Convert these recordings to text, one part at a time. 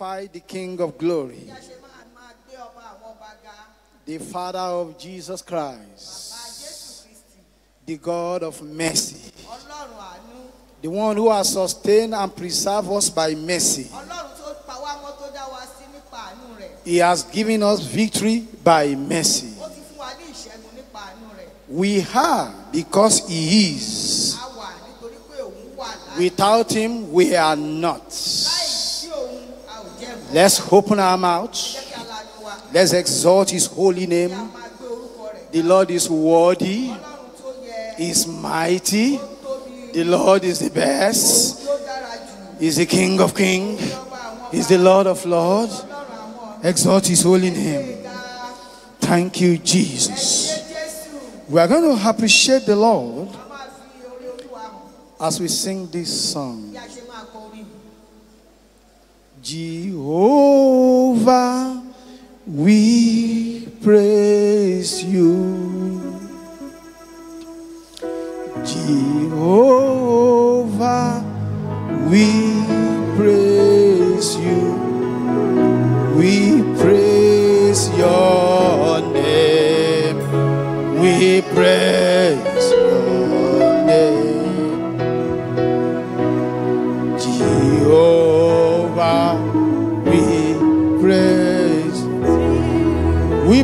magnify the King of glory, the Father of Jesus Christ, the God of mercy, the one who has sustained and preserved us by mercy. He has given us victory by mercy. We are because He is. Without Him, we are not. Let's open our mouths. Let's exalt his holy name. The Lord is worthy. He's mighty. The Lord is the best. He's the King of kings. He's the Lord of lords. Exalt his holy name. Thank you, Jesus. We are going to appreciate the Lord as we sing this song. Jehovah, we praise you. Jehovah, we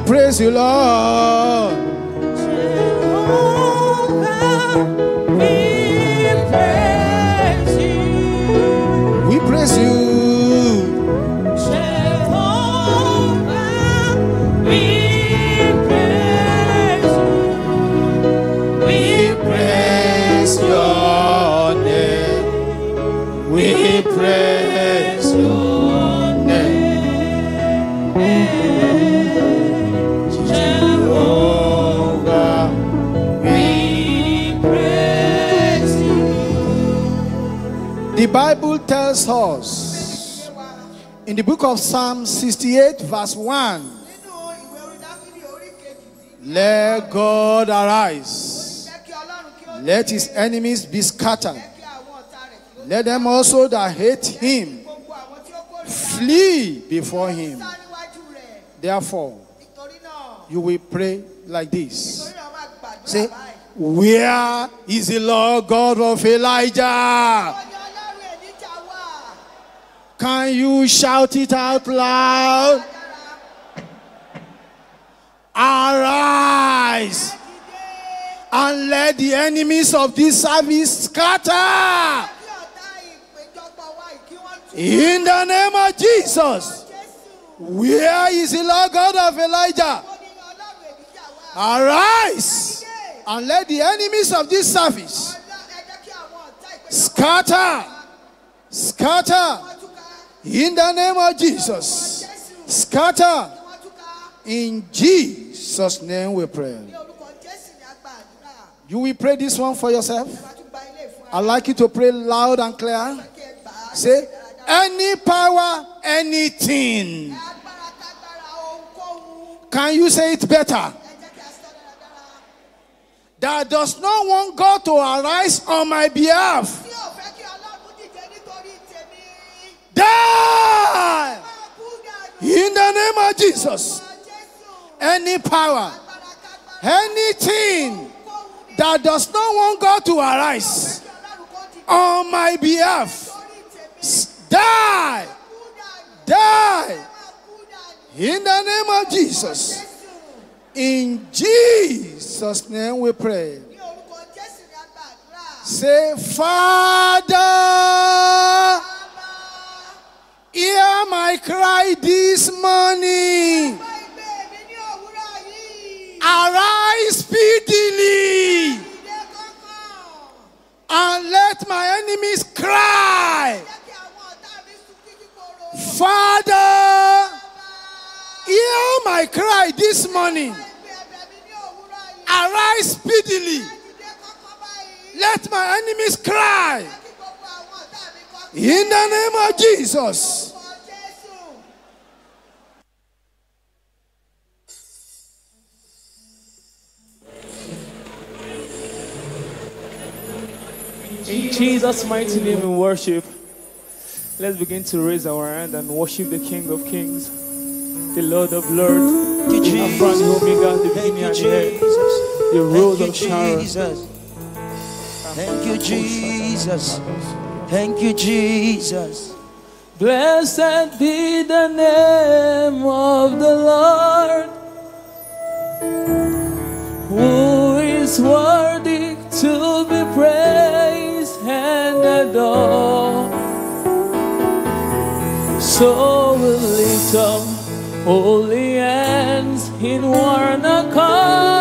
praise you, Lord. The Bible tells us in the book of Psalm 68, verse 1 Let God arise, let his enemies be scattered, let them also that hate him flee before him. Therefore, you will pray like this. Say, Where is the Lord God of Elijah? Can you shout it out loud? Arise and let the enemies of this service scatter. In the name of Jesus. Where is the Lord God of Elijah? Arise and let the enemies of this service scatter, scatter. In the name of Jesus, scatter. In Jesus' name we pray. You will pray this one for yourself. I'd like you to pray loud and clear. Say, any power, anything. Can you say it better? That does not want God to arise on my behalf Die! In the name of Jesus. Any power, anything that does not want God to arise on my behalf, die! Die! In the name of Jesus. In Jesus' name we pray. Say, Father. Hear my cry this morning. Arise speedily. And let my enemies cry. Father, hear my cry this morning. Arise speedily. Let my enemies cry. In the name of Jesus. In Jesus' mighty name in worship, let's begin to raise our hand and worship the King of Kings, the Lord of Lords, the Alpha Omega, the beginning and the end, the Rose of Sharon. Thank you, Jesus. Thank you, Jesus. Blessed be the name of the Lord, who is worthy to be praised and adore. So little, lift up holy hands in one accord.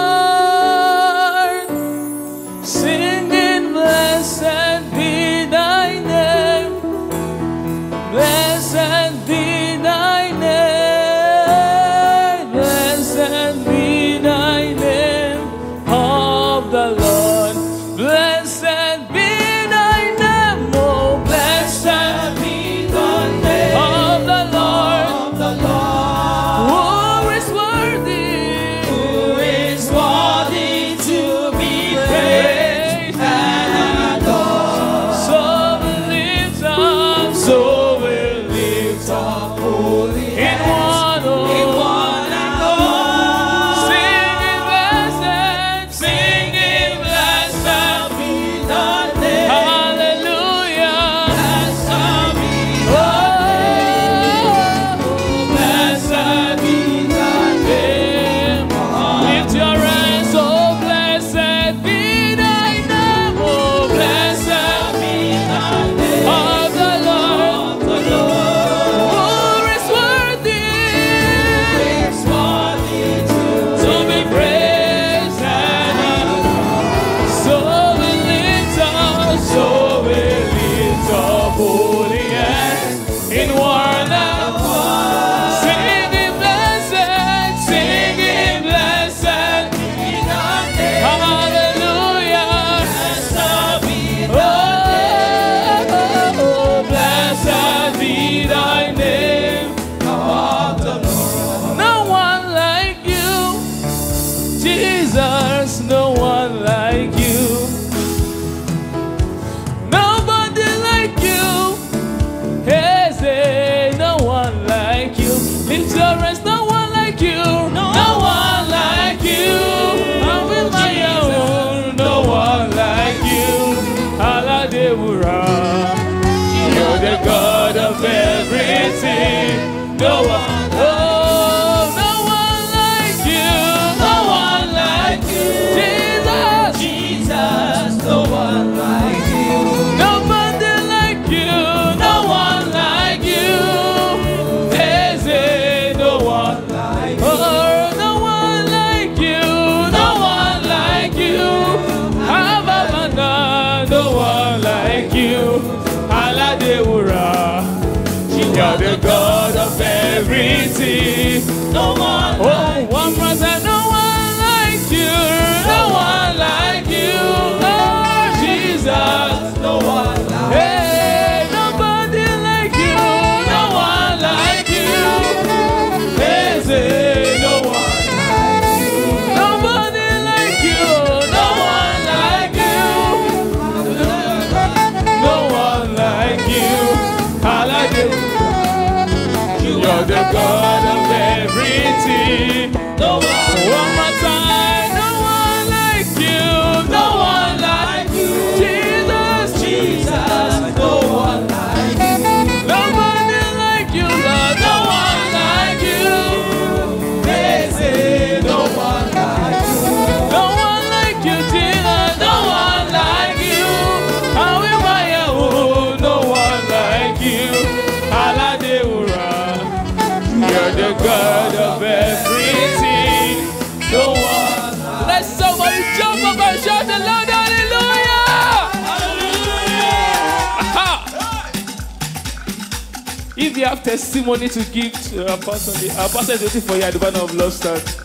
have testimony to give to Apostle. A is waiting for you at the banner of love stand.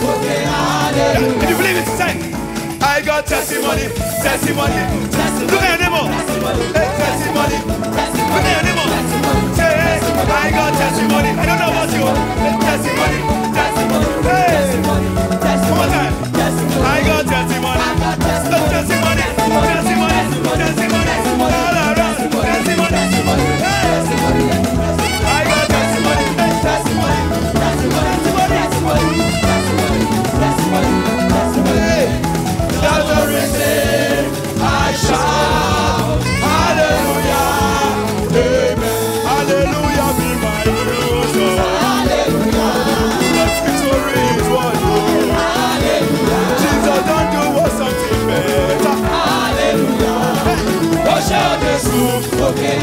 Can you believe it? Say, I got testimony, testimony. Look at your neighbor. Oh. testimony. Look at your neighbor. Oh. hey, I got testimony. I don't know about you. Hey, testimony, testimony. Hey, one more time. I got testimony. Testimony, testimony, testimony. All around, testimony. Hey. Jesús, porque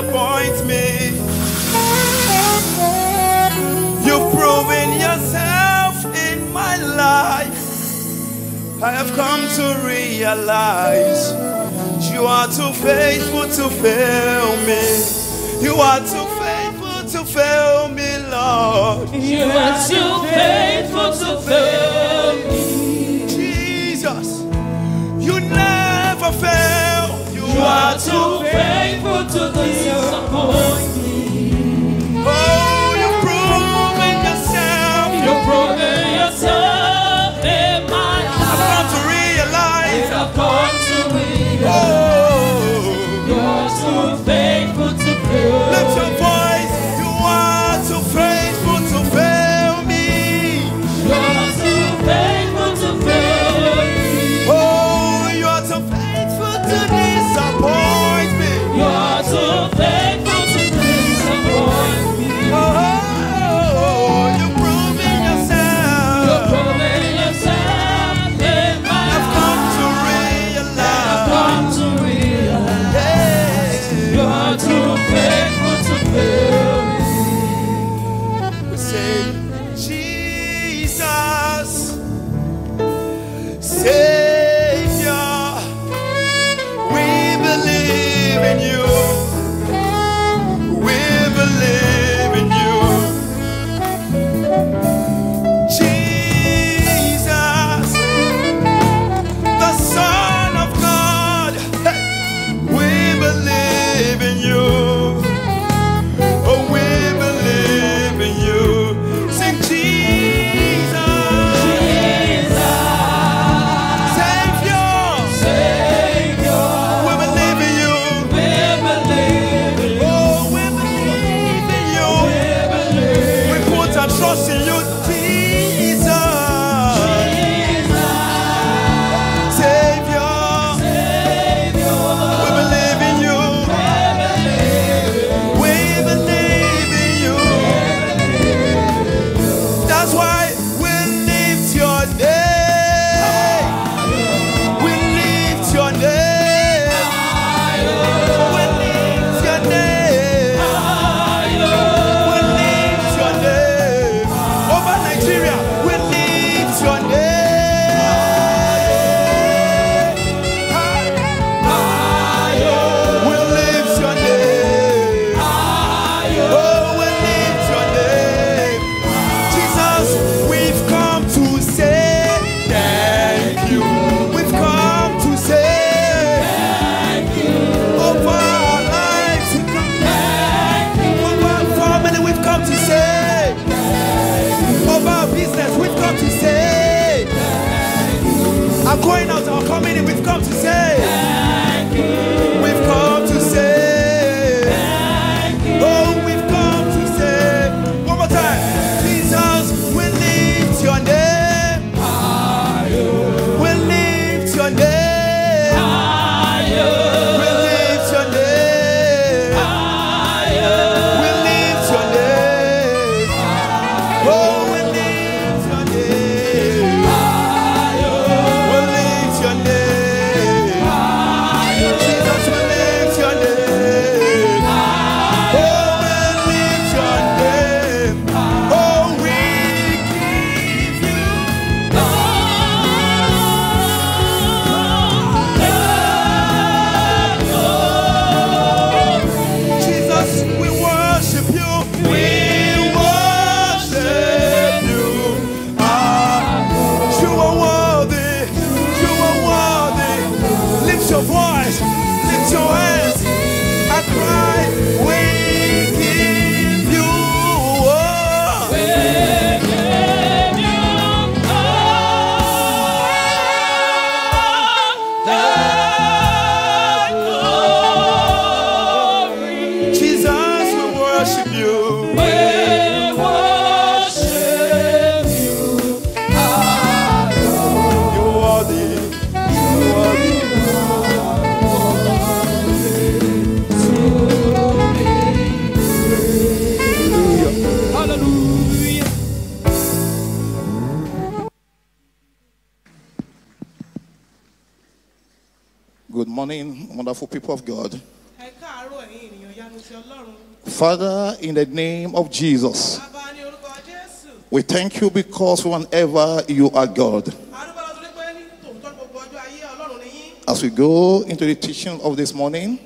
disappoint me. You've proven yourself in my life. I have come to realize you are too faithful to fail me. You are too faithful to fail me, Lord. You are too faithful to fail me. Jesus, you never fail. You are so faithful to disappoint me. Oh, you are proving yourself. you are proving yourself in my life. I've come to realize. I've come to realize. Oh, you're so faithful to prove. Lift your voice. wonderful people of God. Father, in the name of Jesus, we thank you because whenever you are God. As we go into the teaching of this morning,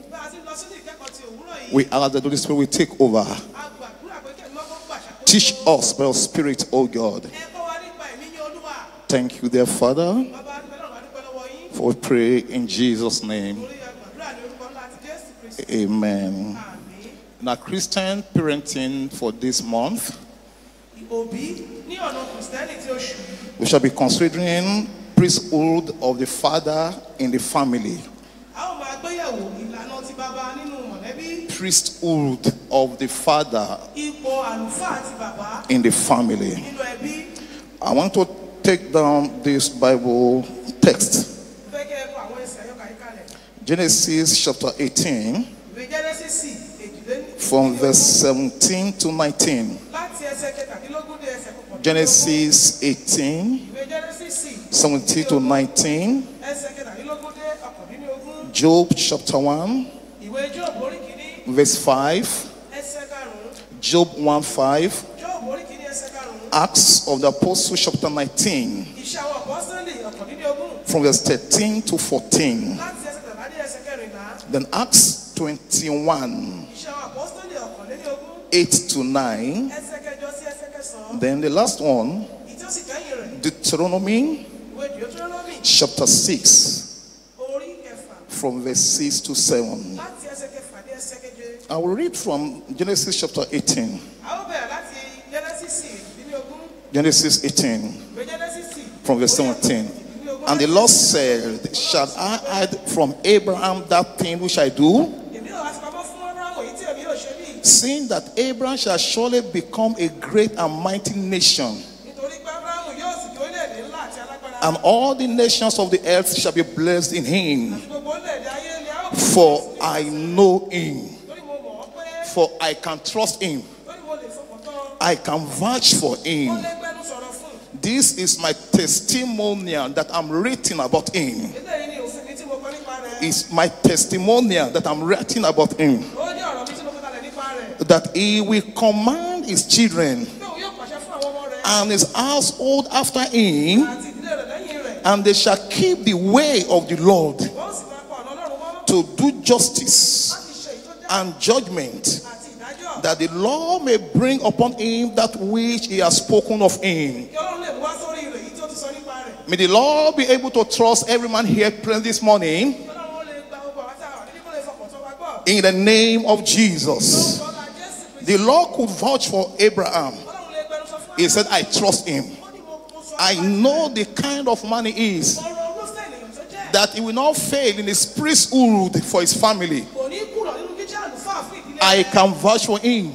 we ask that the Holy Spirit will take over. Teach us by your Spirit, O oh God. Thank you, dear Father, for we pray in Jesus' name. Amen. Now, Christian parenting for this month. We shall be considering priesthood of the father in the family. Priesthood of the father in the family. I want to take down this Bible text. Genesis chapter 18, from verse 17 to 19. Genesis 18, 17 to 19. Job chapter 1, verse 5. Job 1 5. Acts of the Apostles chapter 19, from verse 13 to 14. Then Acts 21 8 to 9. Then the last one, Deuteronomy chapter 6, from verse 6 to 7. I will read from Genesis chapter 18. Genesis 18, from verse 17. And the Lord said, Shall I hide from Abraham that thing which I do? Seeing that Abraham shall surely become a great and mighty nation. And all the nations of the earth shall be blessed in him. For I know him. For I can trust him. I can vouch for him. This is my testimonial that I'm writing about him. It's my testimonial that I'm writing about him. That he will command his children and his household after him, and they shall keep the way of the Lord to do justice and judgment that the law may bring upon him that which he has spoken of him. May the law be able to trust every man here present this morning in the name of Jesus. The law could vouch for Abraham. He said, I trust him. I know the kind of man he is. That he will not fail in his priesthood for his family. I can vouch for him.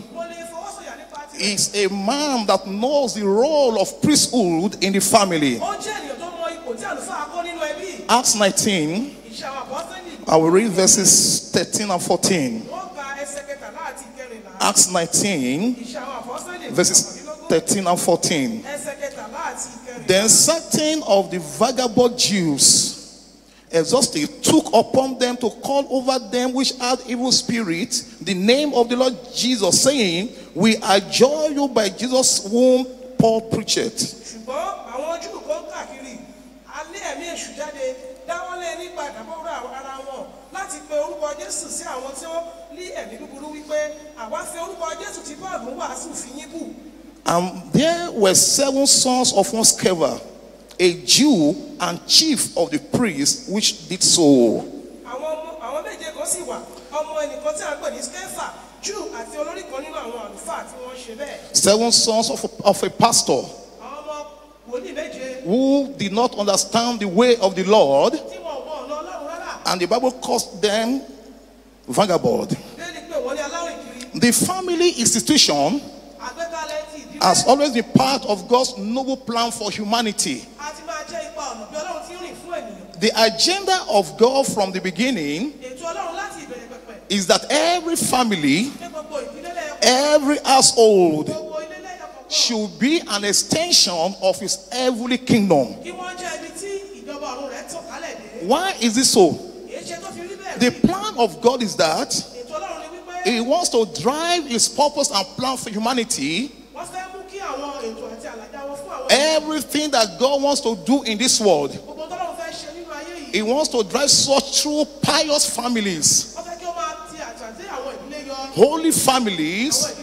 He's a man that knows the role of priesthood in the family. Acts 19, I will read verses 13 and 14. Acts 19, verses 13 and 14. Then certain of the vagabond Jews exhaustive, took upon them to call over them which had evil spirits the name of the Lord Jesus, saying, We adjure you by Jesus' whom Paul preached. And there were seven sons of one scaver a Jew and chief of the priests which did so. Seven sons of a, of a pastor who did not understand the way of the Lord, and the Bible calls them vagabond. The family institution has always been part of God's noble plan for humanity. The agenda of God from the beginning is that every family, every household should be an extension of his heavenly kingdom. Why is this so? The plan of God is that he wants to drive his purpose and plan for humanity Everything that God wants to do in this world, He wants to drive such through pious families, holy families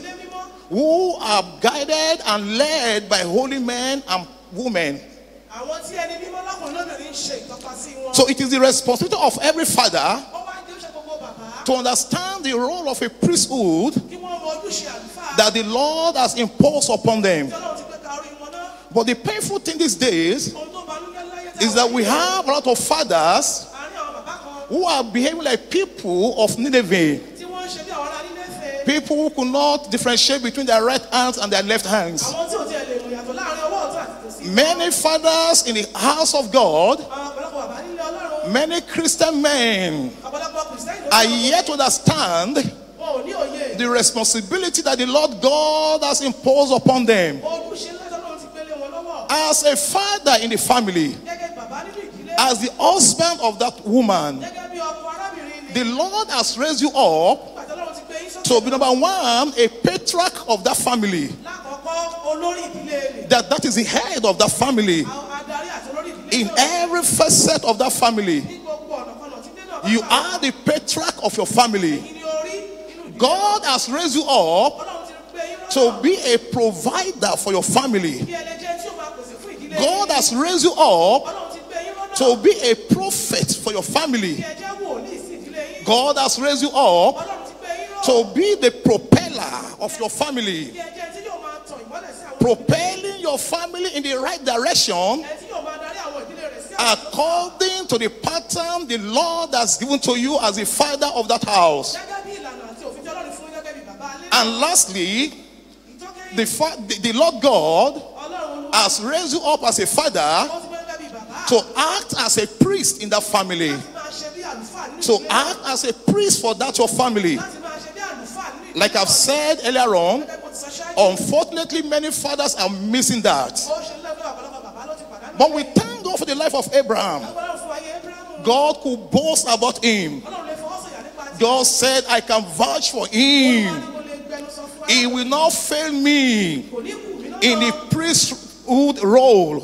who are guided and led by holy men and women. So it is the responsibility of every father to understand the role of a priesthood that the Lord has imposed upon them. But the painful thing these days is that we have a lot of fathers who are behaving like people of Nineveh. People who could not differentiate between their right hands and their left hands. Many fathers in the house of God, many Christian men are yet to understand the responsibility that the Lord God has imposed upon them as a father in the family, as the husband of that woman, the Lord has raised you up to be number one, a patriarch of that family. That that is the head of that family. In every facet of that family, you are the patriarch of your family. God has raised you up to be a provider for your family. God has raised you up to be a prophet for your family. God has raised you up to be the propeller of your family. Propelling your family in the right direction according to the pattern the Lord has given to you as the father of that house. And lastly, the, the Lord God has raised you up as a father to act as a priest in that family. To act as a priest for that your family. Like I've said earlier on, unfortunately, many fathers are missing that. But we thank God for the life of Abraham. God could boast about him. God said, I can vouch for him. He will not fail me in the priest priesthood role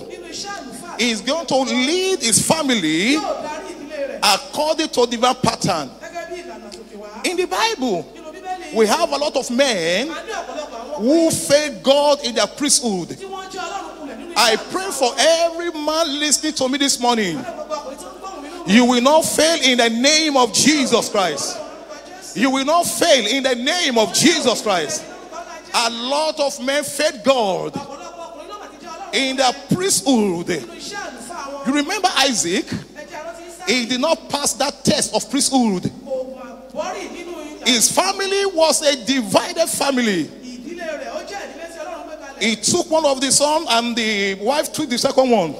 He's going to lead his family according to divine pattern. In the Bible, we have a lot of men who fed God in their priesthood. I pray for every man listening to me this morning. You will not fail in the name of Jesus Christ. You will not fail in the name of Jesus Christ. A lot of men fed God in the priesthood. You remember Isaac? He did not pass that test of priesthood. His family was a divided family. He took one of the sons, and the wife took the second one.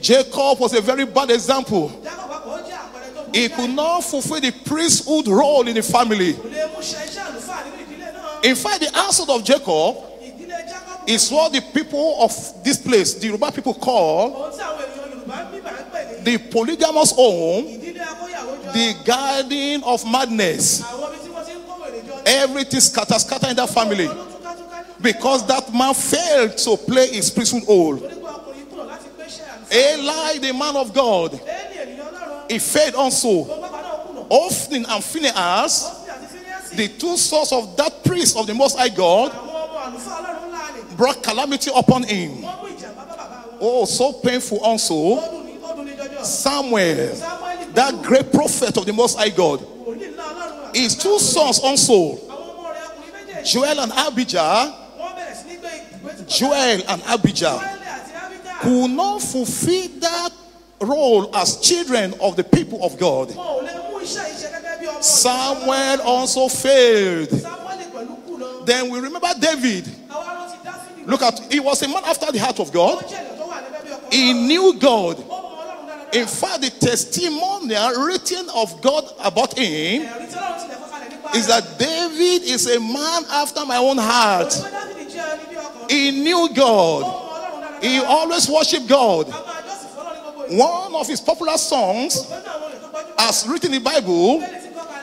Jacob was a very bad example. He could not fulfill the priesthood role in the family. In fact, the answer of Jacob it's what the people of this place, the Yoruba people call the polygamous home, the garden of madness. Everything scatter, scatter in that family. Because that man failed to play his priesthood role. Eli, the man of God, he failed also. Often and Phinehas, the two sons of that priest of the Most High God, brought calamity upon him. Oh, so painful also. Samuel, that great prophet of the Most High God, his two sons also, Joel and Abijah, Joel and Abijah, could not fulfill that role as children of the people of God. Samuel also failed. Then we remember David Look at, he was a man after the heart of God. He knew God. In fact, the testimonial written of God about him is that David is a man after my own heart. He knew God. He always worshiped God. One of his popular songs, as written in the Bible,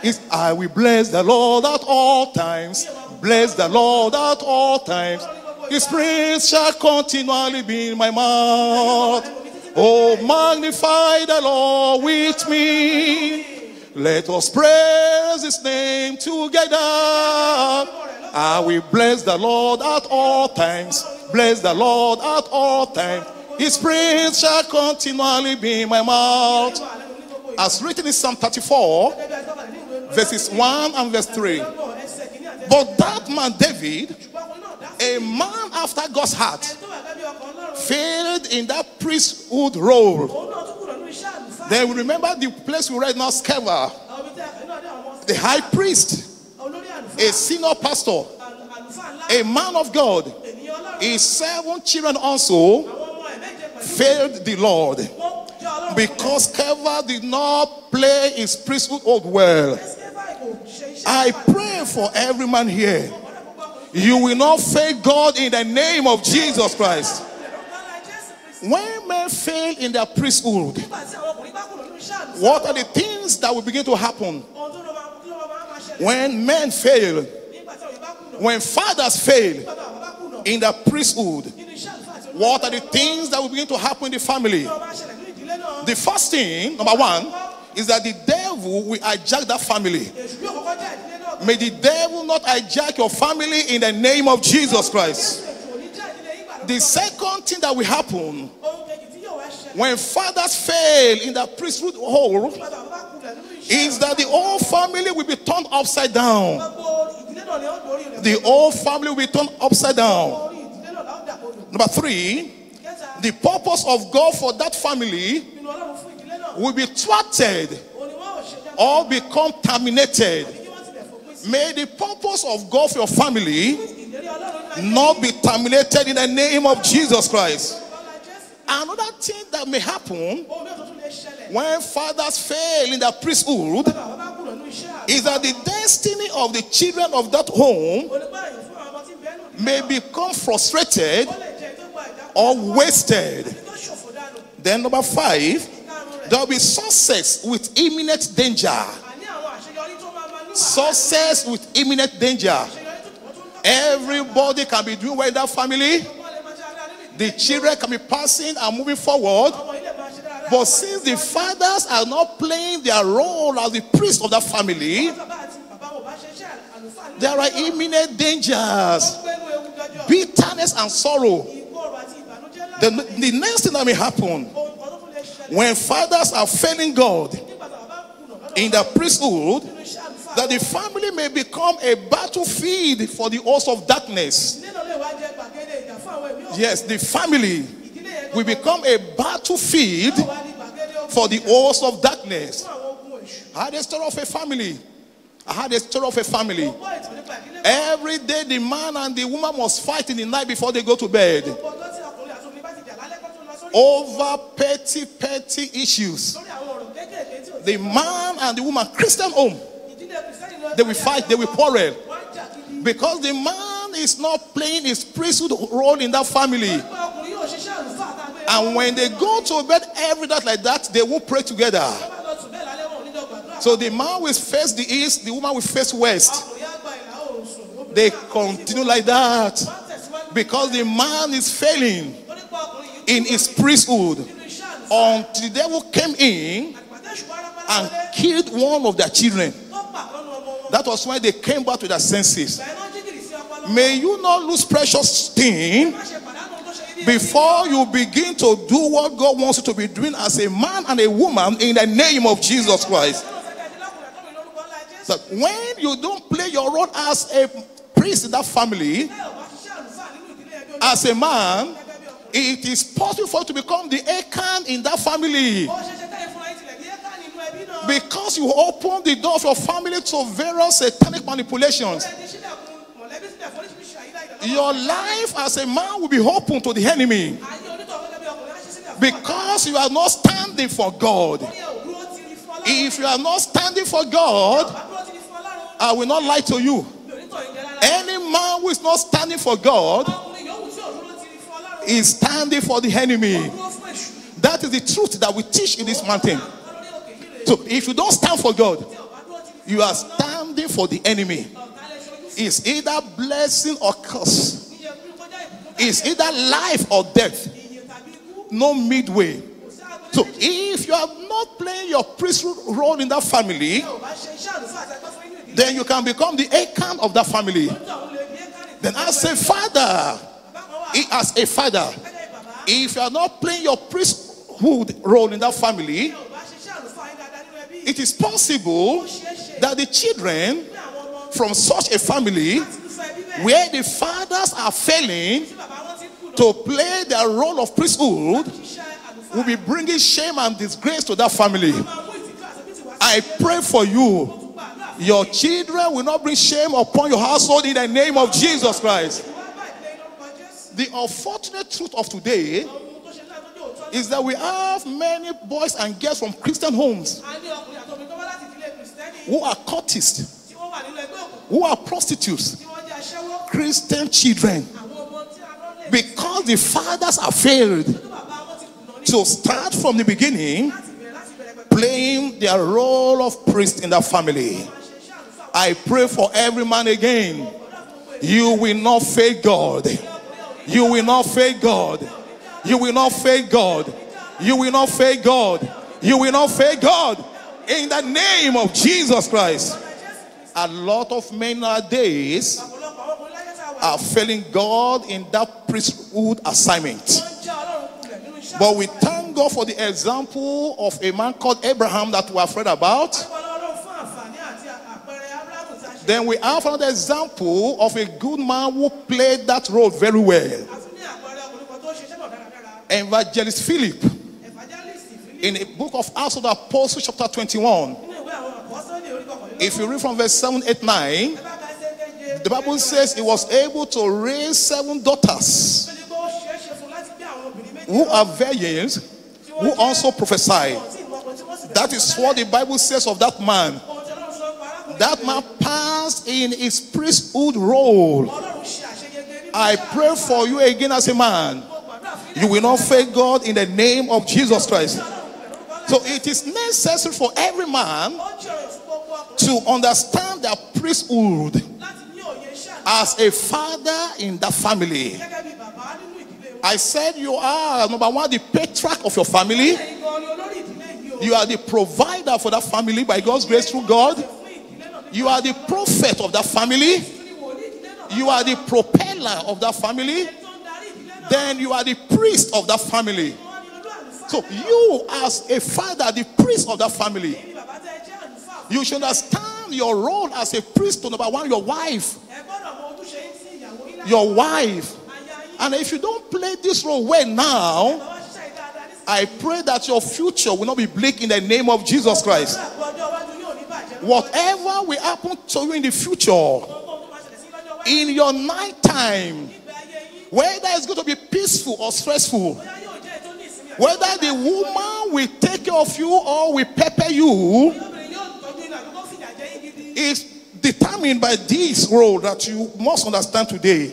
is I will bless the Lord at all times. Bless the Lord at all times. His praise shall continually be in my mouth. Oh, magnify the Lord with me. Let us praise his name together. I will bless the Lord at all times. Bless the Lord at all times. His praise shall continually be in my mouth. As written in Psalm 34, verses 1 and verse 3. But that man David a man after God's heart failed in that priesthood role. Then we remember the place we read now, Skeva, the high priest, a senior pastor, a man of God, his seven children also failed the Lord because Skeva did not play his priesthood role well. I pray for every man here you will not fail God in the name of Jesus Christ. When men fail in their priesthood, what are the things that will begin to happen? When men fail, when fathers fail in their priesthood, what are the things that will begin to happen in the family? The first thing, number one, is that the devil will hijack that family. May the devil not hijack your family in the name of Jesus Christ. The second thing that will happen when fathers fail in the priesthood hole is that the whole family will be turned upside down. The whole family will be turned upside down. Number three, the purpose of God for that family will be thwarted or become terminated May the purpose of God for your family not be terminated in the name of Jesus Christ. Another thing that may happen when fathers fail in their priesthood is that the destiny of the children of that home may become frustrated or wasted. Then, number five, there will be success with imminent danger. Success with imminent danger. Everybody can be doing well in that family. The children can be passing and moving forward. But since the fathers are not playing their role as the priest of that family, there are imminent dangers, bitterness, and sorrow. The, the next thing that may happen when fathers are failing God in the priesthood, that the family may become a battlefield for the host of darkness. Yes, the family will become a battlefield for the host of darkness. I had a story of a family. I had a story of a family. Every day, the man and the woman must fight in the night before they go to bed over petty, petty issues. The man and the woman, Christian home. They will fight, they will quarrel. Because the man is not playing his priesthood role in that family. And when they go to bed every night like that, they won't pray together. So the man will face the east, the woman will face west. They continue like that because the man is failing in his priesthood until the devil came in and killed one of their children. That was why they came back to their senses. May you not lose precious thing before you begin to do what God wants you to be doing as a man and a woman in the name of Jesus Christ. That when you don't play your role as a priest in that family, as a man, it is possible for you to become the Achan in that family. Because you open the door of your family to various satanic manipulations. Your life as a man will be open to the enemy. Because you are not standing for God. If you are not standing for God, I will not lie to you. Any man who is not standing for God is standing for the enemy. That is the truth that we teach in this mountain. So if you don't stand for God, you are standing for the enemy. It's either blessing or curse. It's either life or death. No midway. So if you are not playing your priesthood role in that family, then you can become the account of that family. Then I say, Father, he as a father, if you are not playing your priesthood role in that family, it is possible that the children from such a family where the fathers are failing to play their role of priesthood will be bringing shame and disgrace to that family. I pray for you. Your children will not bring shame upon your household in the name of Jesus Christ. The unfortunate truth of today is that we have many boys and girls from Christian homes who are cultists, who are prostitutes, Christian children, because the fathers have failed to start from the beginning playing their role of priest in the family. I pray for every man again. You will not fail God. You will not fail God. You will not fail God. You will not fail God. You will not fail God. In the name of Jesus Christ. A lot of men nowadays are failing God in that priesthood assignment. But we thank God for the example of a man called Abraham that we are afraid about. Then we have another example of a good man who played that role very well. Evangelist Philip, in the book of Acts of the Apostles, chapter 21, if you read from verse 7, 8, 9, the Bible says he was able to raise seven daughters who are virgins who also prophesy. That is what the Bible says of that man. That man passed in his priesthood role. I pray for you again as a man you will not fail God in the name of Jesus Christ. So it is necessary for every man to understand the priesthood as a father in the family. I said you are number one, the patriarch of your family. You are the provider for that family by God's grace through God. You are the prophet of that family. You are the propeller of that family then you are the priest of that family. So you, as a father, the priest of that family, you should understand your role as a priest to number one, your wife. Your wife. And if you don't play this role well now, I pray that your future will not be bleak in the name of Jesus Christ. Whatever will happen to you in the future, in your night time, whether it's going to be peaceful or stressful, whether the woman will take care of you or will pepper you, is determined by this role that you must understand today.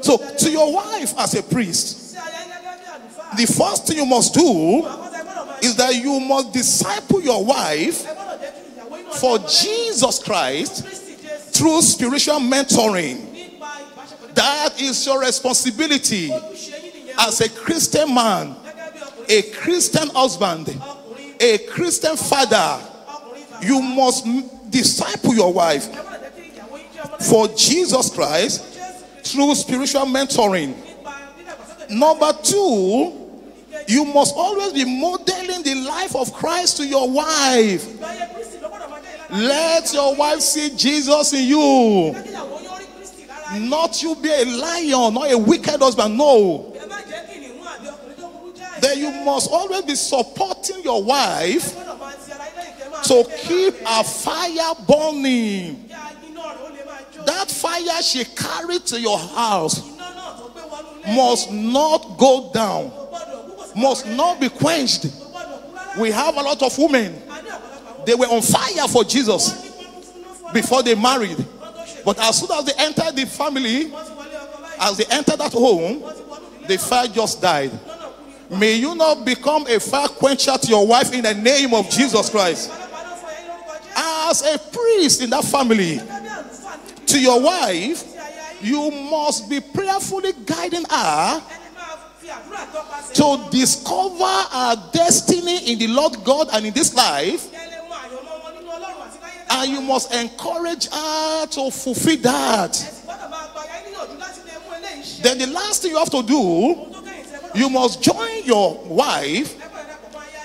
So, to your wife as a priest, the first thing you must do is that you must disciple your wife for Jesus Christ through spiritual mentoring. That is your responsibility as a Christian man, a Christian husband, a Christian father. You must disciple your wife for Jesus Christ through spiritual mentoring. Number two, you must always be modeling the life of Christ to your wife. Let your wife see Jesus in you. Not you be a lion, not a wicked husband. No. Then you must always be supporting your wife to keep a fire burning. That fire she carried to your house must not go down, must not be quenched. We have a lot of women, they were on fire for Jesus before they married. But as soon as they entered the family, as they entered that home, the fire just died. May you not become a fire quencher to your wife in the name of Jesus Christ. As a priest in that family, to your wife, you must be prayerfully guiding her to discover her destiny in the Lord God and in this life and you must encourage her to fulfill that. Then the last thing you have to do, you must join your wife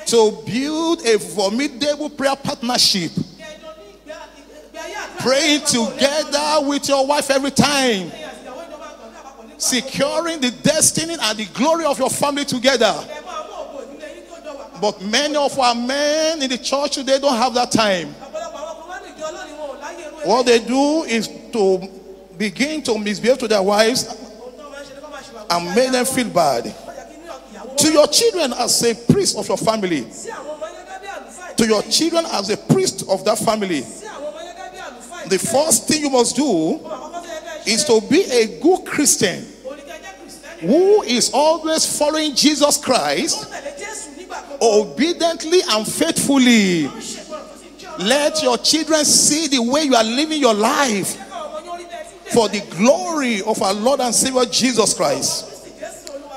to build a formidable prayer partnership. Praying together with your wife every time. Securing the destiny and the glory of your family together. But many of our men in the church today don't have that time. What they do is to begin to misbehave to their wives and make them feel bad. To your children as a priest of your family. To your children as a priest of that family. The first thing you must do is to be a good Christian who is always following Jesus Christ obediently and faithfully. Let your children see the way you are living your life for the glory of our Lord and Savior Jesus Christ.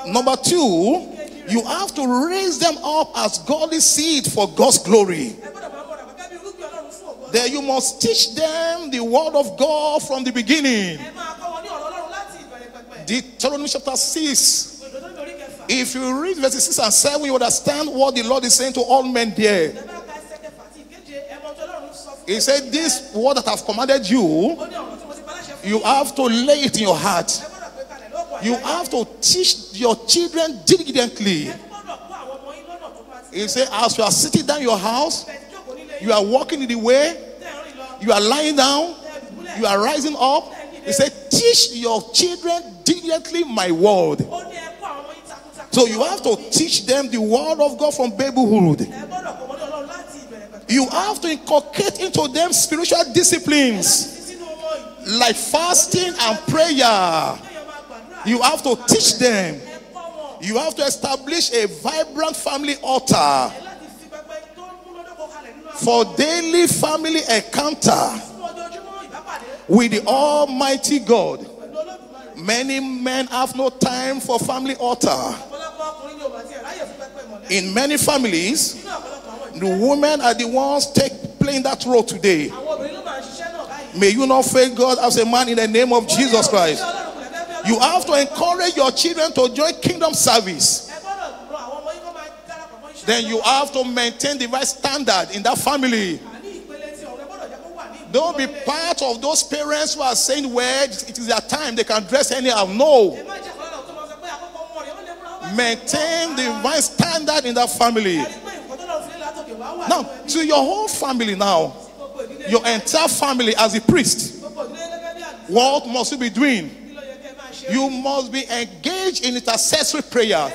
Number two, you have to raise them up as godly seed for God's glory. There you must teach them the word of God from the beginning. Deuteronomy chapter 6. If you read verses 6 and 7, you understand what the Lord is saying to all men there. He said, This word that I've commanded you, you have to lay it in your heart. You have to teach your children diligently. He said, As you are sitting down your house, you are walking in the way, you are lying down, you are rising up. He said, Teach your children diligently my word. So you have to teach them the word of God from babyhood. You have to inculcate into them spiritual disciplines like fasting and prayer. You have to teach them. You have to establish a vibrant family altar for daily family encounter with the Almighty God. Many men have no time for family altar. In many families, the women are the ones take playing that role today. May you not fail God as a man in the name of Jesus Christ. You have to encourage your children to join kingdom service. Then you have to maintain the right standard in that family. Don't be part of those parents who are saying, well, it is their time, they can dress anyhow. No. Maintain the right standard in that family. Now, to your whole family now, your entire family as a priest, what must you be doing? You must be engaged in intercessory prayer.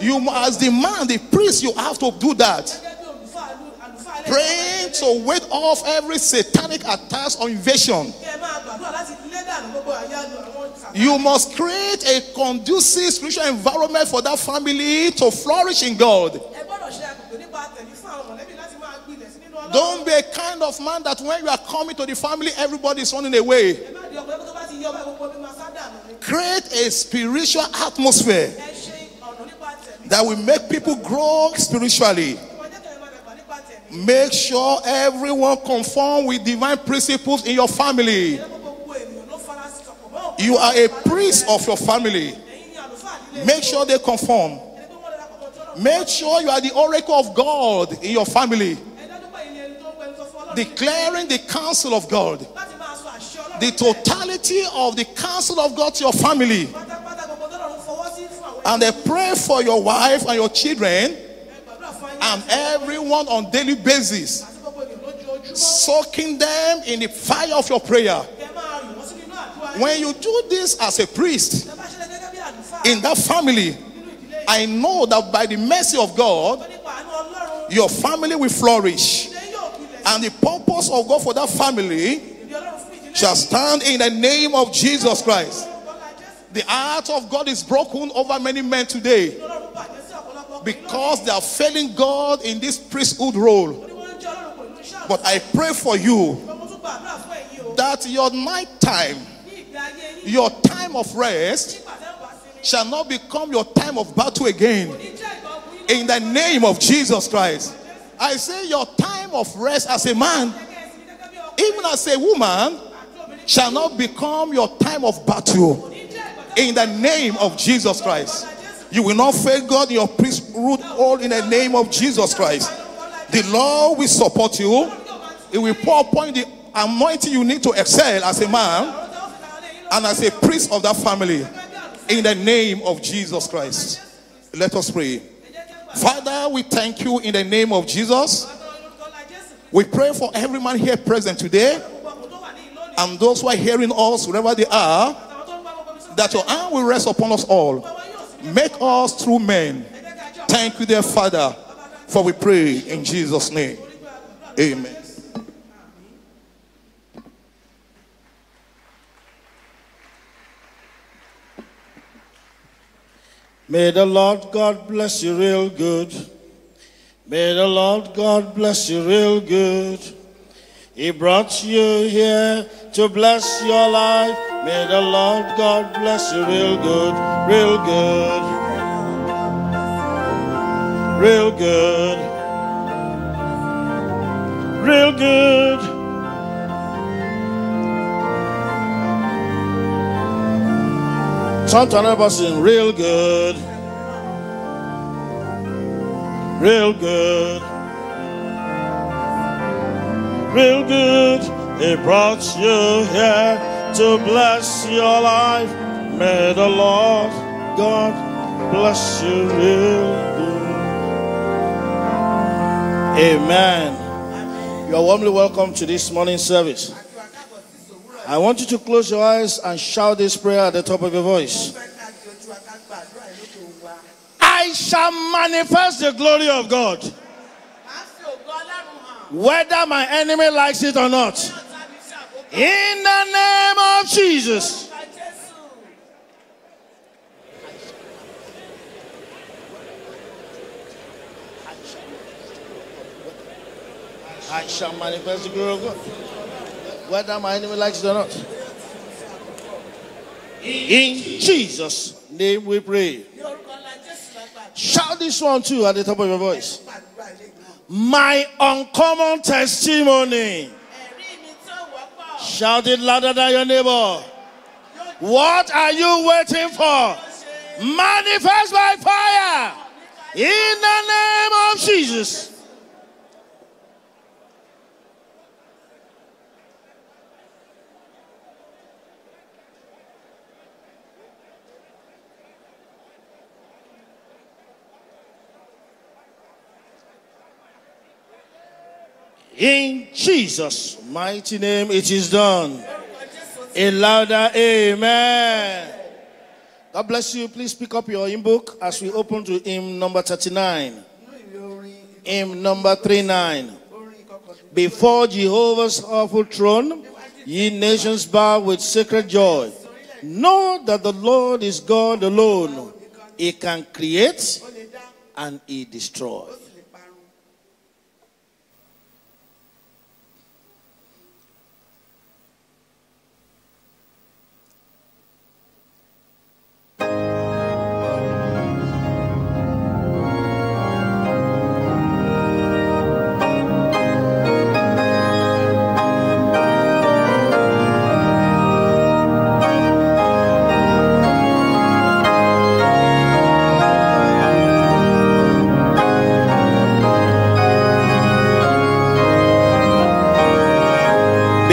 You as the man, the priest, you have to do that. Praying to ward off every satanic attack or invasion. You must create a conducive spiritual environment for that family to flourish in God. Don't be a kind of man that when you are coming to the family, everybody is running away. Create a spiritual atmosphere that will make people grow spiritually. Make sure everyone conform with divine principles in your family. You are a priest of your family. Make sure they conform. Make sure you are the oracle of God in your family declaring the counsel of God, the totality of the counsel of God to your family. And they pray for your wife and your children and everyone on daily basis, soaking them in the fire of your prayer. When you do this as a priest in that family, I know that by the mercy of God, your family will flourish. And the purpose of God for that family shall stand in the name of Jesus Christ. The heart of God is broken over many men today because they are failing God in this priesthood role. But I pray for you that your night time, your time of rest, shall not become your time of battle again. In the name of Jesus Christ. I say your time of rest as a man, even as a woman, shall not become your time of battle. In the name of Jesus Christ. You will not fail God in your rule all in the name of Jesus Christ. The Lord will support you. It will pour upon the anointing you need to excel as a man and as a priest of that family. In the name of Jesus Christ. Let us pray. Father, we thank you in the name of Jesus. We pray for every man here present today and those who are hearing us, wherever they are, that your hand will rest upon us all. Make us true men. Thank you, dear Father, for we pray in Jesus' name. Amen. May the Lord God bless you real good. May the Lord God bless you real good. He brought you here to bless your life. May the Lord God bless you real good, real good, real good, real good. Turn to another person real good. Real good. Real good. He brought you here to bless your life. May the Lord God bless you real good. Amen. You are warmly welcome to this morning service. I want you to close your eyes and shout this prayer at the top of your voice. I shall manifest the glory of God. Whether my enemy likes it or not. In the name of Jesus. I shall manifest the glory of God whether my enemy likes it or not. In Jesus' name we pray. Shout this one too at the top of your voice. My uncommon testimony. Shout it louder than your neighbor. What are you waiting for? Manifest by fire in the name of Jesus. In Jesus' mighty name, it is done. A louder amen. God bless you. Please pick up your hymn book as we open to hymn number 39. Hymn number 39. Before Jehovah's awful throne, ye nations bow with sacred joy. Know that the Lord is God alone. He can create and he destroys.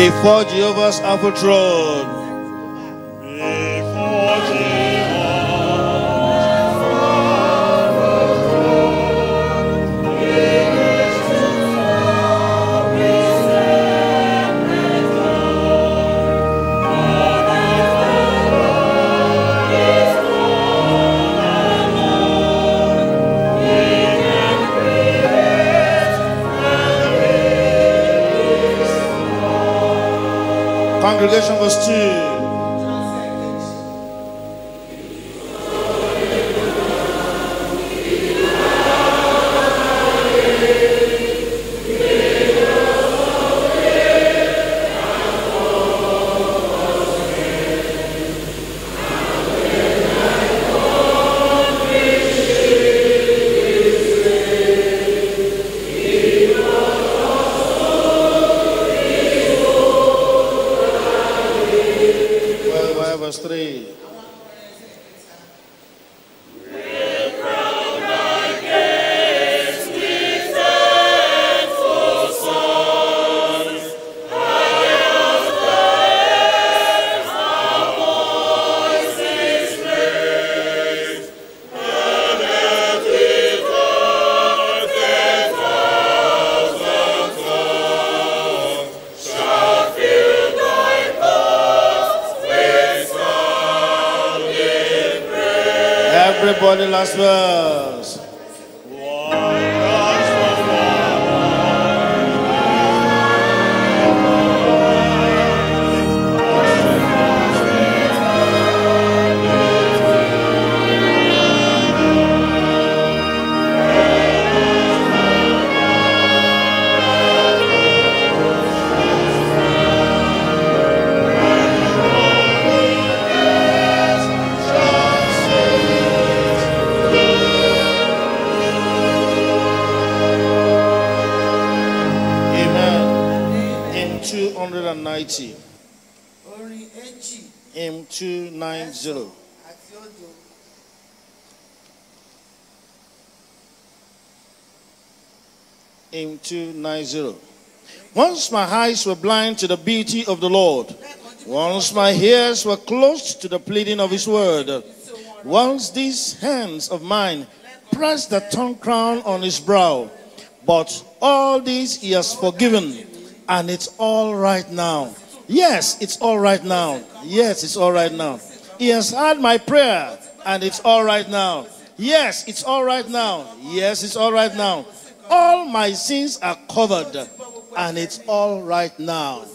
before Jehovah's apple throne. congregation was two. prosper. 290. Once my eyes were blind to the beauty of the Lord. Once my ears were closed to the pleading of his word. Once these hands of mine pressed the tongue crown on his brow. But all this he has forgiven. And it's all right now. Yes, it's all right now. Yes, it's all right now. He has heard my prayer. And it's all right now. Yes, it's all right now. Yes, it's all right now my sins are covered, and it's all right now.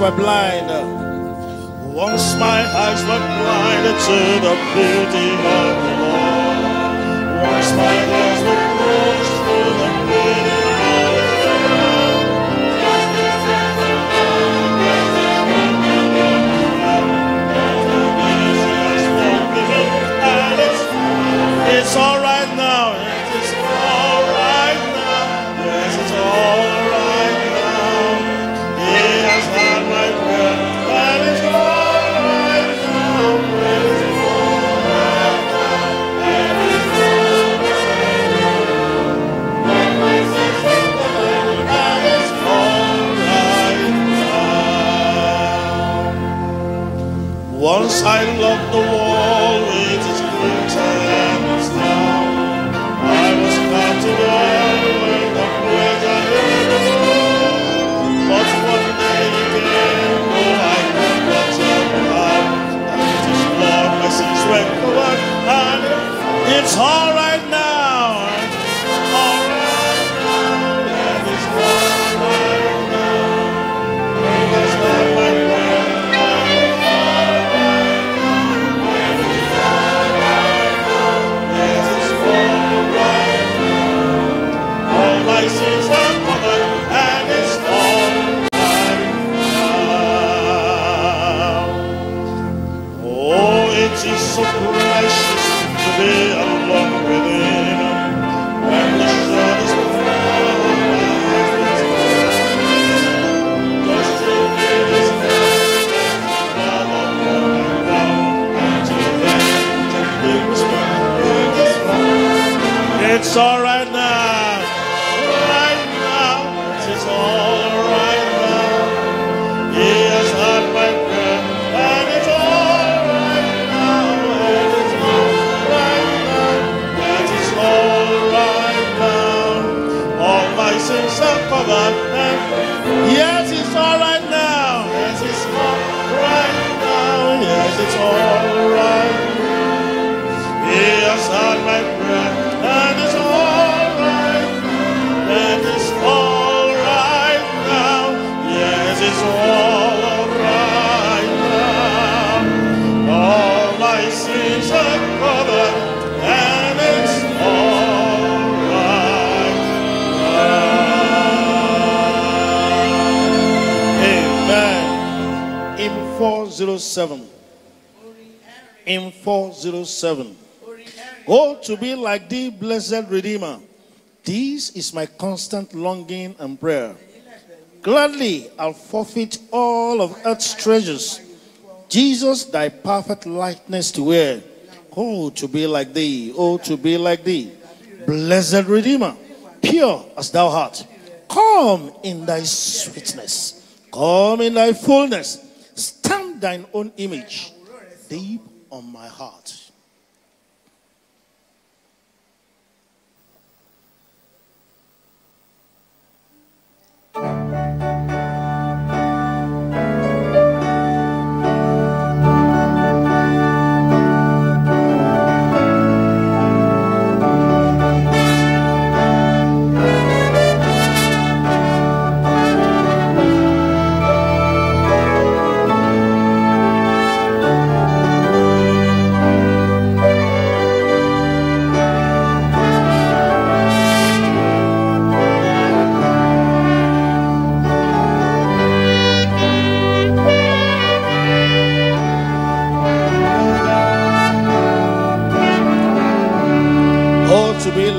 We're blind. blessed Redeemer. This is my constant longing and prayer. Gladly I'll forfeit all of earth's treasures. Jesus, thy perfect likeness to wear. Oh, to be like thee. Oh, to be like thee. Blessed Redeemer, pure as thou art. Come in thy sweetness. Come in thy fullness. Stamp thine own image deep on my heart. Música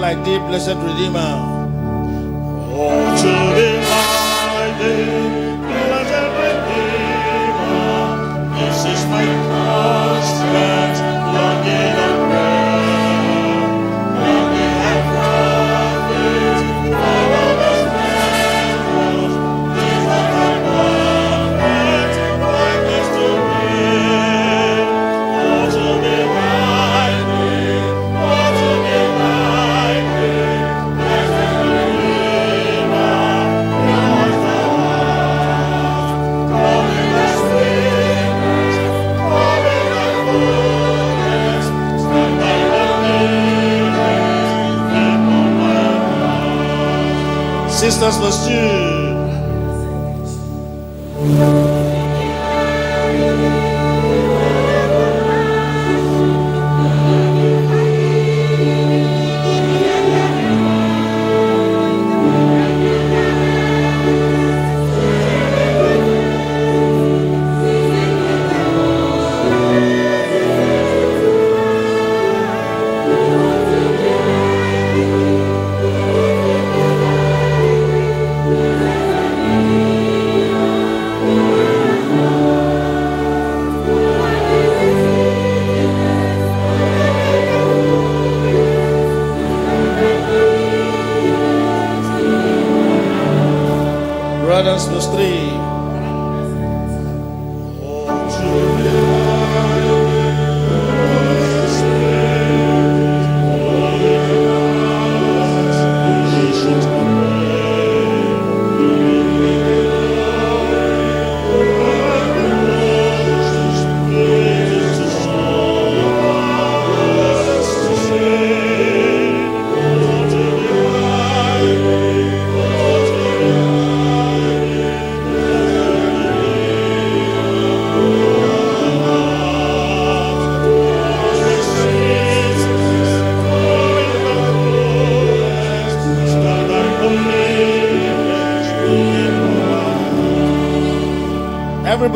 my dear blessed Redeemer.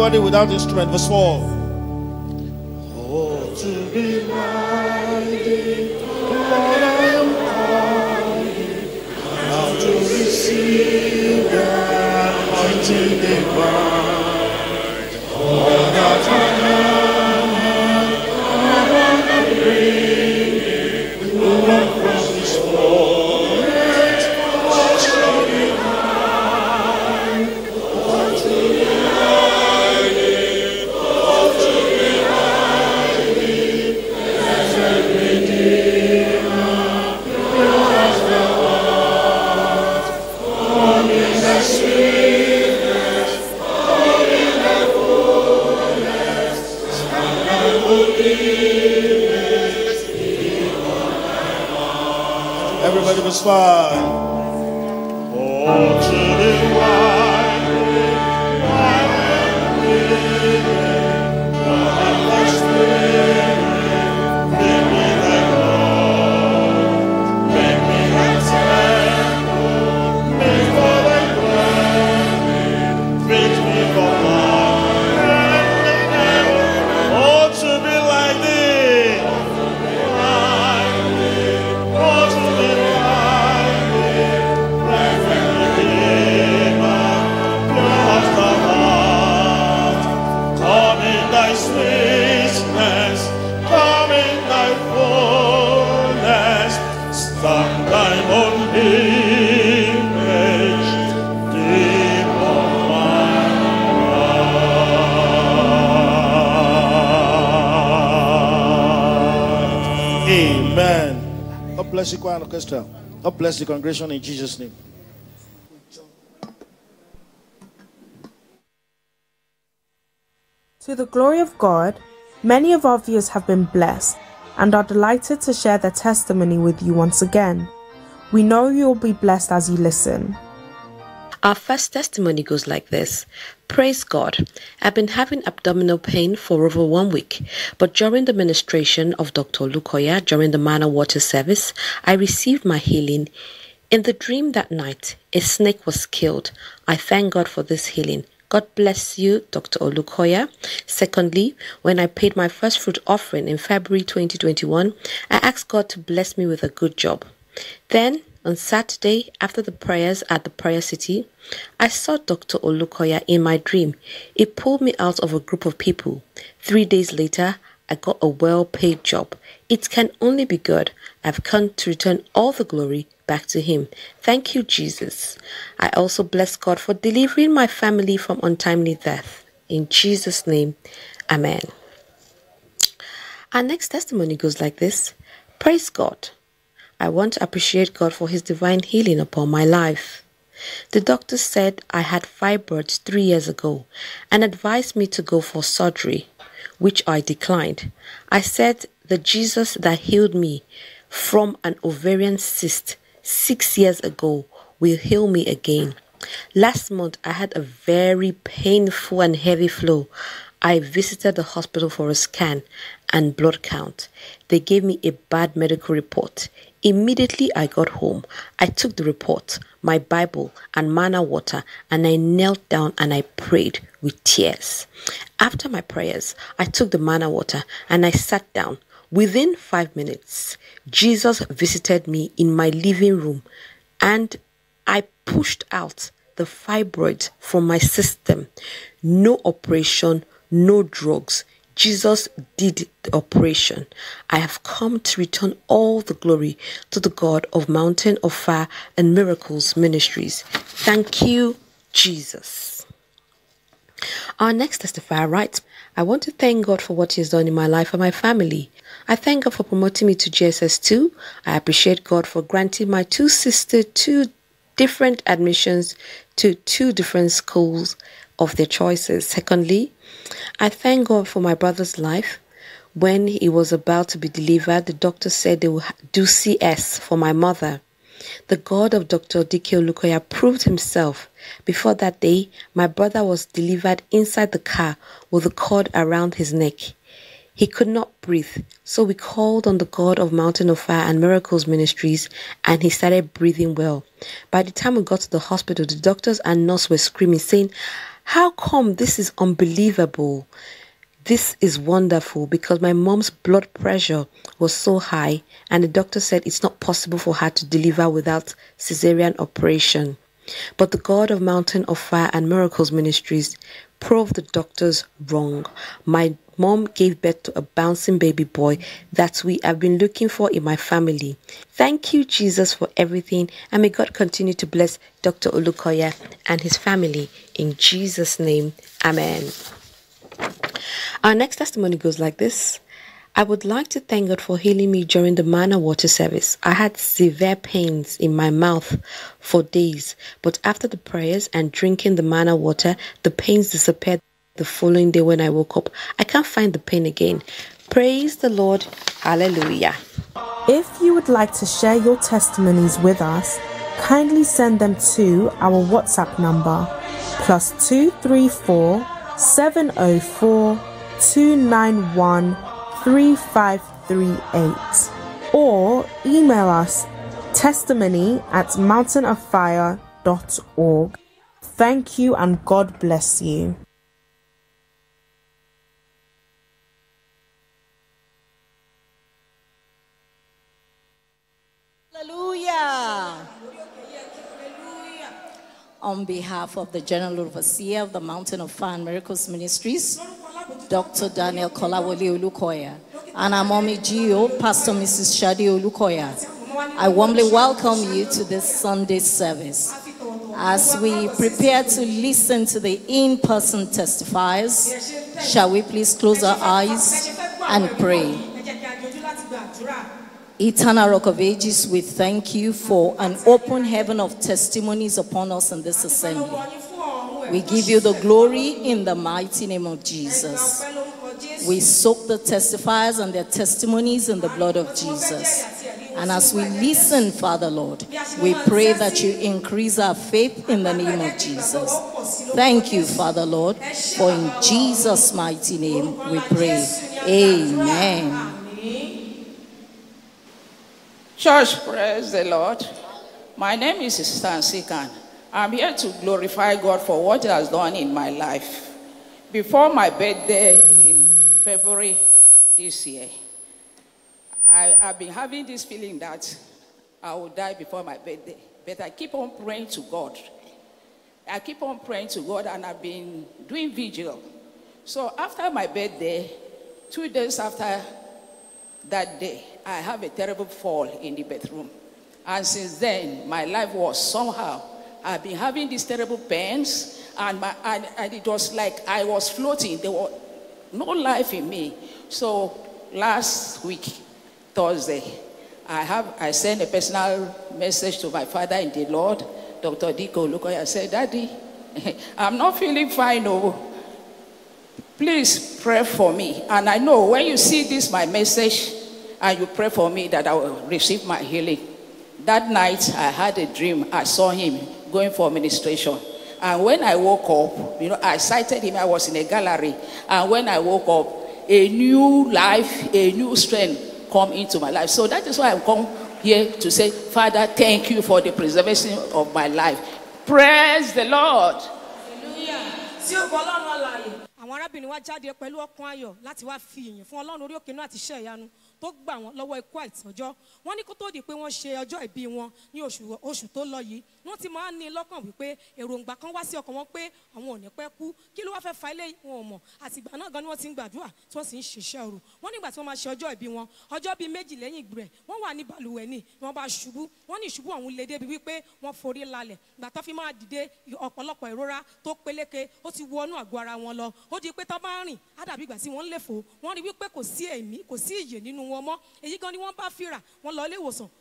anybody without instrument. Verse 4. orchestra. God bless the congregation in Jesus' name. To the glory of God, many of our viewers have been blessed and are delighted to share their testimony with you once again. We know you will be blessed as you listen. Our first testimony goes like this Praise God. I've been having abdominal pain for over one week, but during the ministration of Dr. Lukoya during the Mana Water Service, I received my healing. In the dream that night, a snake was killed. I thank God for this healing. God bless you, Dr. Olukoya. Secondly, when I paid my first fruit offering in February 2021, I asked God to bless me with a good job. Then, on Saturday, after the prayers at the prayer city, I saw Dr. Olukoya in my dream. It pulled me out of a group of people. Three days later, I got a well paid job. It can only be good. I've come to return all the glory back to Him. Thank you, Jesus. I also bless God for delivering my family from untimely death. In Jesus' name, Amen. Our next testimony goes like this Praise God. I want to appreciate God for His divine healing upon my life. The doctor said I had fibroids three years ago and advised me to go for surgery which I declined. I said, The Jesus that healed me from an ovarian cyst six years ago will heal me again. Last month, I had a very painful and heavy flow. I visited the hospital for a scan and blood count. They gave me a bad medical report. Immediately I got home, I took the report, my Bible, and manna water, and I knelt down and I prayed with tears. After my prayers, I took the manna water and I sat down. Within five minutes, Jesus visited me in my living room and I pushed out the fibroids from my system. No operation, no drugs. Jesus did the operation. I have come to return all the glory to the God of mountain of fire and miracles ministries. Thank you, Jesus. Our next testifier writes, I want to thank God for what He has done in my life and my family. I thank God for promoting me to GSS2. I appreciate God for granting my two sisters two different admissions to two different schools of their choices. Secondly, I thank God for my brother's life. When he was about to be delivered, the doctor said they would do CS for my mother. The God of Dr. Dike Olukoya proved himself. Before that day, my brother was delivered inside the car with a cord around his neck. He could not breathe, so we called on the God of Mountain of Fire and Miracles Ministries, and he started breathing well. By the time we got to the hospital, the doctors and nurse were screaming, saying, how come this is unbelievable? This is wonderful because my mom's blood pressure was so high, and the doctor said it's not possible for her to deliver without cesarean operation. But the God of Mountain of Fire and Miracles Ministries proved the doctors wrong. My mom gave birth to a bouncing baby boy that we have been looking for in my family. Thank you, Jesus, for everything, and may God continue to bless Dr. Olukoya and his family in Jesus' name, Amen. Our next testimony goes like this. I would like to thank God for healing me during the manor water service. I had severe pains in my mouth for days, but after the prayers and drinking the manor water, the pains disappeared the following day when I woke up. I can't find the pain again. Praise the Lord. Hallelujah. If you would like to share your testimonies with us, kindly send them to our WhatsApp number plus 234 704 291 3538 or email us testimony at mountainoffire.org. Thank you and God bless you. Hallelujah on behalf of the General Overseer of the Mountain of Fire and Miracles Ministries, Dr. Daniel Kolawole Olukoya, and our mommy Gio, Pastor Mrs. Shadi Olukoya. I warmly welcome you to this Sunday service. As we prepare to listen to the in-person testifiers, shall we please close our eyes and pray? Eternal Rock of Ages, we thank you for an open heaven of testimonies upon us in this assembly. We give you the glory in the mighty name of Jesus. We soak the testifiers and their testimonies in the blood of Jesus. And as we listen, Father Lord, we pray that you increase our faith in the name of Jesus. Thank you, Father Lord, for in Jesus' mighty name we pray. Amen. Church, praise the Lord. My name is Sister Nsikan. I'm here to glorify God for what He has done in my life. Before my birthday in February this year, I, have been having this feeling that I will die before my birthday. But I keep on praying to God. I keep on praying to God and I've been doing vigil. So after my birthday, two days after that day, I have a terrible fall in the bathroom. And since then, my life was somehow, I've been having these terrible pains, and, my, and, and it was like I was floating. There was no life in me. So last week, Thursday, I, have, I sent a personal message to my father in the Lord, Dr. Diko Lukoya. I said, Daddy, I'm not feeling fine, no. Oh. Please pray for me. And I know when you see this, my message, and you pray for me that I will receive my healing. That night, I had a dream. I saw him going for ministration. And when I woke up, you know, I sighted him. I was in a gallery. And when I woke up, a new life, a new strength come into my life. So that is why I'm come here to say, Father, thank you for the preservation of my life. Praise the Lord. Hallelujah. àwọn arábìnrin wa jáde pẹ̀lú ọkàn ayọ̀ láti wá fi ìyìn fún ọlọ́run orí òkè náà àti iṣẹ́ ìyanu tó gbà wọ́n lọ́wọ́ ikú àìtànjọ́ wọ́n ní kó tó di pé wọ́n ṣe ọjọ́ ìbí wọn ní oṣù tó lọ yìí wọ́n ti máa ń ní lọ́kàn wípé èròǹgbà kan wá sí ọkàn wọn pé àwọn ò ní pẹ́ kú kí ló wá fẹ́ fa ilé wọn ò mọ̀ àtìgbà náà gan ni wọ́n ti ń gbàdúrà tí wọ́n sì ń ṣiṣẹ́ òru wọ́n nígbà tí wọ́n máa ṣe ọjọ́ ìbí wọn ọjọ́ bíi méjì lẹ́yìn ìgbìrẹ̀ wọ́n wà ní balùwẹ̀ ni wọ́n bá ṣubú wọ́n ní ìṣubú ọ̀hún le débi wípé wọ́n forí lalẹ̀ gbà tó fi máa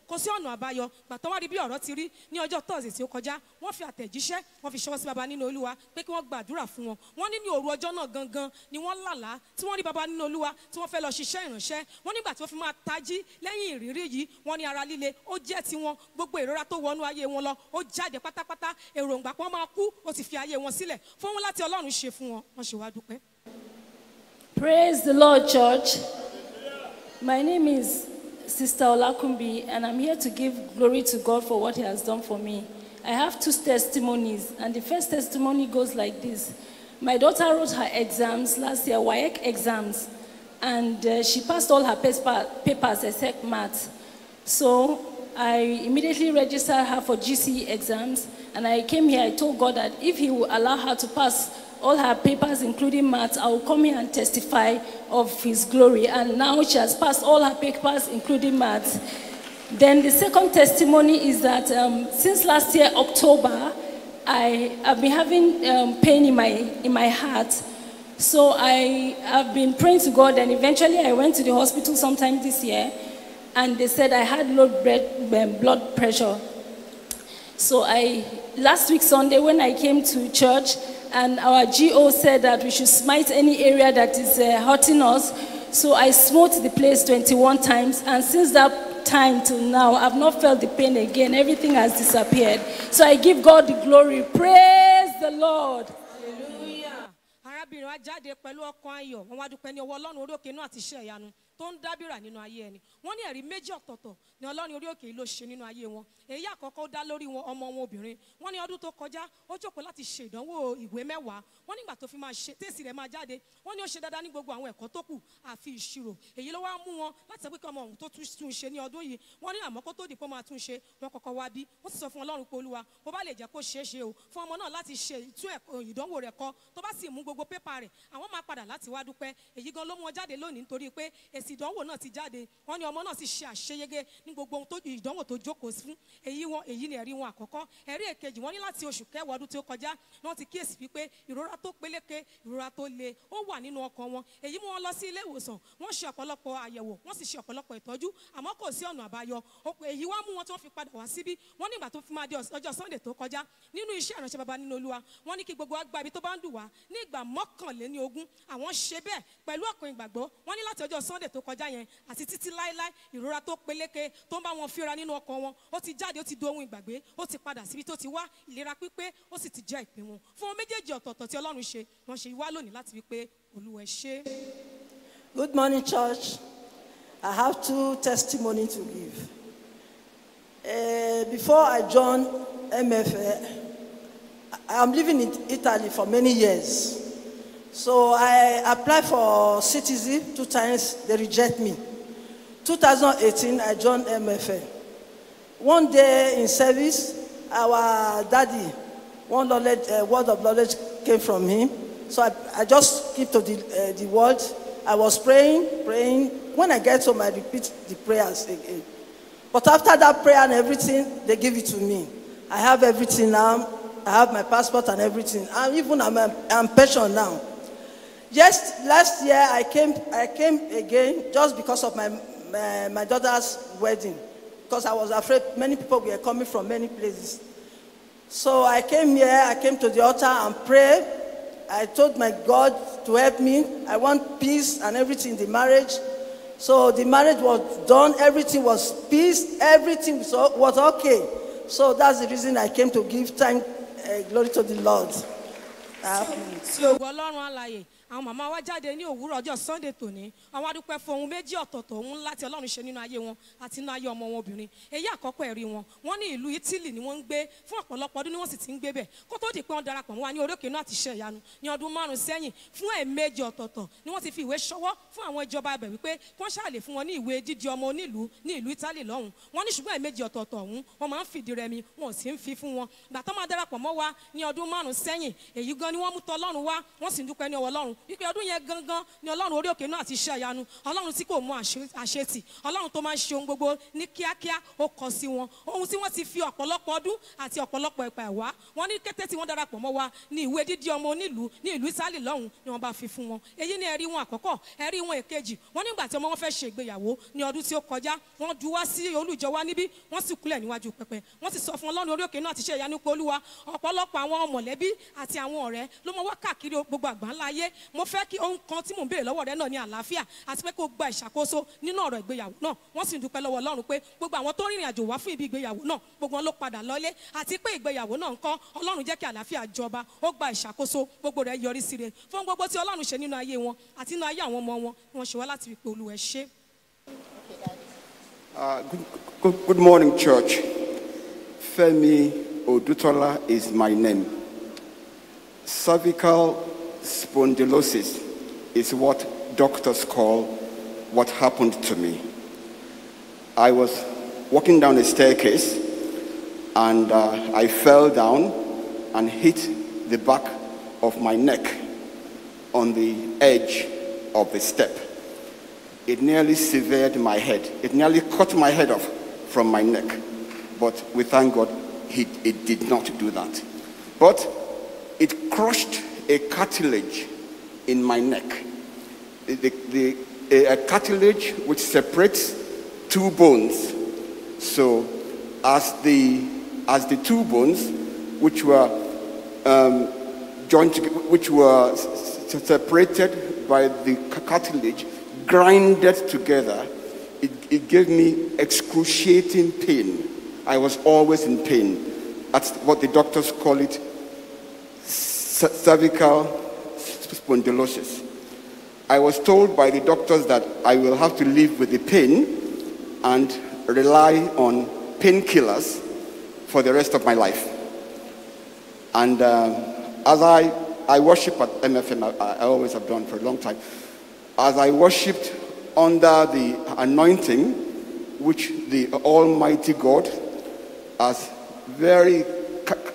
kò sí ọ̀nà àbáyọ gbàtọ́ wá rí bí ọ̀rọ̀ ti rí ní ọjọ́ tọ́sí tí ó kọjá wọ́n fi àtẹ̀jíṣẹ́ wọ́n fi ṣọwọ́ sí baba nínú olúwa pé kí wọ́n gbàdúrà fún wọn wọ́n ní ní òru ọjọ́ náà gangan ni wọ́n lálàá tí wọ́n rí baba nínú olúwa tí wọ́n fẹ́ lọ ṣiṣẹ́ ìránṣẹ́ wọ́n nígbà tí wọ́n fi máa tají lẹ́yìn ìrírí yìí wọ́n ní ara líle ó jẹ́ tiwọn gbogbo ìrora tó wọnú ayé wọn lọ ó jáde pátápátá èròǹgbà pọ́n máa kú ó ti fi ayé wọn sílẹ̀ fún wọn láti ọlọ́run ṣe fún wọn wọ́n ṣe wá dúpẹ́. Praise the Lord, church. My name is Sister Olakumbi, and I'm here to give glory to God for what He has done for me. I have two testimonies, and the first testimony goes like this. My daughter wrote her exams last year, WAEC exams, and uh, she passed all her papers except math. So I immediately registered her for GCE exams, and I came here, I told God that if He would allow her to pass all her papers, including maths. I will come here and testify of his glory. And now she has passed all her papers, including maths. Then the second testimony is that um, since last year, October, I have been having um, pain in my, in my heart. So I have been praying to God, and eventually I went to the hospital sometime this year, and they said I had low um, blood pressure. So I, last week Sunday, when I came to church, and our GO said that we should smite any area that is uh, hurting us. So I smote the place 21 times, and since that time till now, I've not felt the pain again. Everything has disappeared. So I give God the glory. Praise the Lord. arábìnrin wa jáde pẹ̀lú ọkàn ayọ̀ wọn wá dúpẹ́ ní ọwọ́ ọlọ́run orí òkè náà àti iṣẹ́ ìyanu tó ń dábìrà nínú ayé ẹni wọ́n ní ẹ̀rí méjì ọ̀tọ̀ọ̀tọ̀ ni ọlọ́run orí òkè ló ṣe nínú ayé wọn èyí àkọ́kọ́ dá lórí wọn ọmọ wọn obìnrin wọ́n ní ọdún tó kọjá ó jókòó láti ṣe ìdánwò ìwé mẹ́wàá wọ́n nígbà tó fi máa ṣe tèsì rẹ̀ máa jáde wọ́n ní ó ṣe dáadáa ní gbogbo àwọn ẹ̀kọ́ tó kù àfi ìṣirò èyí ló wá mú wọn láti sọ pé kí ọmọ òun tó tún ṣe ní ọdún yìí wọ́n ní àmọ́ kó tó di pé ó máa tún ṣe wọ́n kọ́kọ́ wá bí wọ́n sì sọ fún Ọlọ́run pé Olúwa ó bá lè jẹ́ kó ṣeé ṣe o fún ọmọ náà láti ṣe ìtún ìdánwò rẹ̀ kọ́ tó bá sì mú gbogbo pépà rẹ̀ àwọn máa padà láti wá dúpẹ́ èyí gan ló mú wọn jáde lónìí nítorí pé èsì ìdánwò náà ti jáde wọ́n ní ọmọ náà sì ṣe àṣeyege ní gbogbo ìdánwò tó jókòó fún èyí wọn èyí ni ẹ̀rí wọn àkọ́kọ́ ẹ̀rí èkejì wọn ní láti oṣù kẹwàá ọdún tí ó kọjá náà ti kíyèsí wípé ìrora tó peléke ìrora tó le ó wà nínú ọkàn wọn èyí mú wọn lọ sí ilé ìwòsàn wọn ṣe ọ̀pọ̀lọpọ̀ àyẹ̀wò wọn sì ṣe ọ̀pọ̀lọpọ̀ ìtọ́jú àmọ́ kò sí ọ̀nà àbáyọ èyí wá mú wọn tí wọ́n fi padà wá síbí wọ́n nígbà tó fi máa di ọjọ́ sunday tó kọjá nínú iṣẹ́ ìránṣẹ́ baba nínú olúwa wọ́n ní kí gbogbo agbá ibi tó bá ń dùn wá ní ìgbà mọ́kànléní ogún jáde ó ti di ohun ìgbàgbé ó ti padà síbi tó ti wá ìlera pípé ó sì ti jẹ́ ìpín fún méjèèjì ọ̀tọ̀ọ̀tọ̀ tí Ọlọ́run ṣe wọ́n ṣe wá lónìí láti wí pé Olúwa ṣe. Good morning, church. I have two testimonies to give. Uh, before I joined MFA, I am living in Italy for many years. So I applied for citizenship two times, they reject me. 2018, I joined MFA. One day in service, our daddy, one knowledge, uh, word of knowledge came from him. So I, I just keep to the, uh, the word. I was praying, praying. When I get home, I repeat the prayers again. But after that prayer and everything, they give it to me. I have everything now. I have my passport and everything. I'm even I'm, I'm pensioned now. Just last year, I came, I came again just because of my, my, my daughter's wedding because I was afraid many people were coming from many places. So I came here, I came to the altar and prayed. I told my God to help me. I want peace and everything in the marriage. So the marriage was done, everything was peace, everything was okay. So that's the reason I came to give time, uh, glory to the Lord. so, so àwọn màmá wa jáde ní òwúrọ̀ ọjọ́ sunday tòní àwọn adúpẹ́ fún ohun méjì ọ̀tọ̀ọ̀tọ̀ ohun láti ọlọ́run ṣe nínú ayé wọn àti nínú ayé ọmọ wọn obìnrin èyí àkọ́kọ́ ẹ̀rí wọn wọn ní ìlú italy ni wọ́n ń gbé fún ọ̀pọ̀lọpọ̀ ọdún ni wọ́n sì ti ń gbé bẹ̀ kó tó di pé wọ́n darapọ̀ mọ́ ní orókè náà ti ṣe ìyanu ní ọdún márùn-ún sẹ́yìn fún ẹ̀ẹ̀mejì ọ̀tọ̀ọ̀tọ̀ ni wọ́n ti fi ìwé ṣọwọ́ fún àwọn ìjọba ibẹ̀ wípé kí wọ́n ṣàlè fún wọn ní ìwé dídi ọmọ onílùú ní ìlú italy lọ́hùn wọ́n ní ṣùgbọ́n ẹ̀ẹ̀mejì ọ̀tọ̀ọ̀tọ̀ ọ̀hún wọ́n máa ń fìdí rẹmi wọn ò sì ń fi ni wọ́n mú tọ́ ọlọ́run wá wọ́n sì ń dúpẹ́ wípé ọdún yẹn gangan ni ọlọ́run orí òkè náà ti ṣe àyanu ọlọ́run tí kò mú àṣetì ọlọ́run tó máa ń ṣe ohun gbogbo ní kíákíá ó kọ sí wọn ohun tí wọ́n ti fi ọ̀pọ̀lọpọ̀ ọdún àti ọ̀pọ̀lọpọ̀ ẹ̀pà wá wọn ní kété tí wọ́n darapọ̀ mọ́ wa ní ìwé dídí ọmọ onílùú ní ìlú Ísírẹ́lì lọ́hùn ni wọ́n bá fi fún wọn èyí ni ẹ̀rí wọn àkọ́kọ́ ẹ̀rí wọn èkejì wọ́n nígbà tí ọmọ wọn fẹ́ ṣe ìgbéyàwó ní ọdún tí ó kọjá wọ́n ju wá sí olùjọ wa níbí wọ́n sì kúlẹ̀ níwájú pẹpẹ wọ́n sì sọ fún ọlọ́run orí òkè náà ti ṣe ìyanu pé olúwa ọ̀pọ̀lọpọ̀ àwọn mọ̀lẹ́bí àti àwọn ọ̀rẹ́ ló mọ wá káàkiri gbogbo àgbáńlá ayé mo fẹ́ kí ohun kan tí mò ń béèrè lọ́wọ́ rẹ náà ní àlàáfíà àti pé kó gba ìṣàkóso nínú ọ̀rọ̀ ìgbéyàwó náà wọ́n sì dúpẹ́ lọ́wọ́ ọlọ́run pé gbogbo àwọn tó rìnrìn àjò wá fún ibi ìgbéyàwó náà gbogbo wọn ló padà lọ́lé àti pé ìgbéyàwó náà ńkọ́ ọlọ́run jẹ́ kí àlàáfíà jọba ó gba ìṣàkóso gbogbo rẹ̀ yọrí sí rẹ̀ fún gbogbo tí ọlọ́run ṣe nínú ayé wọn àti nínú ayé àwọn ọmọ wọn wọn ṣe wá láti fi pe olúwa ṣe. Uh, good morning, church. Femi Odutola is my name. Cervical spondylosis is what doctors call what happened to me. I was walking down a staircase and uh, I fell down and hit the back of my neck on the edge of the step. It nearly severed my head. It nearly cut my head off from my neck. But we thank God he, it did not do that. But it crushed a cartilage in my neck. The, the, a, a cartilage which separates two bones. So as the, as the two bones, which were um, joined, which were separated by the cartilage, grinded together, it, it gave me excruciating pain. I was always in pain. That's what the doctors call it cervical spondylosis. I was told by the doctors that I will have to live with the pain and rely on painkillers for the rest of my life. And uh, as I, I worship at MFM, I, I always have done for a long time, as I worshipped under the anointing which the Almighty God has very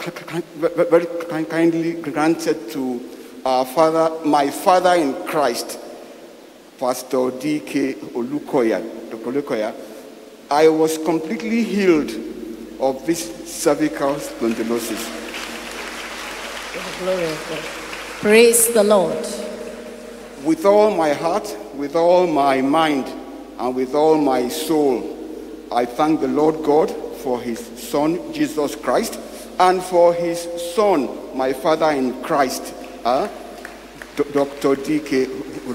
very kindly granted to our father, my father in Christ, Pastor D.K. Olukoya, Dr. Olukoya, I was completely healed of this cervical spondylosis. Praise the Lord. With all my heart, with all my mind, and with all my soul, I thank the Lord God for his Son, Jesus Christ, and for his son, my father in Christ, uh, Dr. D.K.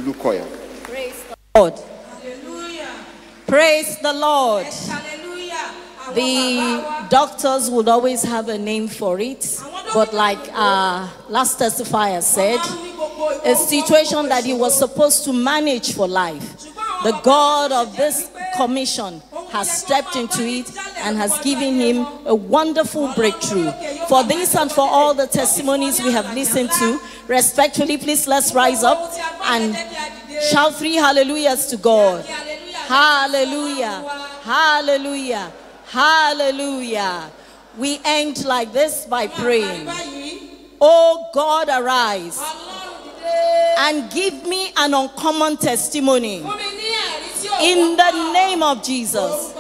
Lukoya. Praise the Lord. Hallelujah. Praise the Lord. Hallelujah. The doctors would always have a name for it, but like uh, last testifier said, a situation that he was supposed to manage for life. The God of this commission has stepped into it and has given him a wonderful breakthrough. For this and for all the testimonies we have listened to, respectfully, please let's rise up and shout three hallelujahs to God. Hallelujah! Hallelujah! Hallelujah! We end like this by praying. Oh God, arise and give me an uncommon testimony in the name of Jesus.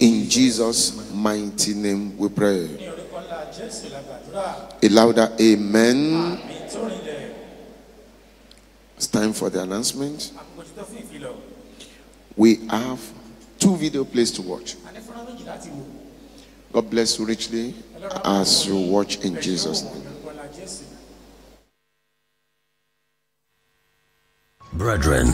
In Jesus' mighty name we pray. A louder amen. It's time for the announcement. We have two video plays to watch. God bless you richly as you watch in Jesus' name. Brethren,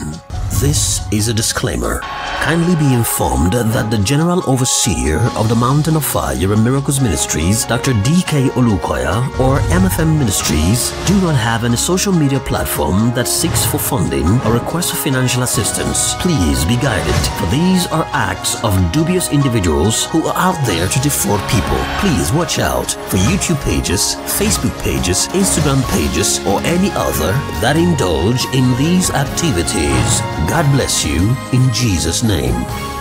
this is a disclaimer kindly be informed that the General Overseer of the Mountain of Fire and Miracles Ministries, Dr. D.K. Olukoya, or MFM Ministries, do not have any social media platform that seeks for funding or requests for financial assistance. Please be guided, for these are acts of dubious individuals who are out there to defraud people. Please watch out for YouTube pages, Facebook pages, Instagram pages, or any other that indulge in these activities. God bless you in Jesus' name name.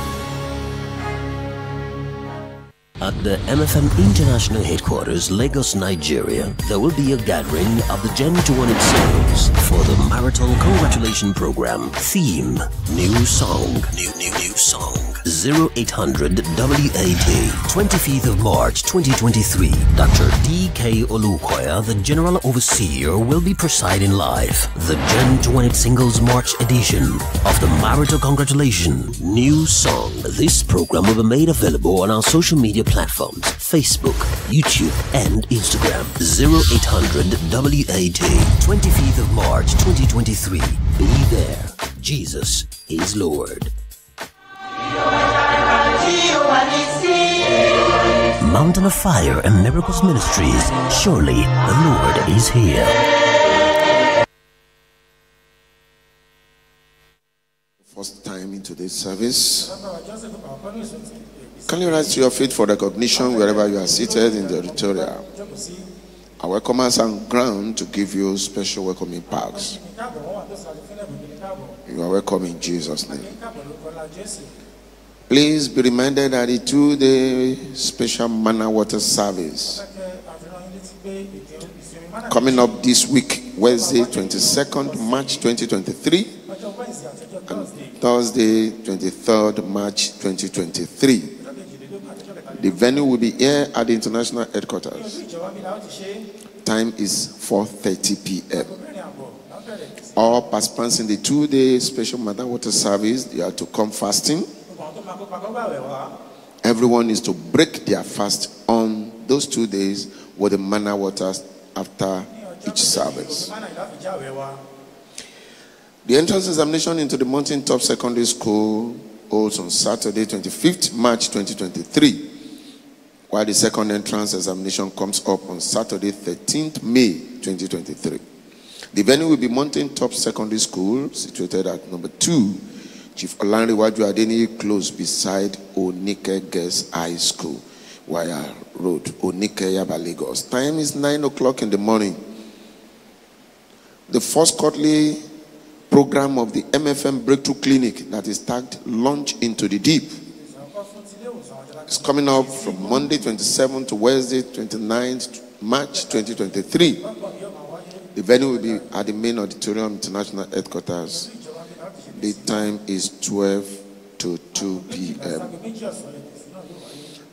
At the MFM International Headquarters, Lagos, Nigeria, there will be a gathering of the Gen 20 singles for the Marital Congratulation Program. Theme, New Song. New, new, new song. 0800 WAD, 25th of March 2023. Dr. D.K. Olukoya, the General Overseer, will be presiding live. The Gen 20 Singles March edition of the Marital Congratulation New Song. This program will be made available on our social media platforms Facebook, YouTube, and Instagram. 0800 WAT, 25th of March 2023. Be there. Jesus is Lord. Mountain of Fire and Miracles Ministries. Surely the Lord is here. First time into this service. Can you rise to your feet for recognition wherever you are seated in the auditorium? Our welcomers and ground to give you special welcoming packs. You are welcome in Jesus' name. Please be reminded that the two day special manna water service coming up this week, Wednesday, 22nd March 2023, and Thursday, 23rd March 2023. The venue will be here at the international headquarters. Time is 4:30 p.m. All participants in the two-day special mother water service, they are to come fasting. Everyone is to break their fast on those two days with the manna waters after each service. The entrance examination into the Mountain Top Secondary School holds on Saturday, 25th March 2023 while the second entrance examination comes up on Saturday, 13th May 2023. The venue will be Mountain Top Secondary School, situated at number 2, Chief Olanriwaju Adeniyi Close, beside Onike Girls High School, Wire Road, Onike Yaba, Lagos. Time is 9 o'clock in the morning. The first quarterly program of the MFM Breakthrough Clinic that is tagged Launch into the Deep it's coming up from Monday 27 to Wednesday 29th March 2023. The venue will be at the main auditorium, International Headquarters. The time is 12 to 2 p.m.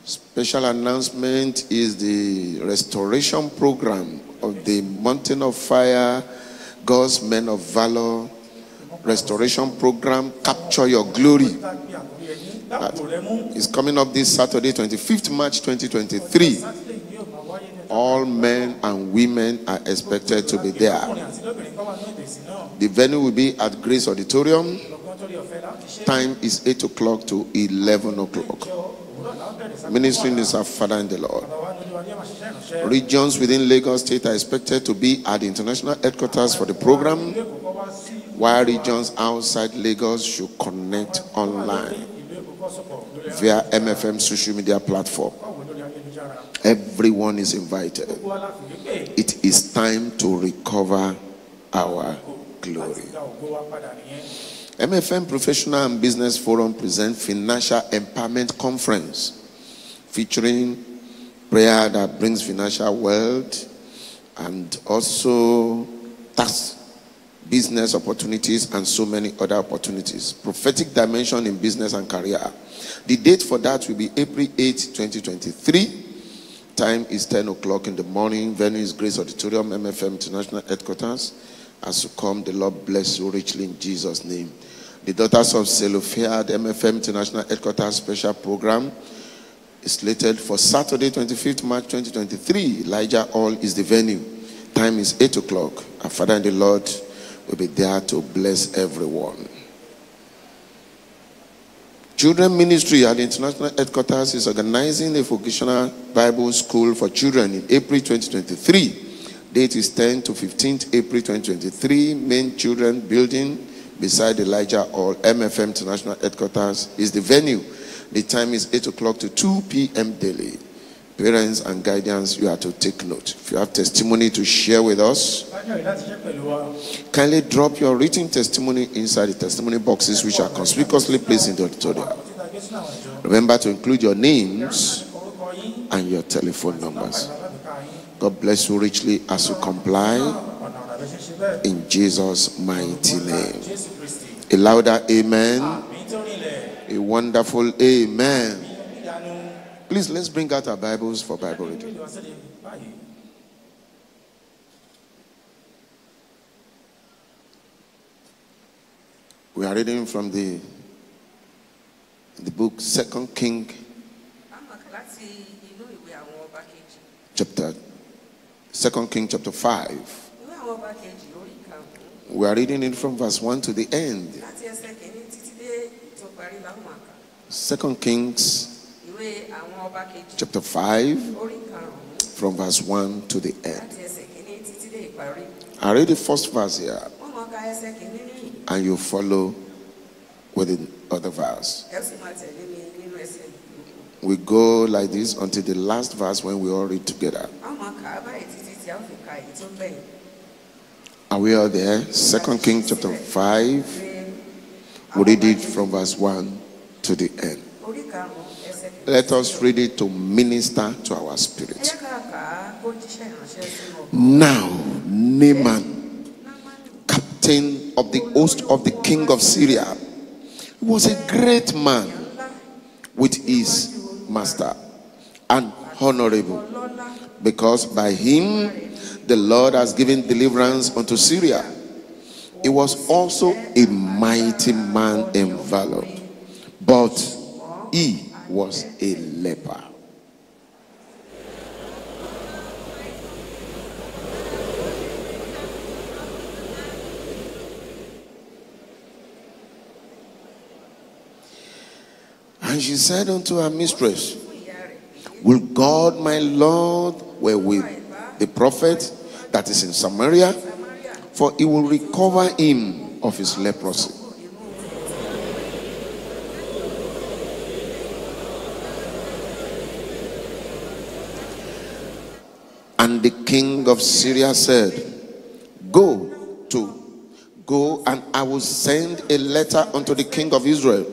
Special announcement is the restoration program of the Mountain of Fire, God's Men of Valor Restoration Program, Capture Your Glory. It's coming up this Saturday, 25th March 2023. All men and women are expected to be there. The venue will be at Grace Auditorium. Time is 8 o'clock to 11 o'clock. Ministering is our Father in the Lord. Regions within Lagos State are expected to be at the international headquarters for the program, while regions outside Lagos should connect online via MFM social media platform. Everyone is invited. It is time to recover our glory. MFM Professional and Business Forum presents Financial Empowerment Conference featuring prayer that brings financial wealth and also tax business opportunities, and so many other opportunities. Prophetic dimension in business and career. The date for that will be April 8, 2023. Time is 10 o'clock in the morning. Venue is Grace Auditorium, MFM International Headquarters. As you come, the Lord bless you richly in Jesus' name. The Daughters of Selofia, the MFM International Headquarters Special Program is slated for Saturday, 25th March 2023. Elijah Hall is the venue. Time is 8 o'clock. Our Father in the Lord will be there to bless everyone. Children Ministry at the International Headquarters is organizing a vocational Bible school for children in April 2023. Date is 10 to 15th April 2023. Main Children Building beside Elijah or MFM International Headquarters is the venue. The time is 8 o'clock to 2 p.m. daily parents and guardians, you are to take note. If you have testimony to share with us, kindly drop your written testimony inside the testimony boxes, which are conspicuously placed in the auditorium. Remember to include your names and your telephone numbers. God bless you richly as you comply in Jesus' mighty name. A louder amen. A wonderful amen. Please let's bring out our Bibles for Bible reading. We are reading from the the book Second King, chapter Second King, chapter five. We are reading it from verse one to the end. Second Kings chapter 5, from verse 1 to the end. I read the first verse here, and you follow with the other verse. We go like this until the last verse when we all read together. Are we all there? Second King chapter 5. We read it from verse 1 to the end. Let us read it to minister to our spirit. Now, Naaman, captain of the host of the king of Syria, was a great man with his master and honorable, because by him the Lord has given deliverance unto Syria. He was also a mighty man in valor, but he was a leper. And she said unto her mistress, Will God my Lord were with the prophet that is in Samaria? For he will recover him of his leprosy. And the king of Syria said, Go to, go, and I will send a letter unto the king of Israel.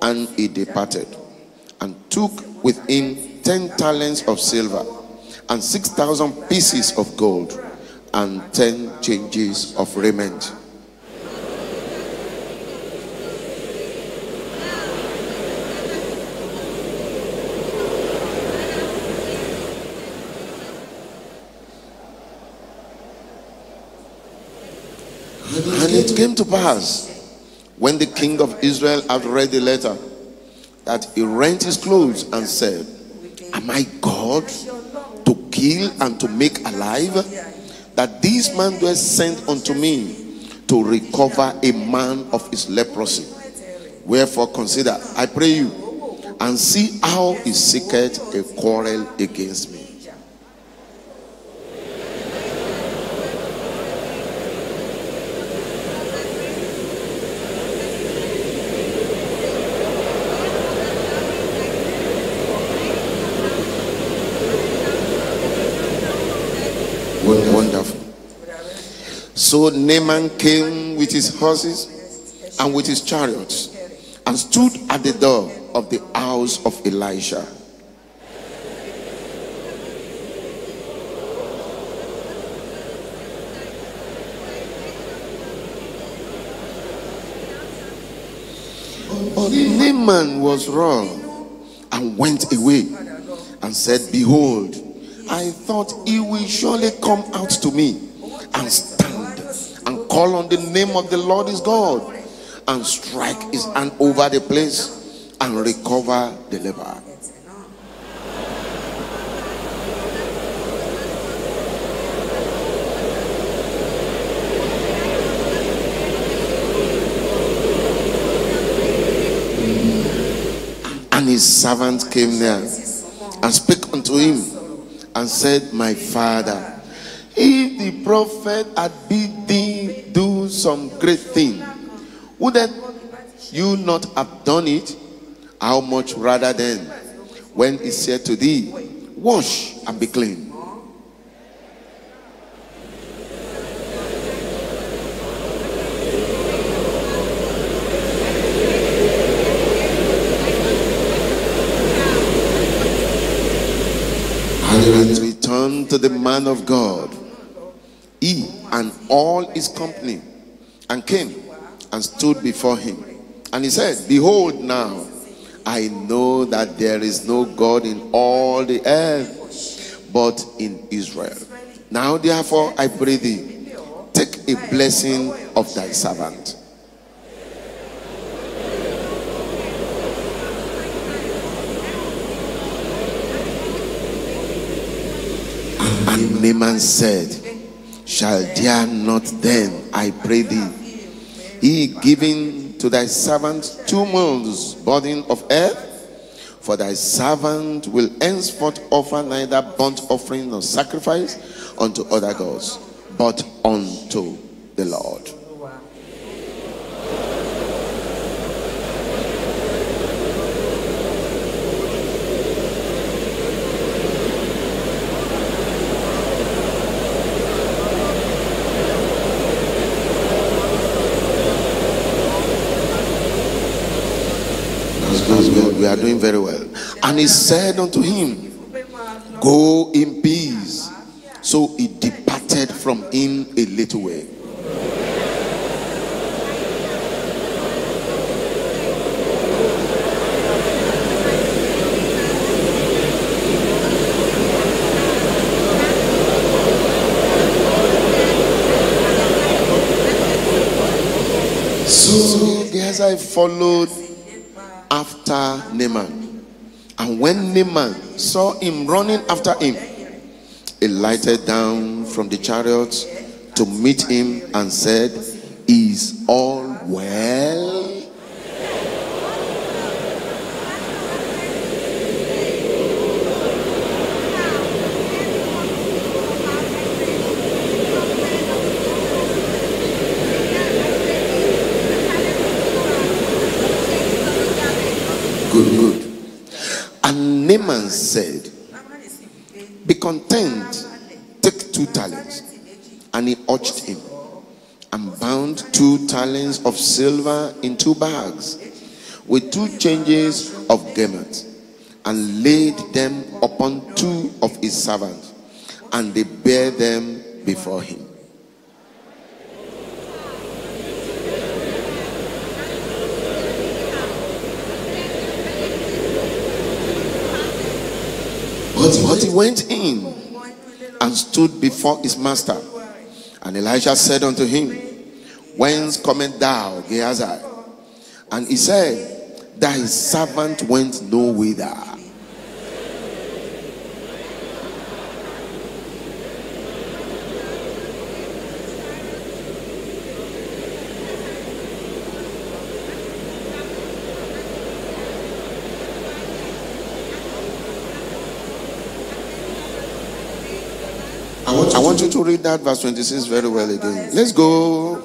And he departed and took with him ten talents of silver and six thousand pieces of gold and ten changes of raiment. came to pass when the king of Israel had read the letter that he rent his clothes and said, Am I God to kill and to make alive? That this man was sent unto me to recover a man of his leprosy. Wherefore, consider, I pray you, and see how he seeketh a quarrel against me. Wonderful. Wonderful. So Naaman came with his horses and with his chariots and stood at the door of the house of Elisha. But Naaman was wrong and went away and said, Behold, I thought he will surely come out to me and stand and call on the name of the Lord his God and strike his hand over the place and recover the leper. And his servant came there and spoke unto him and said, My father, if the prophet had bid thee do some great thing, would that you not have done it? How much rather then when he said to thee, Wash and be clean? To the man of God, he and all his company, and came and stood before him. And he said, Behold, now I know that there is no God in all the earth but in Israel. Now, therefore, I pray thee, take a blessing of thy servant Naaman said, Shall there not then, I pray thee, he giving to thy servant two months' burden of earth? For thy servant will henceforth offer neither burnt offering nor sacrifice unto other gods, but unto the Lord. doing very well. And he said unto him, Go in peace. So he departed from him a little way. So, as I followed after Naaman. And when Naaman saw him running after him, he lighted down from the chariot to meet him and said, Is all well? good, And Naaman said, Be content, take two talents. And he urged him and bound two talents of silver in two bags with two changes of garments and laid them upon two of his servants, and they bare them before him. he went in and stood before his master. And Elijah said unto him, Whence comest thou, Gehazi? And he said, Thy servant went no whither. read that verse 26 very well again. Let's go.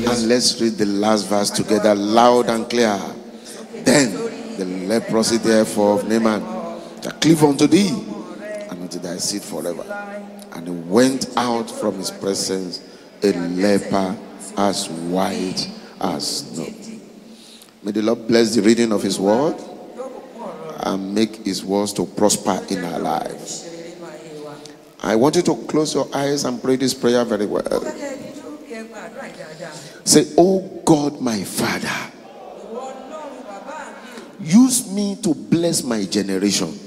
And let's read the last verse together loud and clear. Then the leprosy, therefore, of Naaman that cleave unto thee and unto thy seed forever. And he went out from his presence a leper as white as snow. May the Lord bless the reading of his word and make his words to prosper in our lives. I want you to close your eyes and pray this prayer very well. Say, Oh God, my Father, use me to bless my generation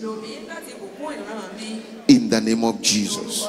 in the name of Jesus.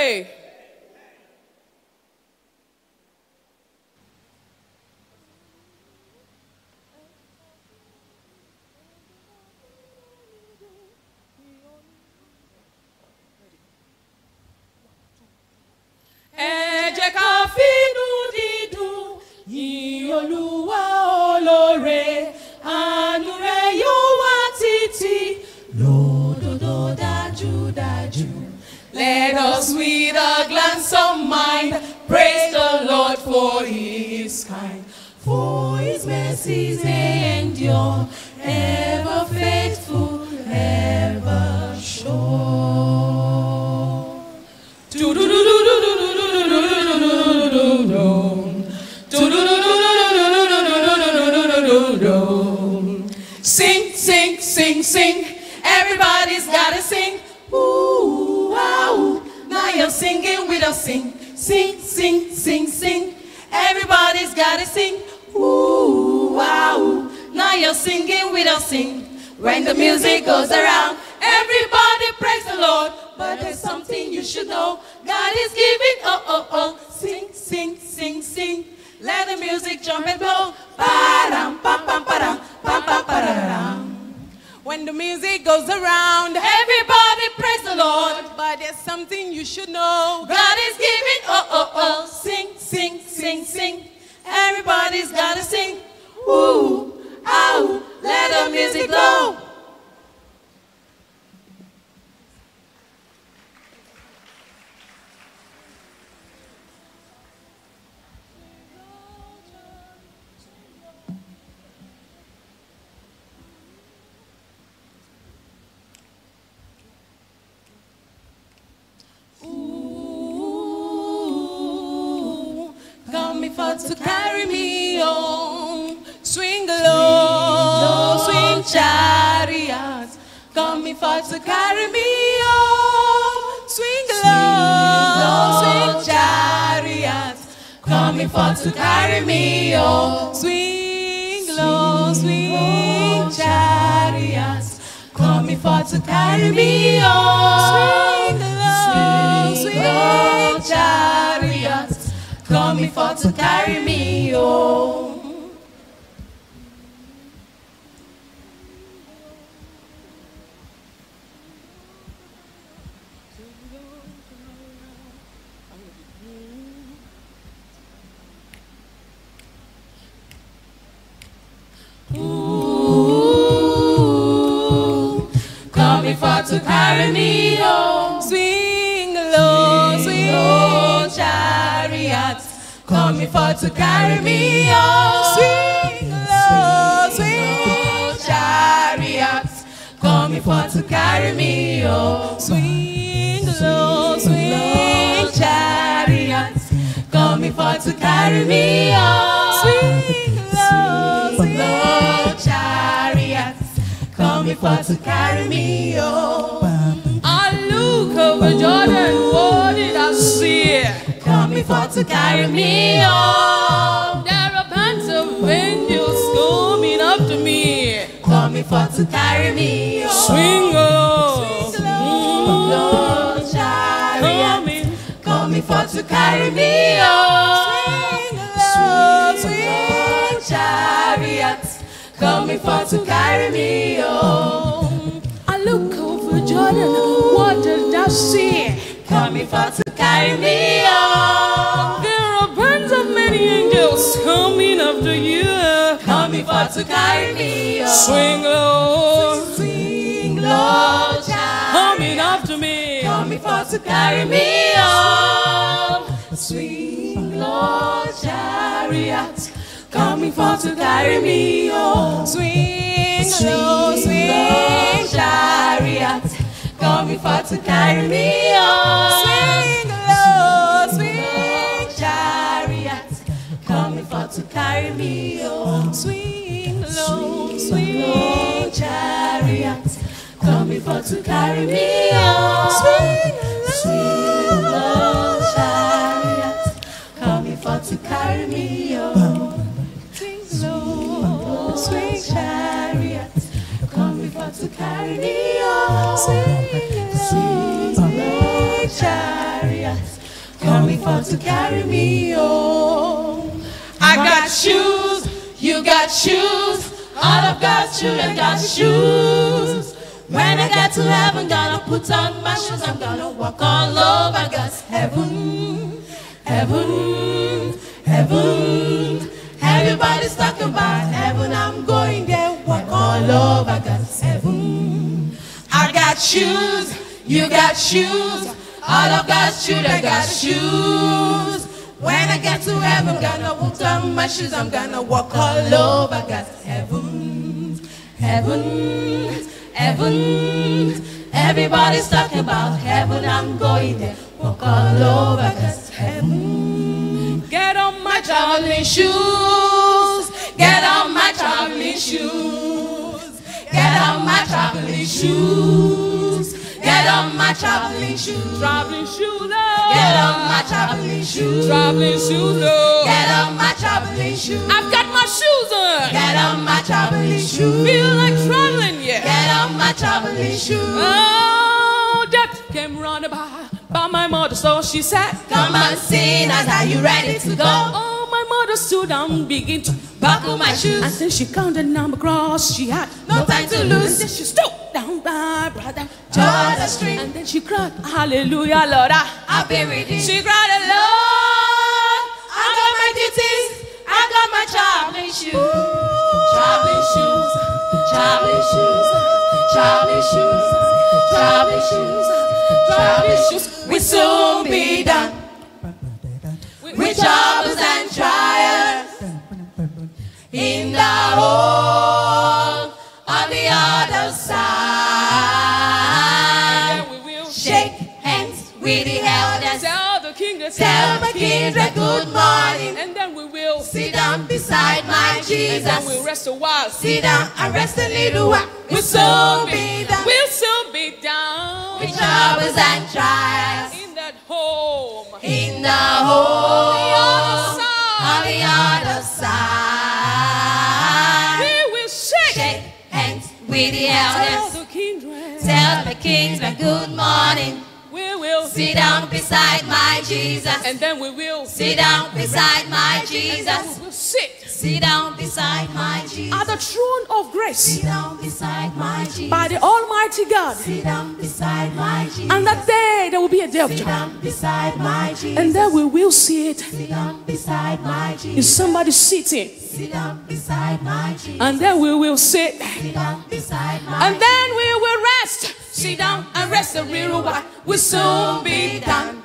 Hey! you're singing, we don't sing. When the music goes around, everybody praise the Lord. But there's something you should know. God is giving, oh, oh, oh. Sing, sing, sing, sing. Let the music jump and blow. Ba-dum, ba-dum, ba-dum, ba-dum, ba-dum. When the music goes around, everybody praise the Lord. But there's something you should know. God is giving, oh, oh, oh. Sing, sing, sing, sing. Everybody's gotta sing. Ooh. Ow, oh, let the music go. comfort to carry me on. Swing low, swing chariot, coming forth to carry me on. Swing low, swing chariot, coming forth to carry me on. Swing low, swing chariot, coming forth to carry me on. God to carry me home. Swing low, swing, swing low, chariot, coming for to carry me home. Swing low, swing, swing low, chariot, coming for to carry me home. Swing low, swing low, chariot, coming for to carry me home. Swing low, swing low for to carry me, on. I look over Jordan, what did I see? Come before to carry me, on. There are bands of angels coming after me. Come before to carry me, on. Swing, low, Swing slow, chariot. Come before to carry me, on. Swing low, swing, swing chariot coming for to carry me home. I look over Jordan, what did I see? Coming for to carry me home. There are bands of many angels coming after you. Coming for to carry me home. Swing low, swing low, child. Coming after me. Coming for to carry me on. Swing low, chariot coming for to carry me home. Oh. Oh, swing, swing low, oh, swing, chariot, coming for to carry me home. Swing low, swing, chariot, coming forth to carry me home. Swing low, swing, chariot, coming for to carry me home. Swing low, swing, low, chariot, coming for to carry me home swing chariot, come before to carry me on. Oh. Swing, swing chariot, come before to carry me on. I got shoes, you got shoes, all of God's children got shoes. When I get to heaven, gonna put on my shoes, I'm gonna walk all over God's heaven, heaven, heaven. Everybody's talking about heaven. I'm going there. Walk all over heaven. I got shoes. You got shoes. All of God's children got shoes. When I get to heaven, I'm gonna walk on my shoes. I'm gonna walk all over got heaven. Heaven. Heaven. Everybody's talking about heaven. I'm going there. Walk all over got heaven. Get on my traveling shoes. Get on my traveling shoes. Get on my traveling shoes. Get on my traveling shoes. Traveling shoes. Oh. Get on my traveling shoes. Traveling shoes. Oh. Get on my traveling shoes. I've got my shoes on. Get on my traveling shoes. Feel like traveling, yeah. Get on my traveling shoes. Oh, death came round about. By my mother, so she said, Come and sing now are you ready to go? Oh, my mother stood down, begin to buckle my shoes. And then she counted number cross she had no time to lose. And then she stood down, my brother, just the string. And then she cried, Hallelujah, Lord, I'll be waiting." She cried, Lord, I got my duties, I got my traveling shoes. Traveling shoes, traveling shoes, traveling shoes, traveling shoes we will soon be done. With troubles and trials in the hole on the other side. Shake hands with the elders. Tell the king a good morning. And then we will sit down beside my Jesus. And we'll rest a while. Sit down and rest a little while. We'll soon be done. We'll soon be done troubles and trials. In that home. In the home. On the other side. We will shake. Shake hands with the elders. Tell the kings, Tell the kingsmen good morning. We will sit down beside my Jesus. And then we will sit down beside my Jesus. And then we will sit Sit down beside my Jesus. At the throne of grace. Sit down beside my Jesus. By the Almighty God. Sit down beside my Jesus. And that day there will be a day of Sit down beside my Jesus. And there we will see it. Sit down beside my Jesus. Is somebody sitting? Sit down beside my Jesus. And then we will sit. sit down beside my and then we will rest. Sit down and rest a little while. We'll soon be done.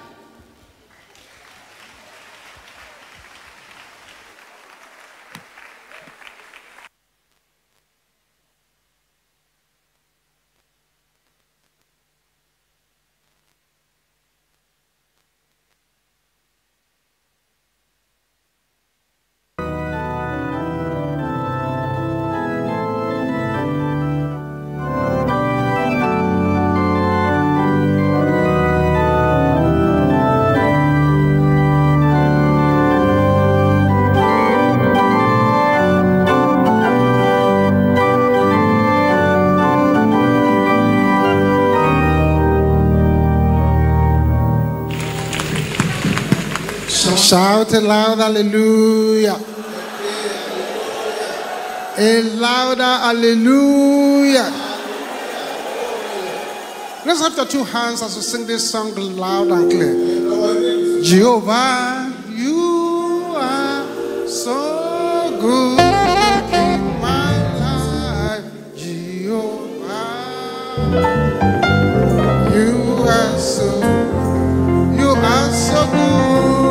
Shout it loud, hallelujah. A louder hallelujah. Let's lift our two hands as we sing this song loud and clear. Jehovah, you are so good. In my life, Jehovah, you are so, you are so good.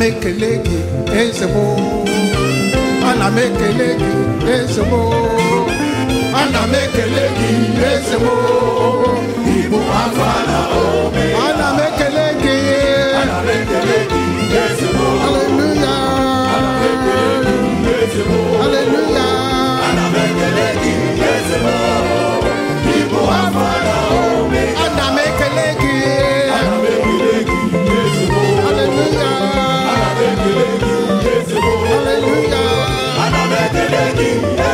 mekele gị ezigbo ana m ekele gị ezigbo ana m ekele gị ezigbo ịbụ ome ana m ekele gị ana m ekele gị ezigbo haleluya ana m ekele gị ezigbo ana m ekele gị Hallelujah.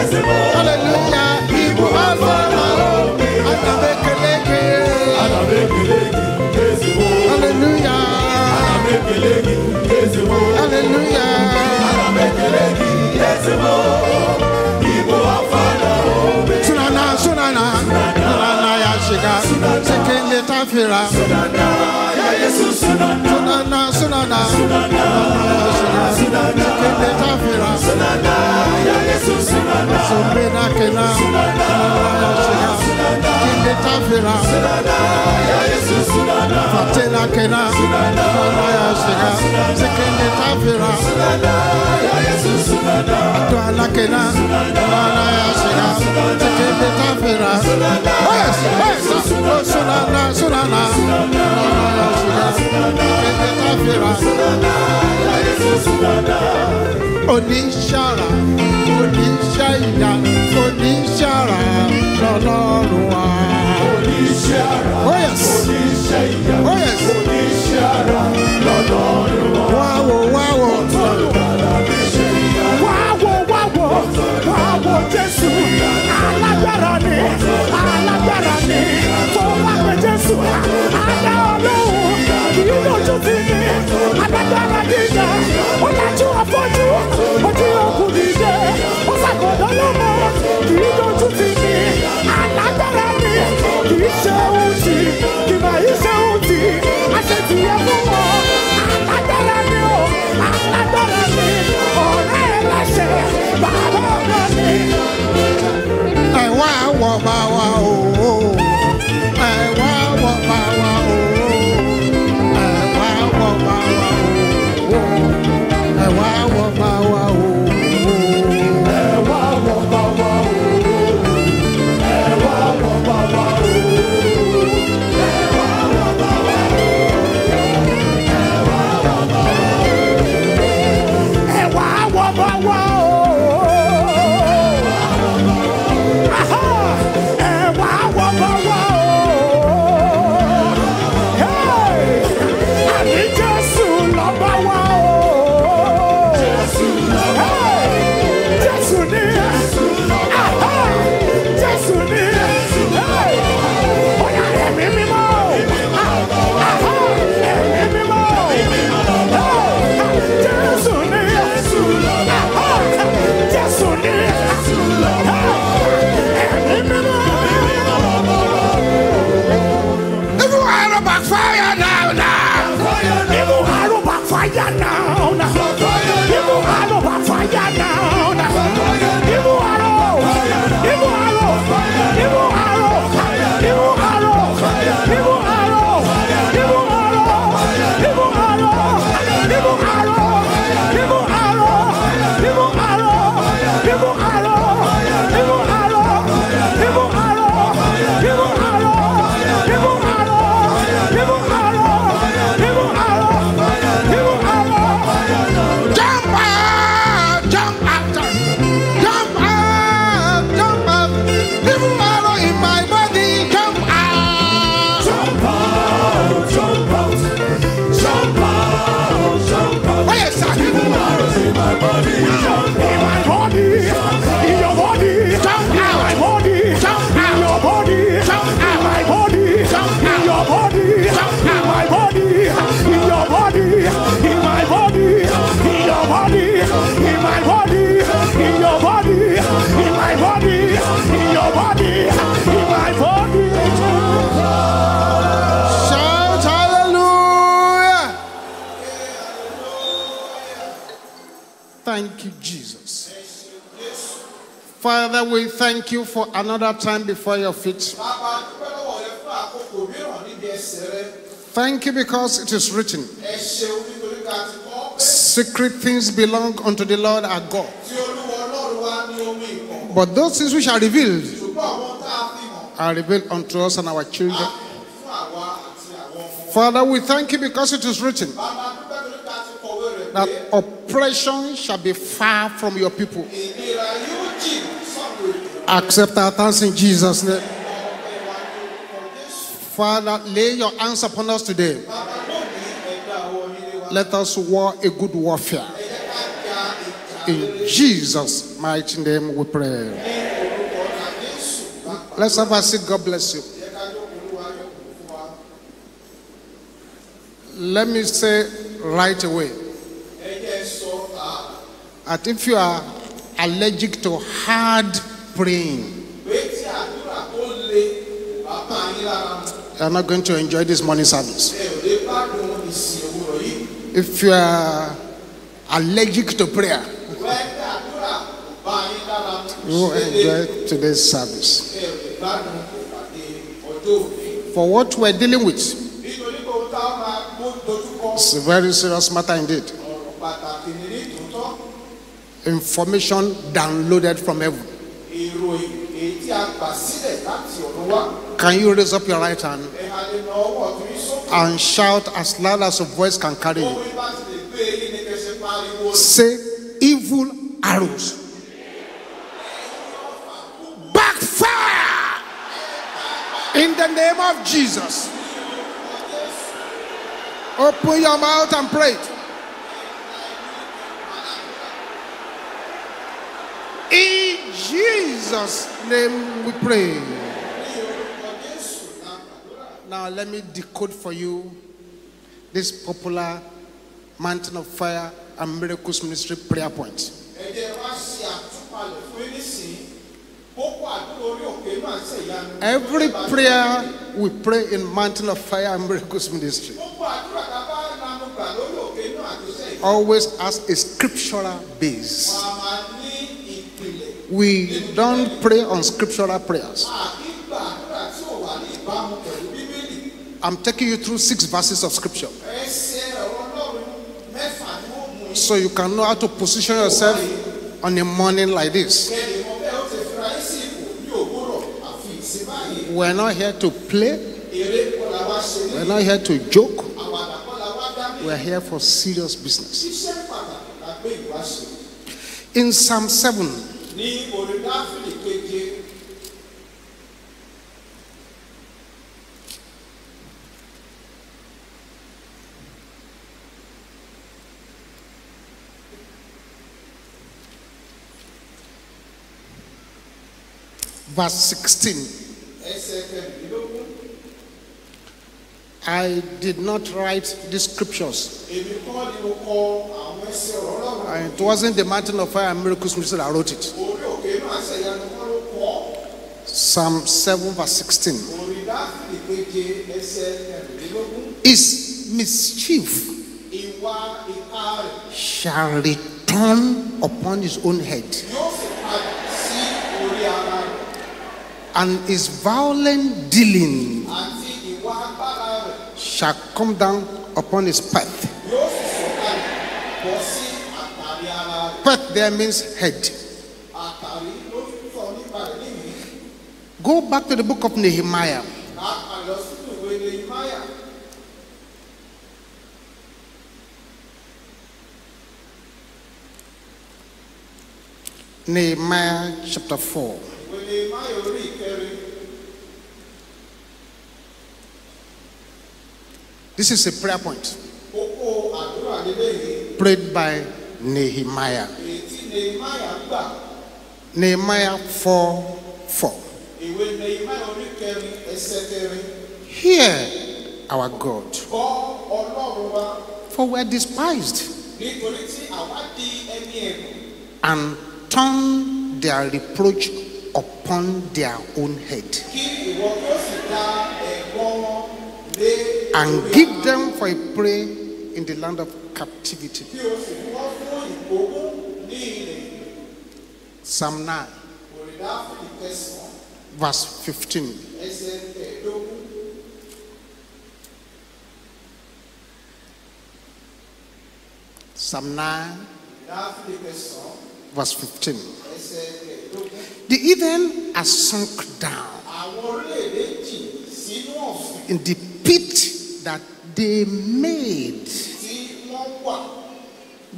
Hallelujah. Sekende tafira Sunana sunana Sunana sunana Sunana sunana Sunana sunana Sunana sunana Sunana sunana Sunana sunana Sunana sunana Sunana sunana sunana sunana oníṣàrà oníṣàìyà oníṣàrà lọ́lọ́run wa. oníṣàrà oníṣàìyà oníṣàrà lọ́lọ́run wa. wáwo wáwo wáwo wáwo wáwo Jésù alágbára ni. I ni fọwọ́ pé jésù àdá ọlọ́run kìí lójú ti ní alágbára dídá ó dájú afọ́jú ojú òkun dídé ó ṣàkóso lọ́mọ kìí lójú ti ní alágbára ni kìí ṣe ohun tí kìí máa yí ṣe ohun tí a ṣe ti yẹ fún wọn alágbára ni ó alágbára Father, we thank you for another time before your feet. Thank you because it is written. Secret things belong unto the Lord our God. But those things which are revealed are revealed unto us and our children. Father, we thank you because it is written that oppression shall be far from your people. Accept our thanks in Jesus' name. Father, lay your hands upon us today. Let us war a good warfare. In Jesus' mighty name we pray. Let's have a seat. God bless you. Let me say right away that if you are allergic to hard praying. You are not going to enjoy this morning service. If you are allergic to prayer, you will enjoy today's service. For what we're dealing with, it's a very serious matter indeed. Information downloaded from heaven. Can you raise up your right hand and shout as loud as your voice can carry you? Say, evil arrows. Backfire! In the name of Jesus. Open your mouth and pray. In Jesus' name we pray. Now, let me decode for you this popular Mountain of Fire and Miracles Ministry prayer point. Every prayer we pray in Mountain of Fire and Miracles Ministry always has a scriptural base we don't pray on scriptural prayers. I'm taking you through six verses of scripture. So you can know how to position yourself on a morning like this. We're not here to play. We're not here to joke. We're here for serious business. In Psalm 7, ní orílẹ̀-àfìlì verse sixteen. I did not write the scriptures. And it wasn't the mountain of fire and miracles ministry I wrote it. Psalm 7, verse 16. Is mischief shall return upon his own head, and his violent dealing shall come down upon his path. Path there means head. Go back to the book of Nehemiah. Nehemiah chapter 4. This is a prayer point prayed by Nehemiah. Nehemiah 4 4. Hear our God, for we are despised, and turn their reproach upon their own head and give them for a prey in the land of captivity. Psalm 9, verse 15. Psalm 9, verse 15. The heathen are sunk down in the pit that they made.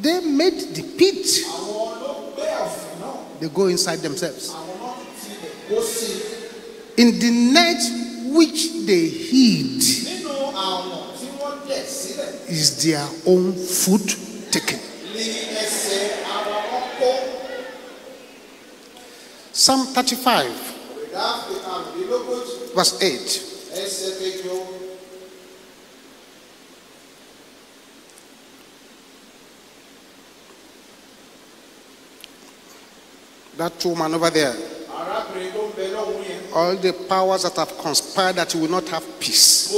They made the pit. They go inside themselves. In the night which they hid is their own foot taken. Psalm 35, verse 8. that woman over there. All the powers that have conspired that you will not have peace.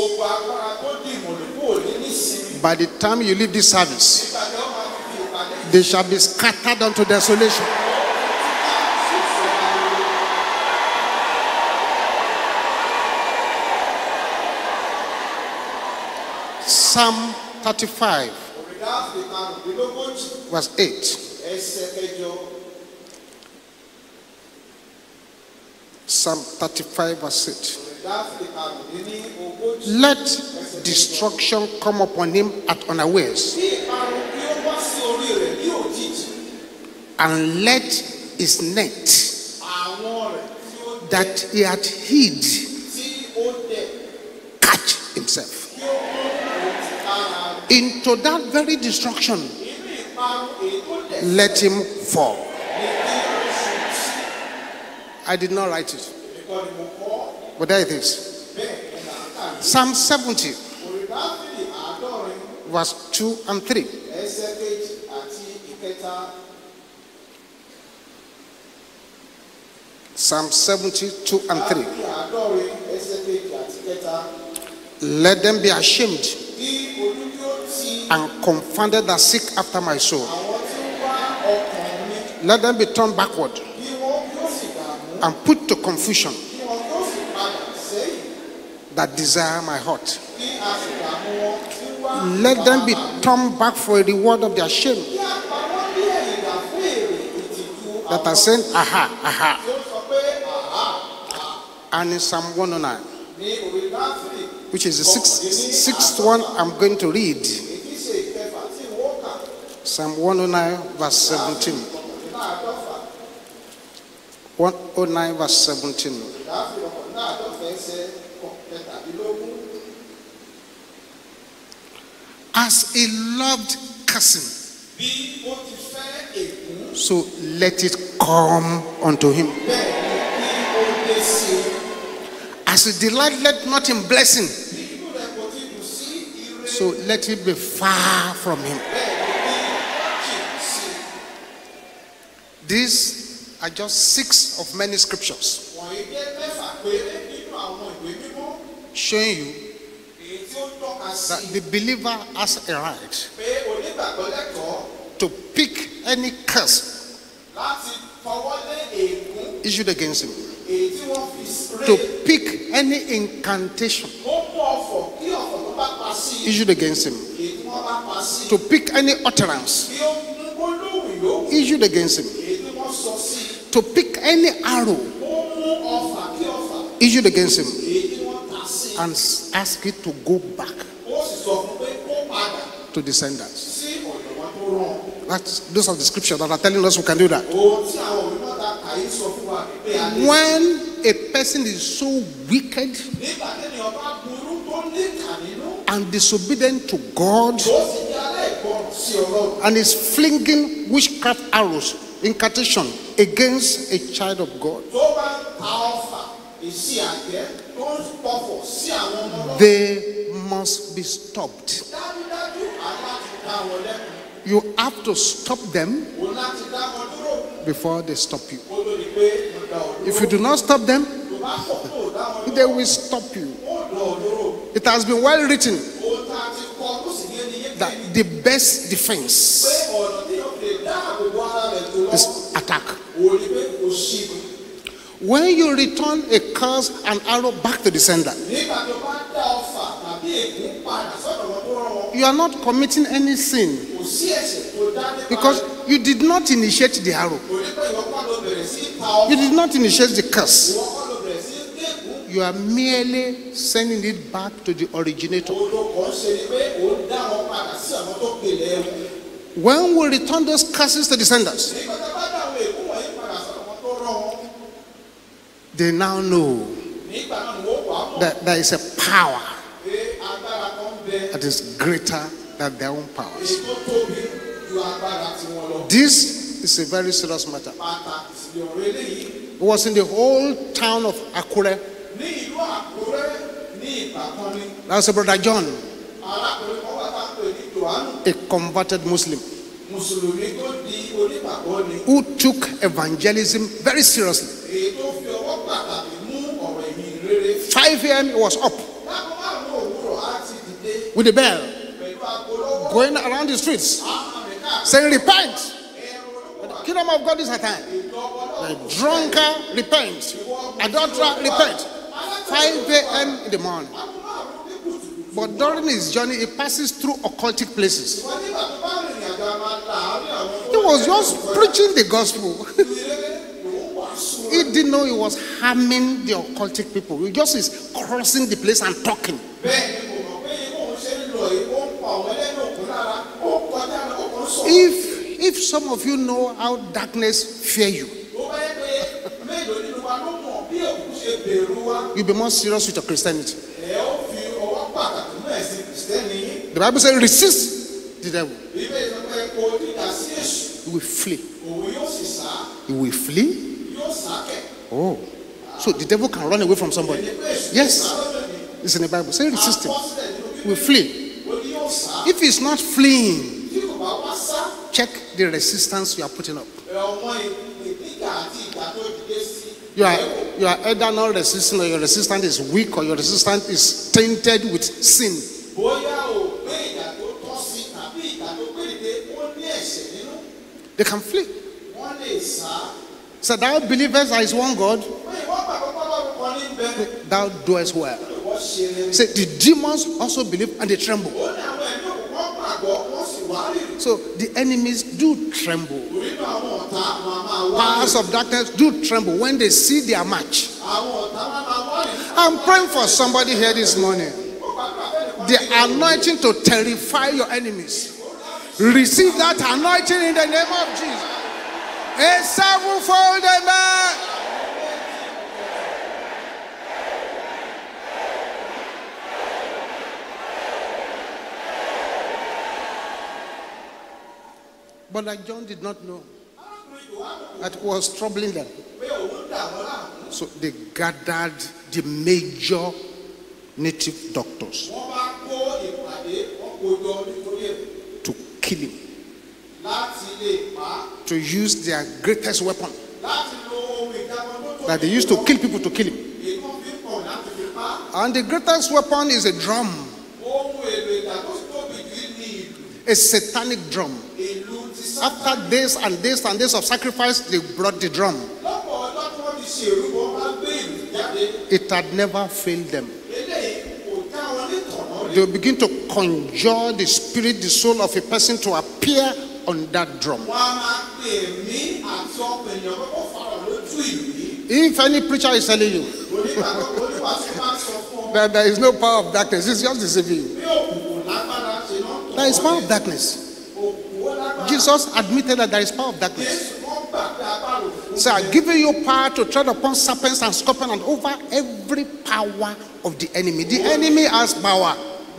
By the time you leave this service, they shall be scattered unto desolation. Psalm 35, verse 8. Psalm 35, verse 8. Let destruction come upon him at unawares. And let his net that he had hid catch himself. Into that very destruction, let him fall. I did not write it. But there it is. Psalm 70, verse 2 and 3. Psalm 72 and 3. Let them be ashamed and confounded that seek after my soul. Let them be turned backward and put to confusion that desire my heart. Let them be turned back for a reward of their shame. That are saying, aha, aha. And in Psalm 109, which is the sixth, sixth one I'm going to read. Psalm 109, verse 17. 109 verse 17. As a loved cousin, so let it come unto him. As a delight, let not in blessing, so let it be far from him. This are just six of many scriptures showing you that the believer has a right to pick any curse issued against him, to pick any incantation issued against him, to pick any utterance issued against him to pick any arrow issued against him and ask it to go back to descendants. That's, those are the scriptures that are telling us we can do that. When a person is so wicked and disobedient to God and is flinging witchcraft arrows incantation against a child of God. They must be stopped. You have to stop them before they stop you. If you do not stop them, they will stop you. It has been well written that the best defense this attack. When you return a curse and arrow back to the sender, you are not committing any sin because you did not initiate the arrow, you did not initiate the curse. You are merely sending it back to the originator. When we return those curses to the senders, they now know that there is a power that is greater than their own powers. This is a very serious matter. It was in the whole town of Akure. That's a brother John, a converted Muslim who took evangelism very seriously. 5 a.m. it was up with the bell going around the streets saying repent the kingdom of God is at hand the drunkard repent adulterer repent 5 a.m. in the morning but during his journey he passes through occultic places he was just preaching the gospel he didn't know he was harming the occultic people. He just is crossing the place and talking. If, if some of you know how darkness fear you, you'll be more serious with your Christianity. The Bible says, resist the devil. He will flee. He will flee Oh. So the devil can run away from somebody. Yes. It's in the Bible. Say resist him. We flee. If he's not fleeing, check the resistance you are putting up. You are, you are either not resisting or your resistance is weak or your resistance is tainted with sin. They can flee. So thou believest there is one God, thou doest well. Say the demons also believe and they tremble. So the enemies do tremble. Powers of darkness do tremble when they see their match. I'm praying for somebody here this morning. The anointing to terrify your enemies. Receive that anointing in the name of Jesus et ça vous But like John did not know that was troubling them. So they gathered the major native doctors to kill him to use their greatest weapon that they used to kill people to kill him. And the greatest weapon is a drum, a satanic drum. After days and days and days of sacrifice, they brought the drum. It had never failed them. They begin to conjure the spirit, the soul of a person to appear on that drum. If any preacher is telling you that there is no power of darkness, it's just deceiving you. There is power of darkness. Jesus admitted that there is power of darkness. So i give you power to tread upon serpents and scorpions and over every power of the enemy. The enemy has power.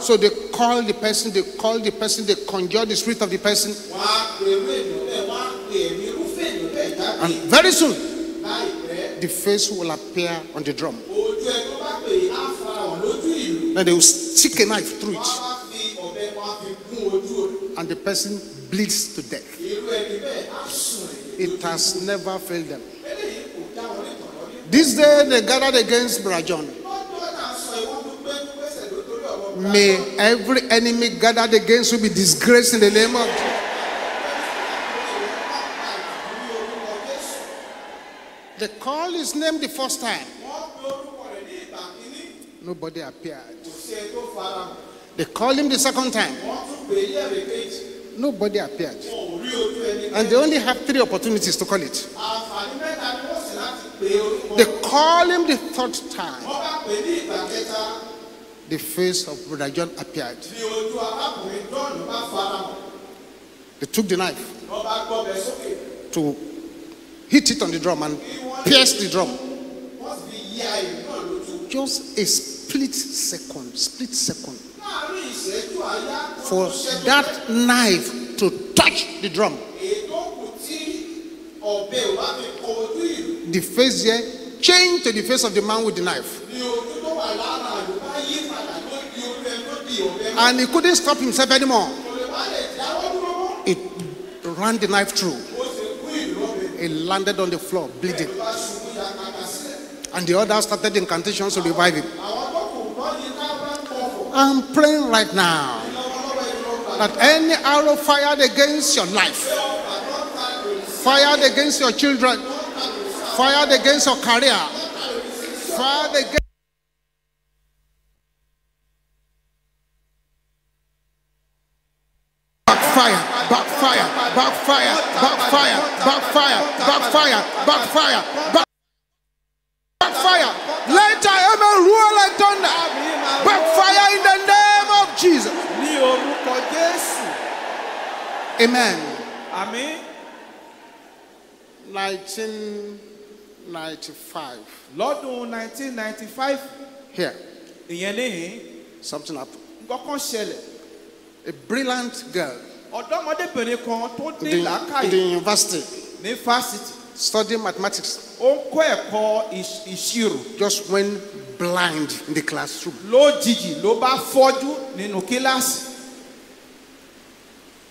So they call the person, they call the person, they conjure the spirit of the person. And very soon, the face will appear on the drum. And they will stick a knife through it. And the person bleeds to death. It has never failed them. This day they gathered against Brajon. May every enemy gathered against you be disgraced in the name of Jesus. call is named the first time. Nobody appeared. They called him the second time. Nobody appeared. And they only have three opportunities to call it. They call him the third time the face of Brother John appeared. They took the knife to hit it on the drum and pierce the drum. Just a split second, split second. For that knife to touch the drum. The face here changed to the face of the man with the knife. And he couldn't stop himself anymore. He ran the knife through. He landed on the floor, bleeding. And the others started incantations to revive him. I'm praying right now that any arrow fired against your life, fired against your children, fired against your career, fired against backfire, backfire, backfire, backfire, backfire, backfire, backfire, backfire. Let I am a rule and thunder. Backfire in the name of Jesus. Amen. Amen. 1995. Lọ́dún 1995. Here. Ìyẹn Something happened. Nǹkan a brilliant girl. ọ̀dọ́mọdébìnrin kan tó ní làákàyè. the university. ní fásitì. studying mathematics. ó ń kọ́ ẹ̀kọ́ ìṣirò. just went blind in the classroom. lójijì ló bá fọ́jú nínú kíláàsì.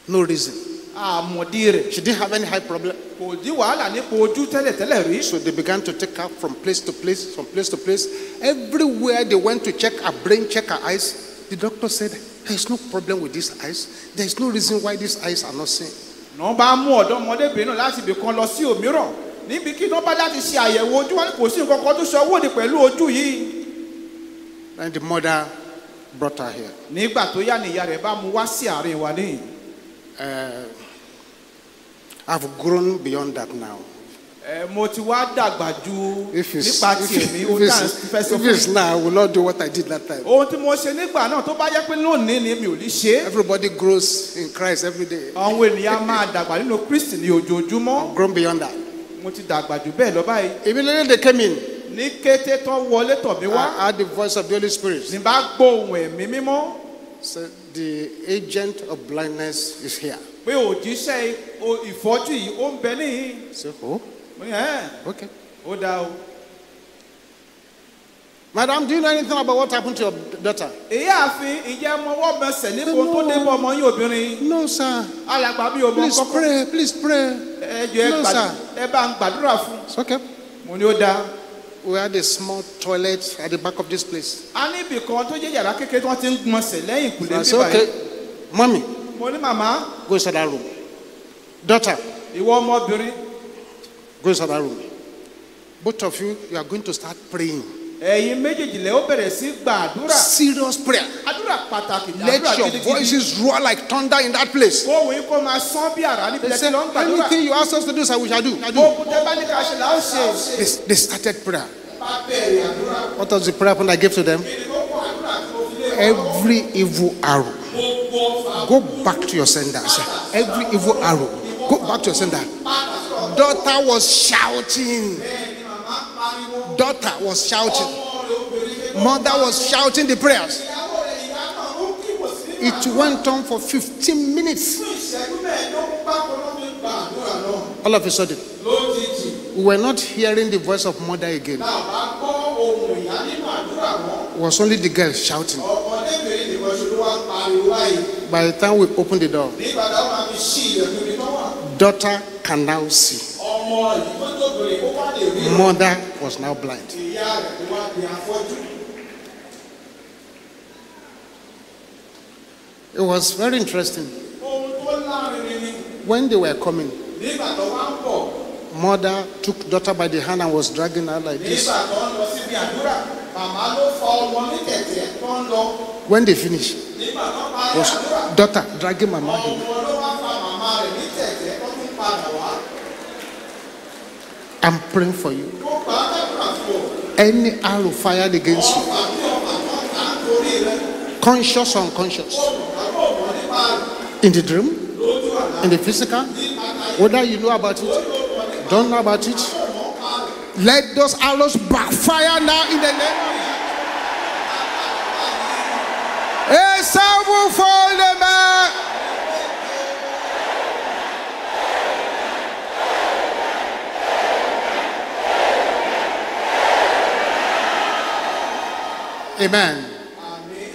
no reason. àmọ̀dí rẹ̀. she didn't have any high problem. kò dín wàhálà nípa ojú tẹ́lẹ̀tẹ́lẹ̀ rí. so they began to take her from place to place from place to place everywhere they went to check her brain check her eyes the doctor said There is no problem with these eyes. There is no reason why these eyes are not seeing. Nà bá mú ọ̀dọ́mọdébìnrin náà láti ibì kan lọ sí òmíràn níbi kí nọ́mbà láti ṣe àyẹ̀wò ojú wọn kò sí nǹkan kan tó ṣe owó ni pẹ̀lú ojú yìí. And the mother brought her here. Nígbà tó yá ni ìyá rẹ̀ bá mú wá sí àárín wa níyìn. Uh, I've grown beyond that now mo ti wá dàgbà ju nípa ti èmi o náà fẹ́ sọ fún if it's now I will not do what I did that time. ohun tí mo ṣe nígbà náà tó bá yẹ pé lónìí ni mi ò ní ṣe. everybody grows in Christ every day. àwọn ènìyàn máa dàgbà nínú Kristi ní ojoojúmọ́. I've grown beyond that. mo ti dàgbà jù bẹ́ẹ̀ lọ báyìí. immediately they de in. ní kété tán wọlé tọ̀ mí wá. I heard the voice of the Holy Spirit. ní bá gbóhùn ẹ̀mí mímọ́. So the agent of blindness is here. pé òjíṣẹ́ ìfọ́jú yìí ó ń bẹ níhìn. so who? mo ní ẹ́ okay ó oh, o. Madam, do you know anything about what happened to your daughter? Ìyá àfin ìyá ọmọ wọ́n bẹ sẹ̀ ní kó tó dé bọ́ ọmọ yín obìnrin. No sir. Alàgbà bí ọmọ kọ́kọ́. Please pray please pray. Ẹ jọ ẹ bá ń gbàdúrà fún. It's okay. Mo ní ó dáa. We had a small toilet at the back of this place. A ní ibì kan tó jẹ́ yàrá kékeré tí wọ́n ti ń gbọ̀nsẹ̀ lẹ́yìn ìkùlé bíbá yìí. I said okay, mommy. Mo ní màmá. Go inside that room. Daughter. Ìwọ ọmọbìnrin. Go inside that room. Both of you, you are going to start praying. ẹ̀yin méjèèjì ó bẹ̀rẹ̀ sí serious prayer. àdúrà pàtàkì. let your voices roar like thunder in that place. ohun yìí kò máa sán bí àrá níbi ẹ̀sìn gbàdúrà. anything you ask us to do sir we shall do. gbogbo tẹ bá ní ká ṣe là ṣe. they started prayer. what was the prayer point I gave to them? every evil arrow go back to your sender. Every evil arrow go back to your sender. daughter was shouting. Daughter was shouting. Mother was shouting the prayers. It went on for 15 minutes. All of a sudden, we were not hearing the voice of mother again. It was only the girl shouting. By the time we opened the door, daughter can now see. Mother was now blind. It was very interesting. When they were coming, mother took daughter by the hand and was dragging her like this. When they finished, was daughter dragging mother. I'm praying for you. Any arrow fired against you, conscious or unconscious, in the dream, in the physical, whether you know about it, don't know about it, let those arrows backfire now in the name of Et ça vous fait le Amen. Amen.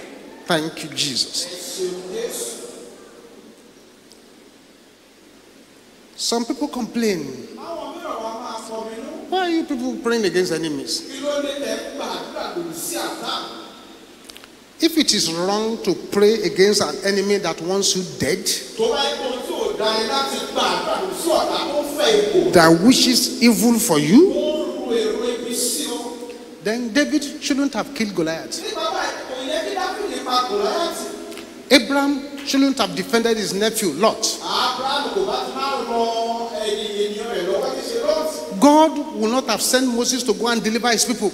Thank you, Jesus. Some people complain. Why are you people praying against enemies? If it is wrong to pray against an enemy that wants you dead, that wishes evil for you, then David shouldn't have killed Goliath. Abraham shouldn't have defended his nephew Lot. God would not have sent Moses to go and deliver his people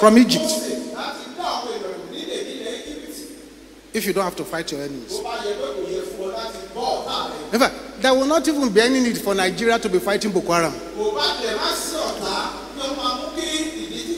from Egypt. If you don't have to fight your enemies. In fact, there will not even be any need for Nigeria to be fighting Boko Haram.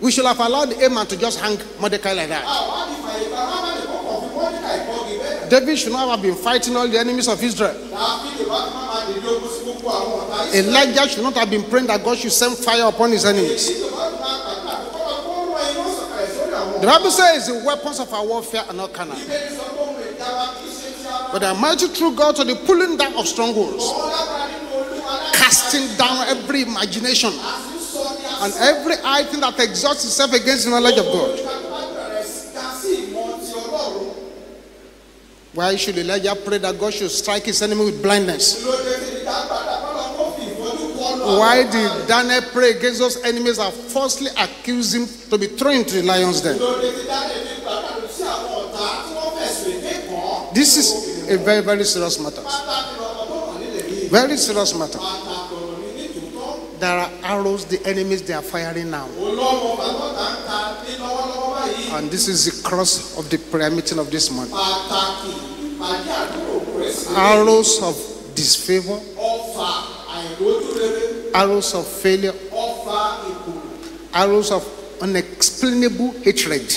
We should have allowed Haman to just hang Mordecai like that. David should not have been fighting all the enemies of Israel. Elijah should not have been praying that God should send fire upon his enemies. The Bible says the weapons of our warfare are not carnal. But the mighty true God to the pulling down of strongholds, casting down every imagination and every high thing that exalts itself against the knowledge of God. Why should Elijah pray that God should strike his enemy with blindness? Why did Daniel pray against those enemies that falsely accused him to be thrown into the lion's den? This is a very, very serious matter. Very serious matter. there are arrows the enemies they are firing now. And this is the cross of the prayer meeting of this month. Arrows of disfavor, arrows of failure, arrows of unexplainable hatred,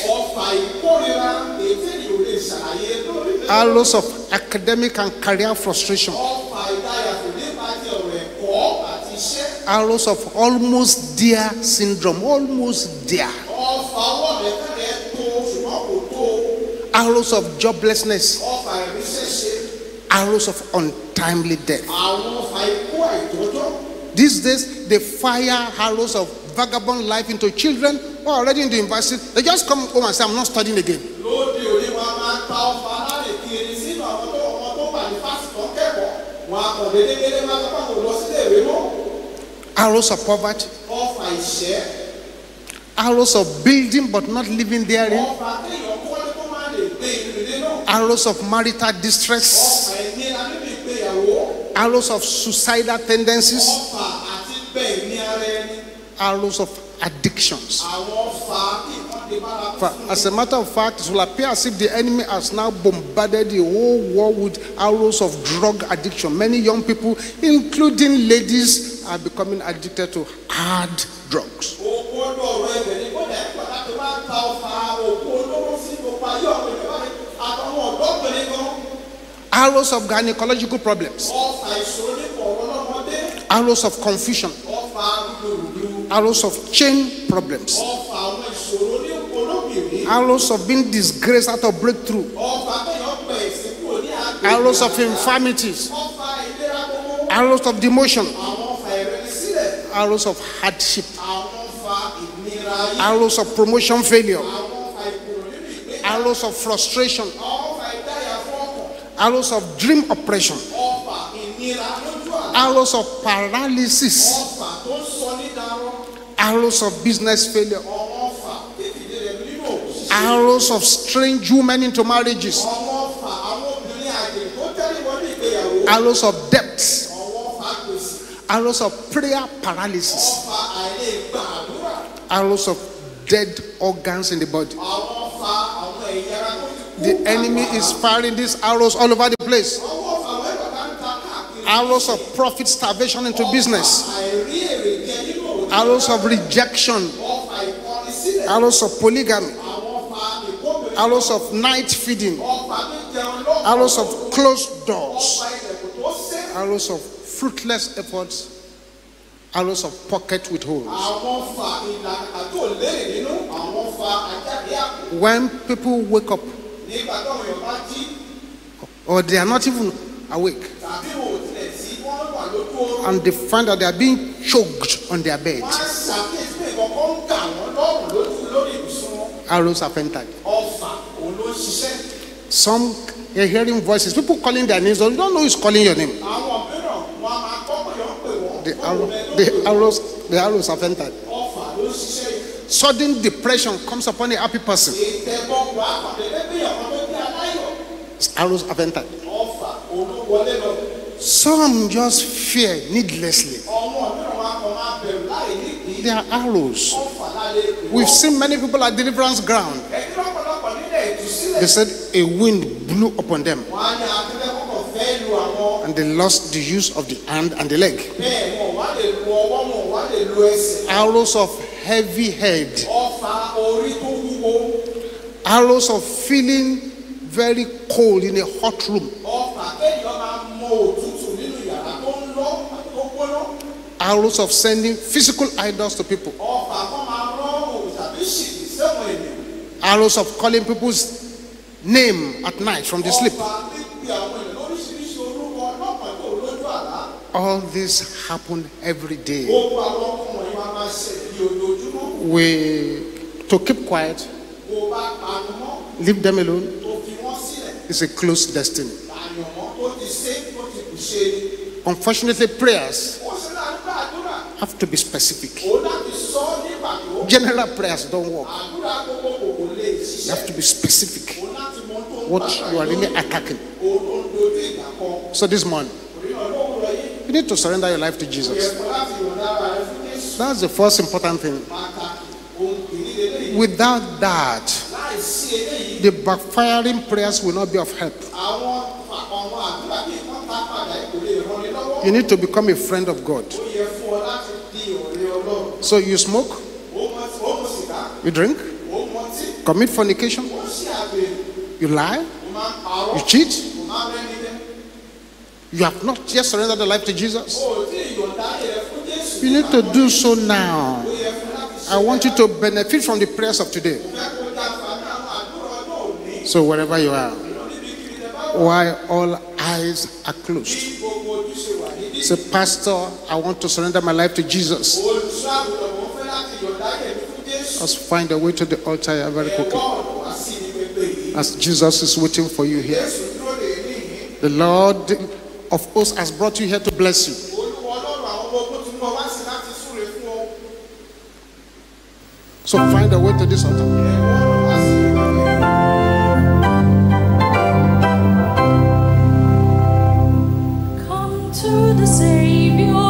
arrows of academic and career frustration arrows of almost dear syndrome, almost dear. Arrows of joblessness, arrows of untimely death. These days, they fire arrows of vagabond life into children who are already in the university. They just come home and say, I'm not studying again. arrows of poverty, arrows of building but not living therein, arrows of marital distress, arrows of suicidal tendencies, arrows of addictions. For, as a matter of fact, it will appear as if the enemy has now bombarded the whole world with arrows of drug addiction. Many young people, including ladies, are becoming addicted to hard drugs. Arrows of gynecological problems. Arrows of confusion. Arrows of chain problems. Arrows of being disgraced out of breakthrough. Arrows of infirmities. Arrows of demotion. arrows of hardship, arrows of promotion failure, arrows of frustration, arrows of dream oppression, arrows of paralysis, arrows of business failure, arrows of strange women into marriages, arrows of debts arrows of prayer paralysis, arrows of dead organs in the body. The enemy is firing these arrows all over the place. Arrows of profit starvation into business. Arrows of rejection. Arrows of polygamy. Arrows of night feeding. Arrows of closed doors. Arrows of fruitless efforts, arrows of pocket with holes. When people wake up, or they are not even awake, and they find that they are being choked on their bed, arrows have entered. Some are hearing voices, people calling their names, or you don't know who's calling your name the, arrow, the arrows, the arrows have entered. Sudden depression comes upon a happy person. arrows have entered. Some just fear needlessly. They are arrows. We've seen many people at deliverance ground. They said a wind blew upon them. And they lost the use of the hand and the leg. Arrows of heavy head. Arrows of feeling very cold in a hot room. Arrows of sending physical idols to people. Arrows of calling people's name at night from the sleep all this happened every day. We to keep quiet, leave them alone. It's a closed destiny. Unfortunately, prayers have to be specific. General prayers don't work. You have to be specific. What you are really attacking. So this morning. You need to surrender your life to Jesus. That's the first important thing. Without that, the backfiring prayers will not be of help. You need to become a friend of God. So you smoke, you drink, commit fornication, you lie, you cheat, you have not yet surrendered the life to Jesus. You need to do so now. I want you to benefit from the prayers of today. So, wherever you are, while all eyes are closed, say, Pastor, I want to surrender my life to Jesus. Let's find a way to the altar very quickly. As Jesus is waiting for you here, the Lord of hosts has brought you here to bless you. So find a way to this altar. Savior.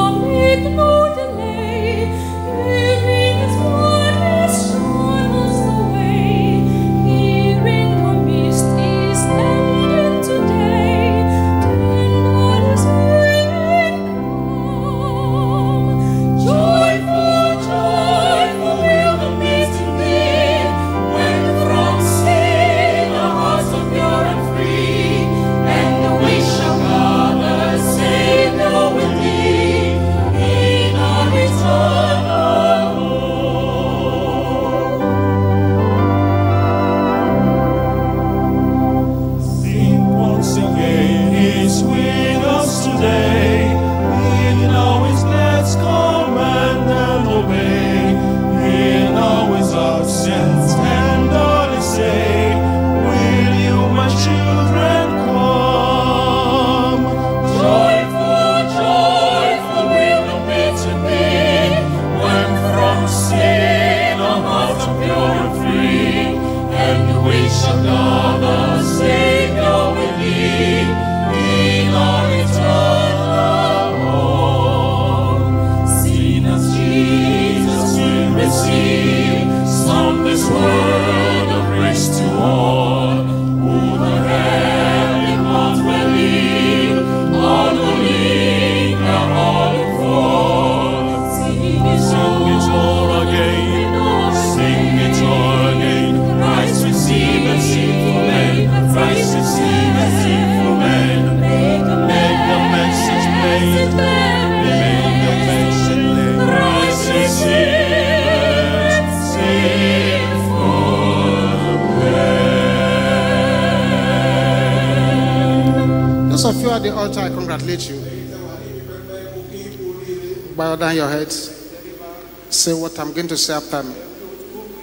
I'm going to say after me.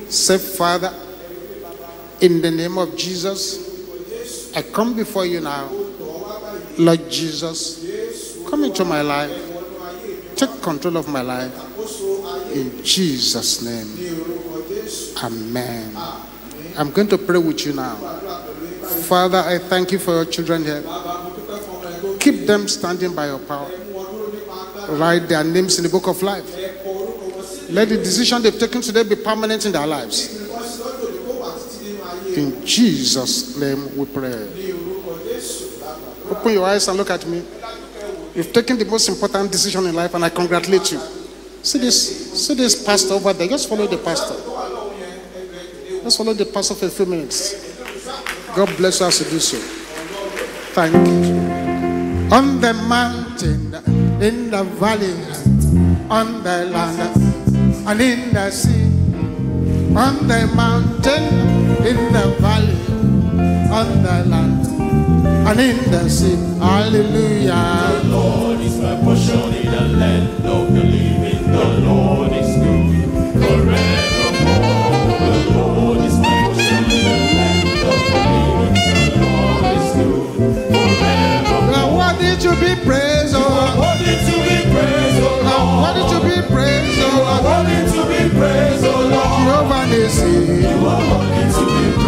Say, Father, in the name of Jesus, I come before you now. Lord Jesus, come into my life. Take control of my life. In Jesus' name. Amen. I'm going to pray with you now. Father, I thank you for your children here. Keep them standing by your power. Write their names in the book of life let the decision they've taken today be permanent in their lives. In Jesus' name we pray. Open your eyes and look at me. You've taken the most important decision in life, and I congratulate you. See this, see this pastor over there. Just follow the pastor. Just follow the pastor for a few minutes. God bless us to do so. Thank you. On the mountain, in the valley, on the land and in the sea, on the mountain, in the valley, on the land, and in the sea. Hallelujah. The Lord is my portion in the land of the living. The Lord. You are worthy to be praised, oh Lord. You are worthy to be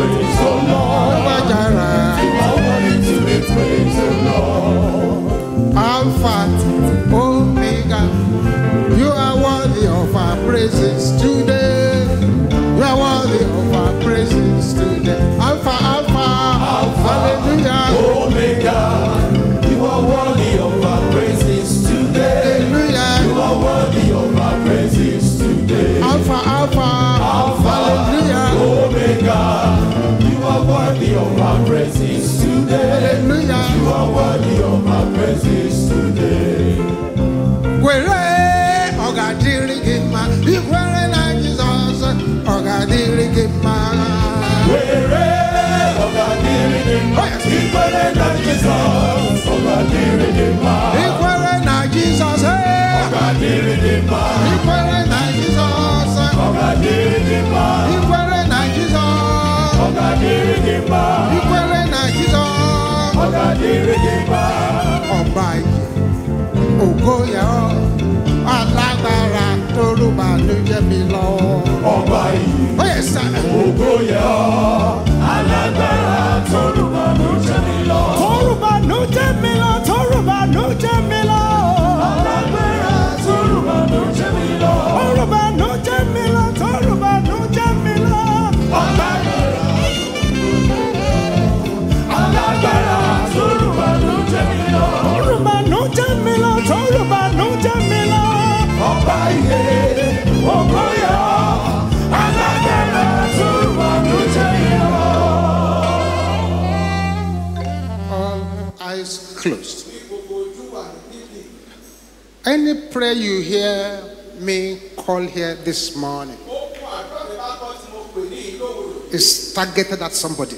praised, oh Lord. Alpha, Omega. You are worthy of our praises today. Alpha, Alpha, Alpha, Omega. You are worthy of my praises today. Hallelujah. You are worthy of my praises today. Where oh God, dear, give my if where I Jesus, oh God, dear, give my where oh God, dear, give oh God, dear, give my if Jesus, oh God, dear, give my if where dịrị gị mma ikwere na jizọs ọ ga-adịrị gị mma ọba ike ògo yẹ ọ alágbára tó ló máa mi lọ. ọba yìí ó yẹ sá. ògo yẹ ọ alágbára tó ló máa mi lọ. tó ló máa mi lọ tó ló máa mi lọ. alágbára tó ló máa mi lọ. ó all eyes closed. Any prayer you hear me call here this morning is targeted at somebody.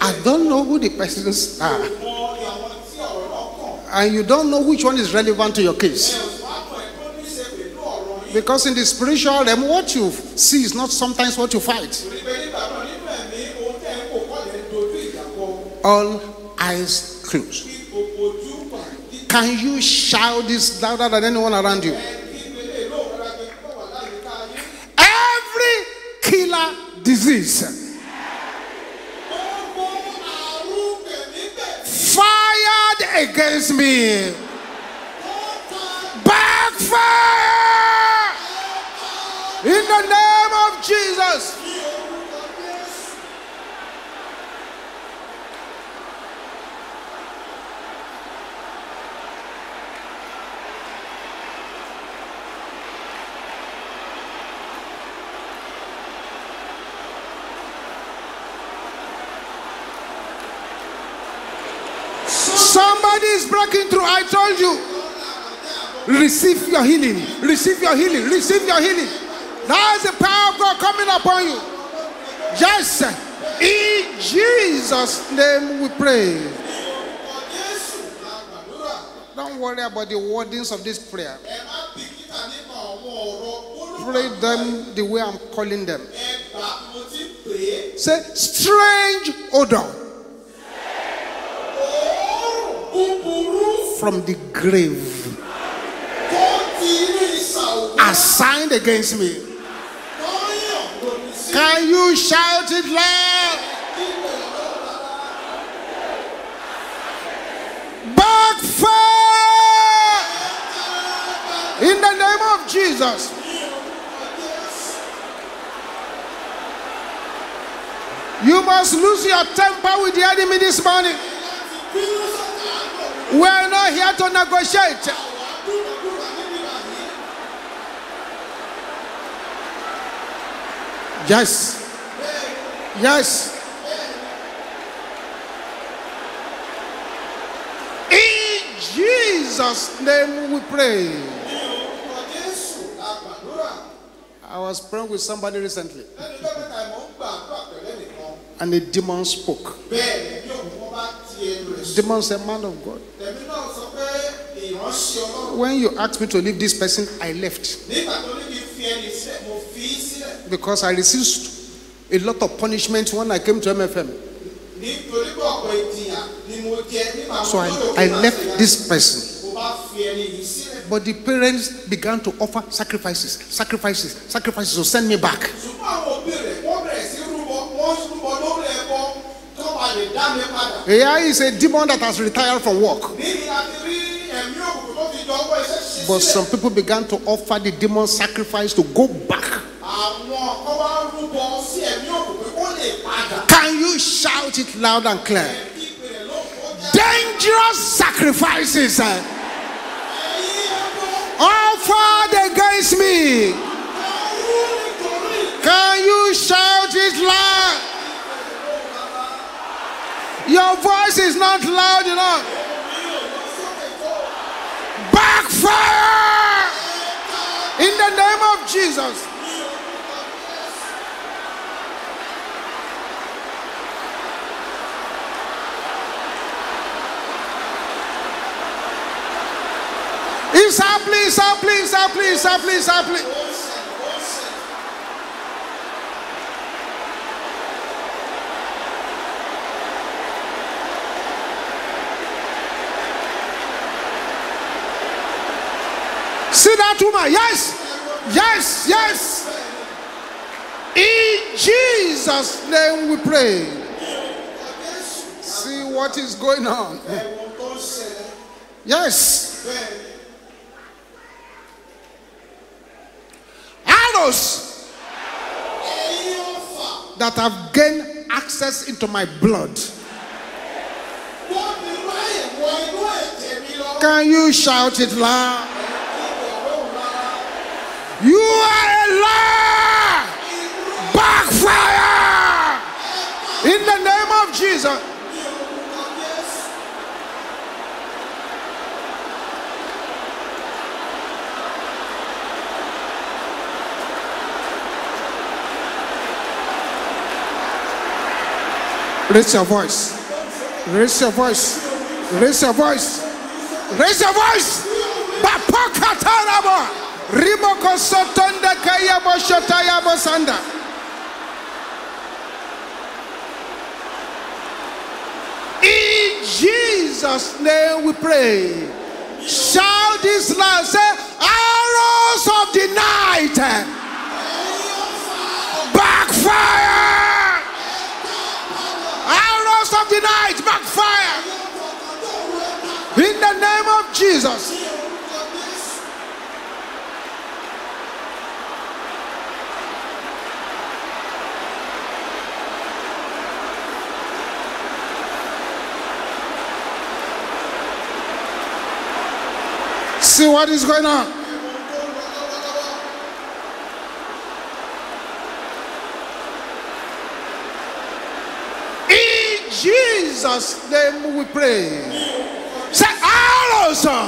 I don't know who the persons are and you don't know which one is relevant to your case. Because in the spiritual realm, what you see is not sometimes what you fight. All eyes closed. Can you shout this louder than anyone around you? Every killer disease against me. Backfire! In the name of Jesus. I told you, receive your healing, receive your healing, receive your healing. That's the power of God coming upon you. Yes, in Jesus' name we pray. Don't worry about the wordings of this prayer. Pray them the way I'm calling them. Say, strange odor. Strange odor from the grave assigned against me. Can you shout it loud? Backfire in the name of Jesus. You must lose your temper with the enemy this morning. We are not here to negotiate. Yes. Yes. In Jesus' name we pray. I was praying with somebody recently. and a demon spoke. Demon said, Man of God. When you asked me to leave this person, I left. Because I received a lot of punishment when I came to MFM. So I, I left this person. But the parents began to offer sacrifices, sacrifices, sacrifices to so send me back. AI is a demon that has retired from work. But some people began to offer the demon sacrifice to go back. Can you shout it loud and clear? Dangerous sacrifices. Eh? all fought against me. Can you shout it loud? Your voice is not loud enough. Backfire! In the name of Jesus. Isa, please, Isa, please, Isa, please, Isa, please, Isa, please. See that woman? Yes, yes, yes. In Jesus' name we pray. See what is going on. Yes. arrows that have gained access into my blood. Can you shout it loud? You are a liar! Backfire! In the name of Jesus. Raise your voice. Raise your voice. Raise your voice. Raise your voice. Bapokataraba. Riboko sotonda kayabo shotayabo sanda. In Jesus' name we pray. Shout this loud. Say, arrows of the night. denied backfire. In the name of Jesus. See what is going on. Jesus' name we pray. Say, arrows uh,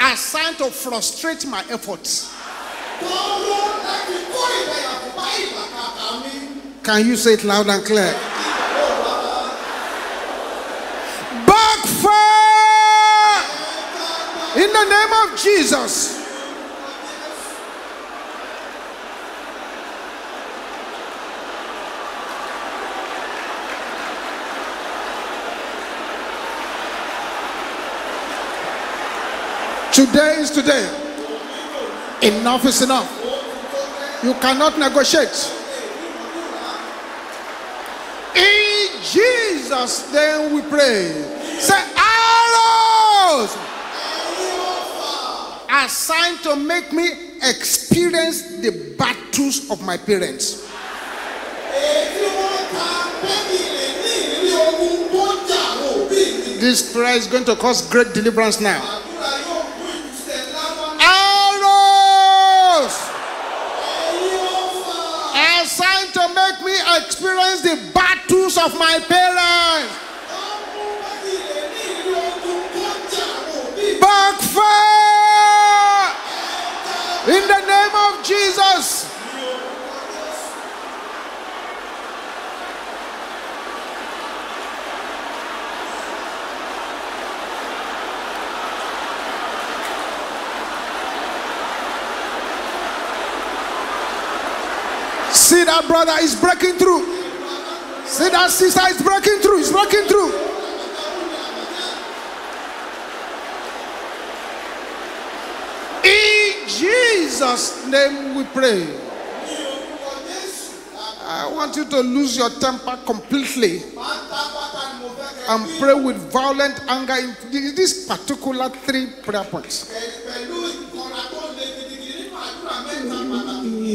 are sent to frustrate my efforts. Can you say it loud and clear? Backfire! In the name of Jesus. Today is today. Enough is enough. You cannot negotiate. In Jesus' name we pray. Say, arrows assigned to make me experience the battles of my parents. This prayer is going to cause great deliverance now. Experience the battles of my parents. Backfire! In the name of Jesus. that brother is breaking through. See that sister is breaking through. He's breaking through. In Jesus' name we pray. I want you to lose your temper completely and pray with violent anger in this particular three prayer points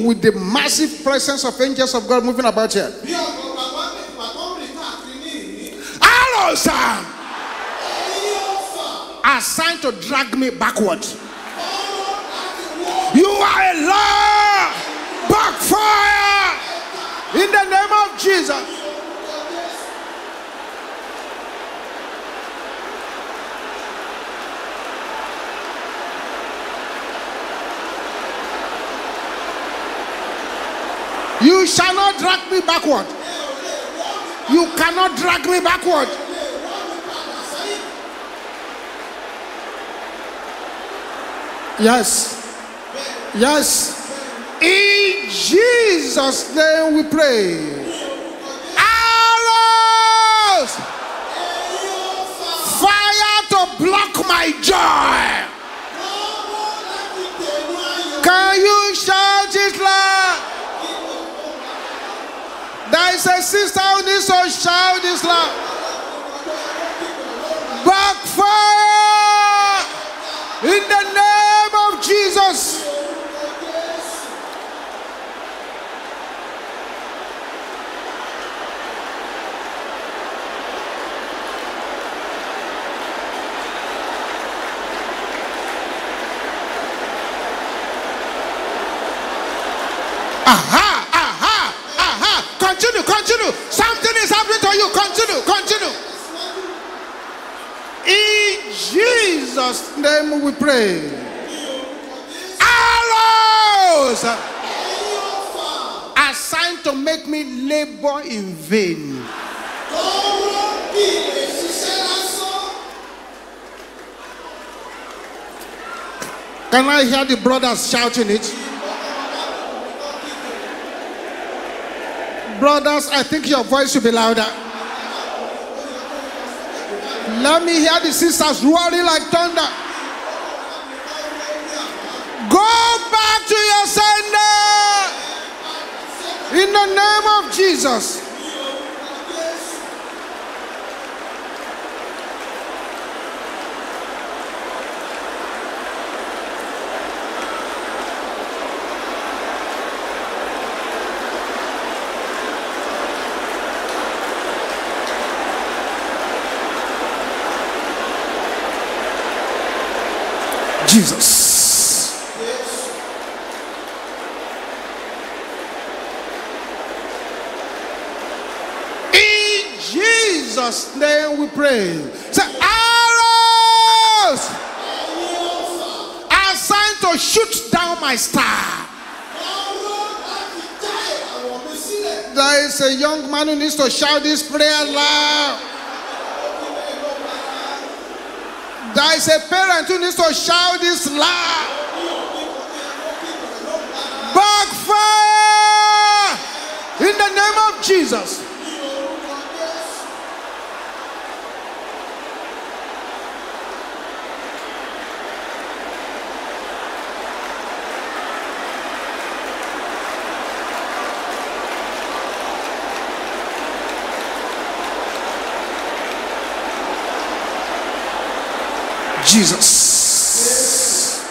with the massive presence of angels of God moving about here. Hello, sir. Assigned to drag me backward. You are a liar. Backfire. In the name of Jesus. You shall not drag me backward. You cannot drag me backward. Yes. Yes. In Jesus' name we pray. Arrows! Fire to block my joy. Can you shout it loud? There is a sister who needs to shout this loud. Backfire in the name of Jesus. Aha! continue, continue. Something is happening to you. Continue, continue. In Jesus' name we pray. Arrows assigned to make me labor in vain. Can I hear the brothers shouting it? Brothers, I think your voice should be louder. Let me hear the sisters roaring like thunder. Go back to your sender in the name of Jesus. Jesus. In Jesus' name we pray. Say, arrows! Assigned to shoot down my star. There is a young man who needs to shout this prayer loud. There is a parent who needs to shout this loud. Backfire! In the name of Jesus. Jesus.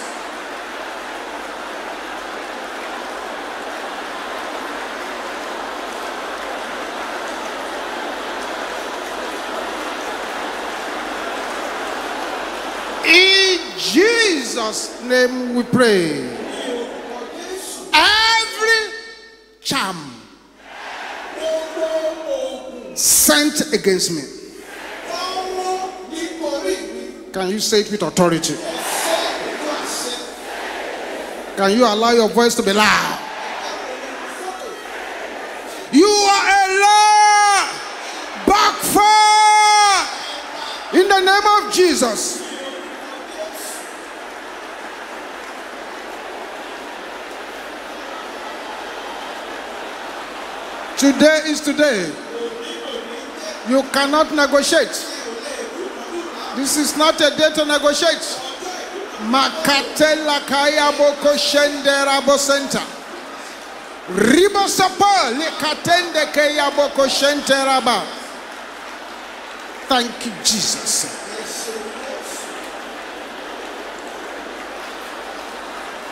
In Jesus' name we pray. Every charm sent against me can you say it with authority? Can you allow your voice to be loud? You are a liar. Backfire. In the name of Jesus. Today is today. You cannot negotiate. This is not a day to negotiate. Makatela shende koshendera center. Ribo sapa kaya boko koshentera raba. Thank you, Jesus.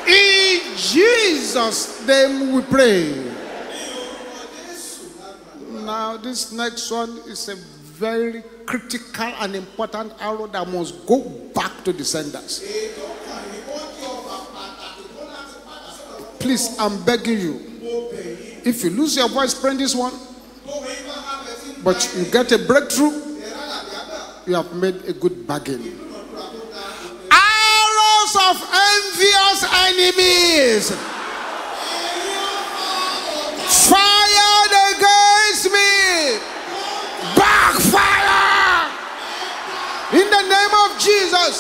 In Jesus' name we pray. Now, this next one is a very critical and important arrow that must go back to the senders. Please, I'm begging you. If you lose your voice, print this one. But you get a breakthrough, you have made a good bargain. Arrows of envious enemies fired against me backfire the name of Jesus.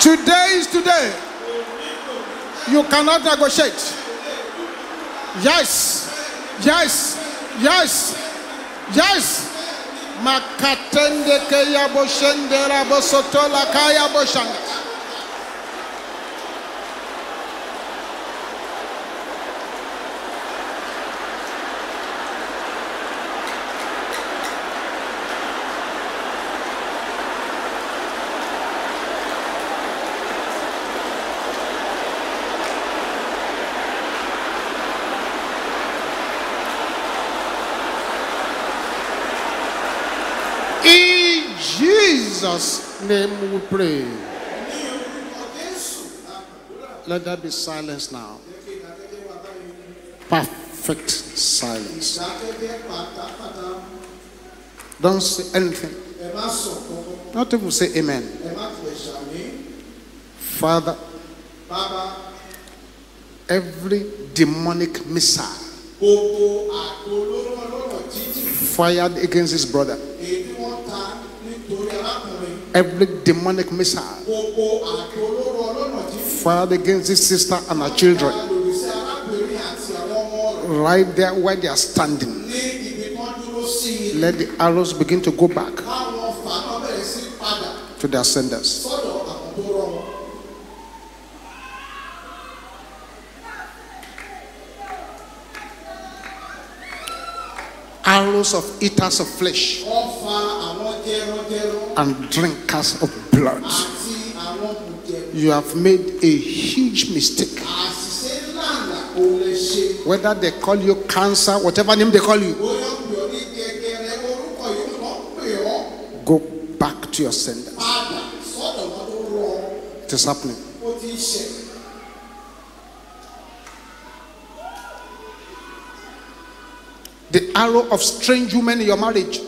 Today is today. You cannot negotiate. Yes, yes, yes, yes. Makatende kaya boshende la bosotola kaya boshanga. name we pray. Let there be silence now. Perfect silence. Don't say anything. Not even say amen. Father, every demonic missile fired against his brother every demonic missile fired against his sister and her children right there where they are standing let the arrows begin to go back to their senders arrows of eaters of flesh and drinkers of blood. You have made a huge mistake. Whether they call you cancer, whatever name they call you, go back to your sender. It is happening. The arrow of strange women in your marriage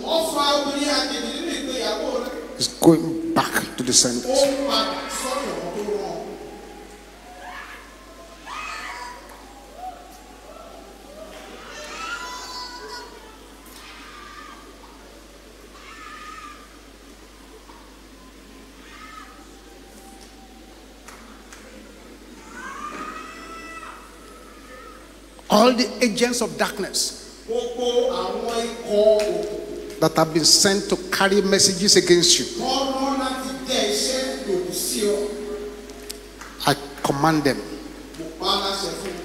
is going back to the sentence. All the agents of darkness that have been sent to carry messages against you. I command them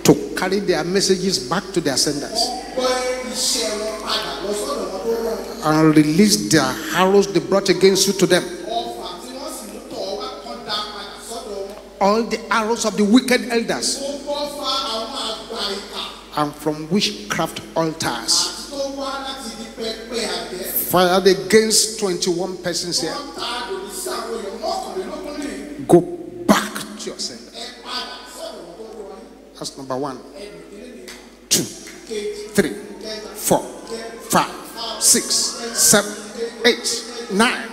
to carry their messages back to their senders and release their arrows they brought against you to them. All the arrows of the wicked elders and from witchcraft altars fired against 21 persons here. Go back to yourself. That's number one, two, three, four, five, six, seven, eight, nine.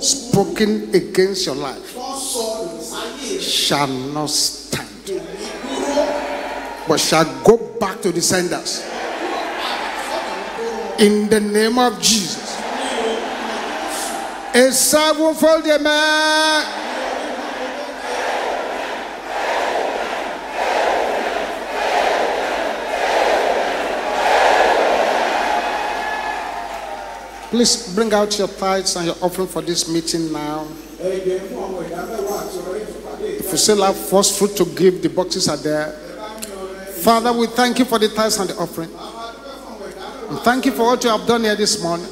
spoken against your life shall not stand, but shall go back to the senders. In the name of Jesus. A servant the man. Please bring out your tithes and your offering for this meeting now. If you still have first fruit to give, the boxes are there. Father, we thank you for the tithes and the offering. And thank you for what you have done here this morning.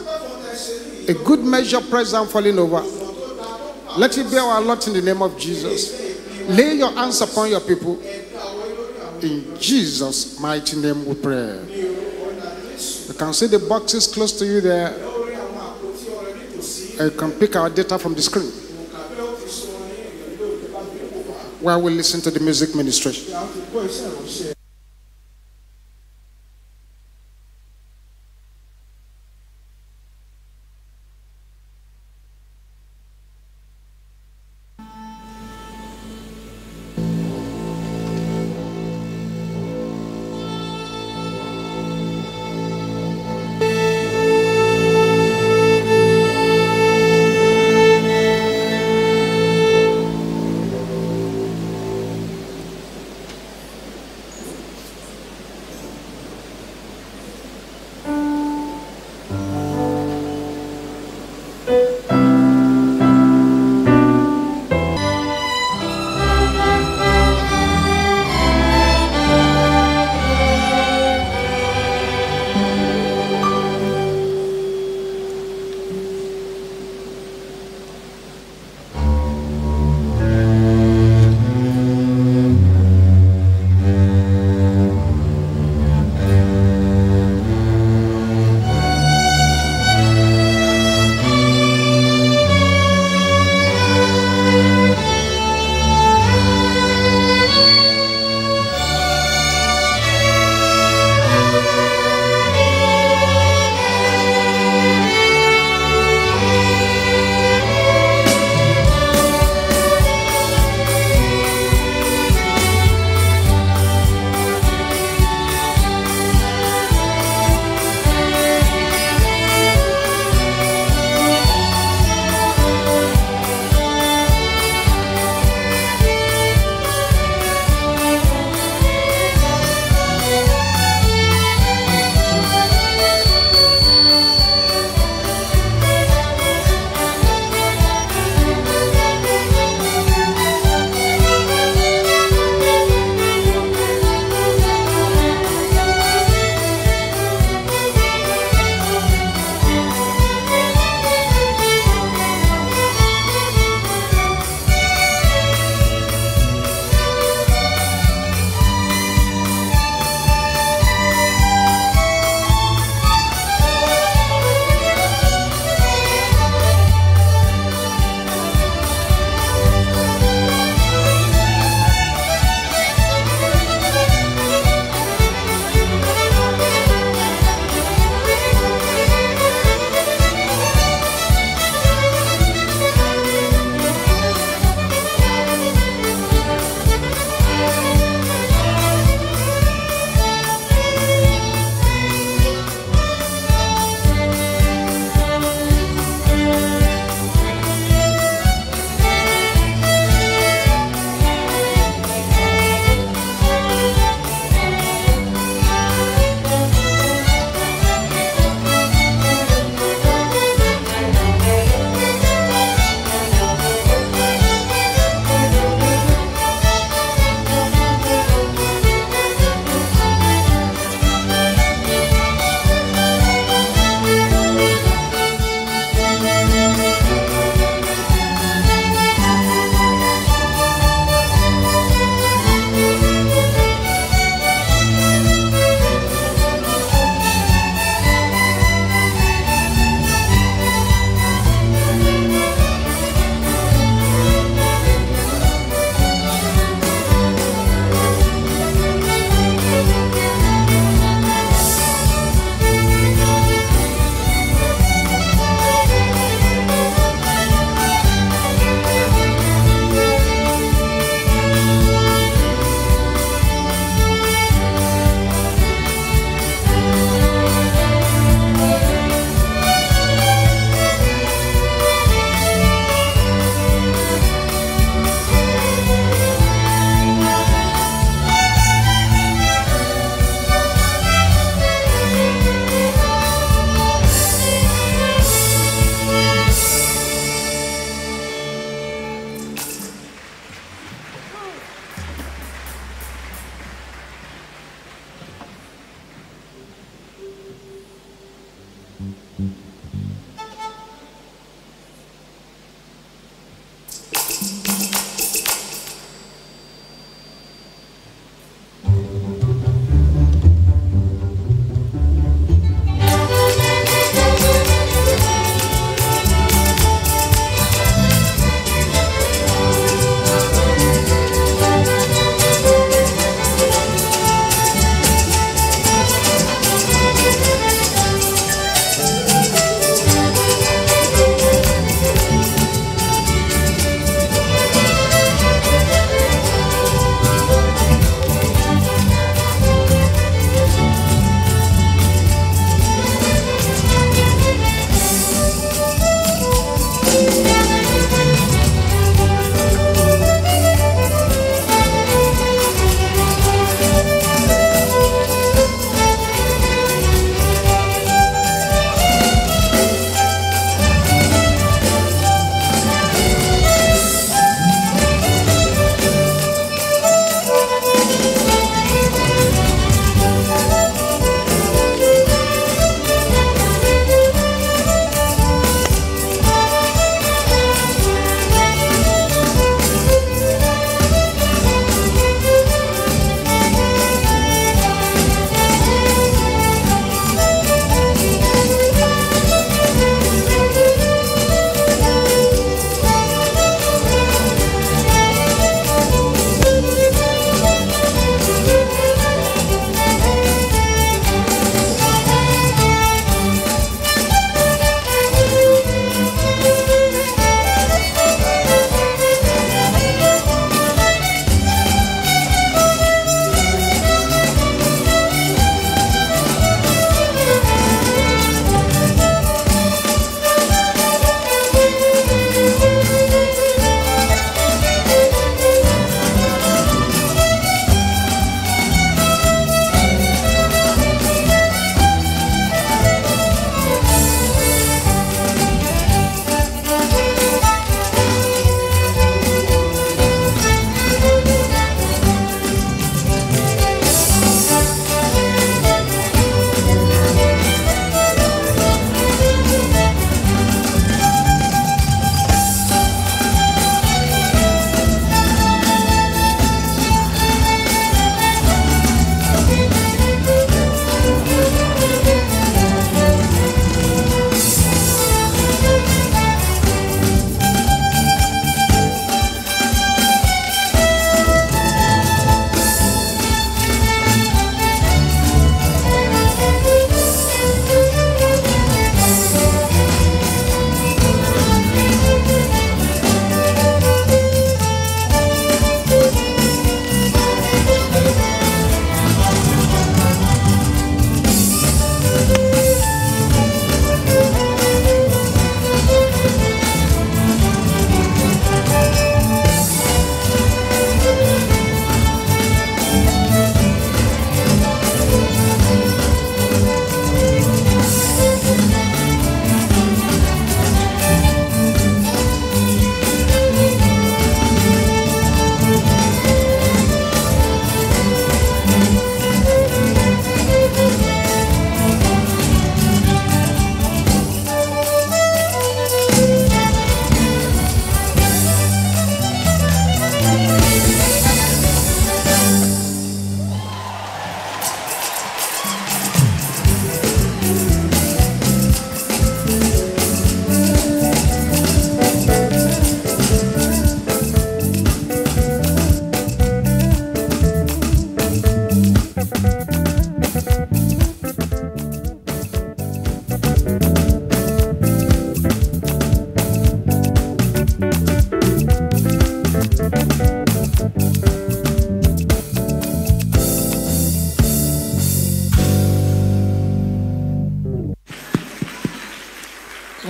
A good measure, press down, falling over. Let it be our lot in the name of Jesus. Lay your hands upon your people. In Jesus' mighty name we pray. You can see the boxes close to you there. I uh, can pick our data from the screen. While we listen to the music ministry.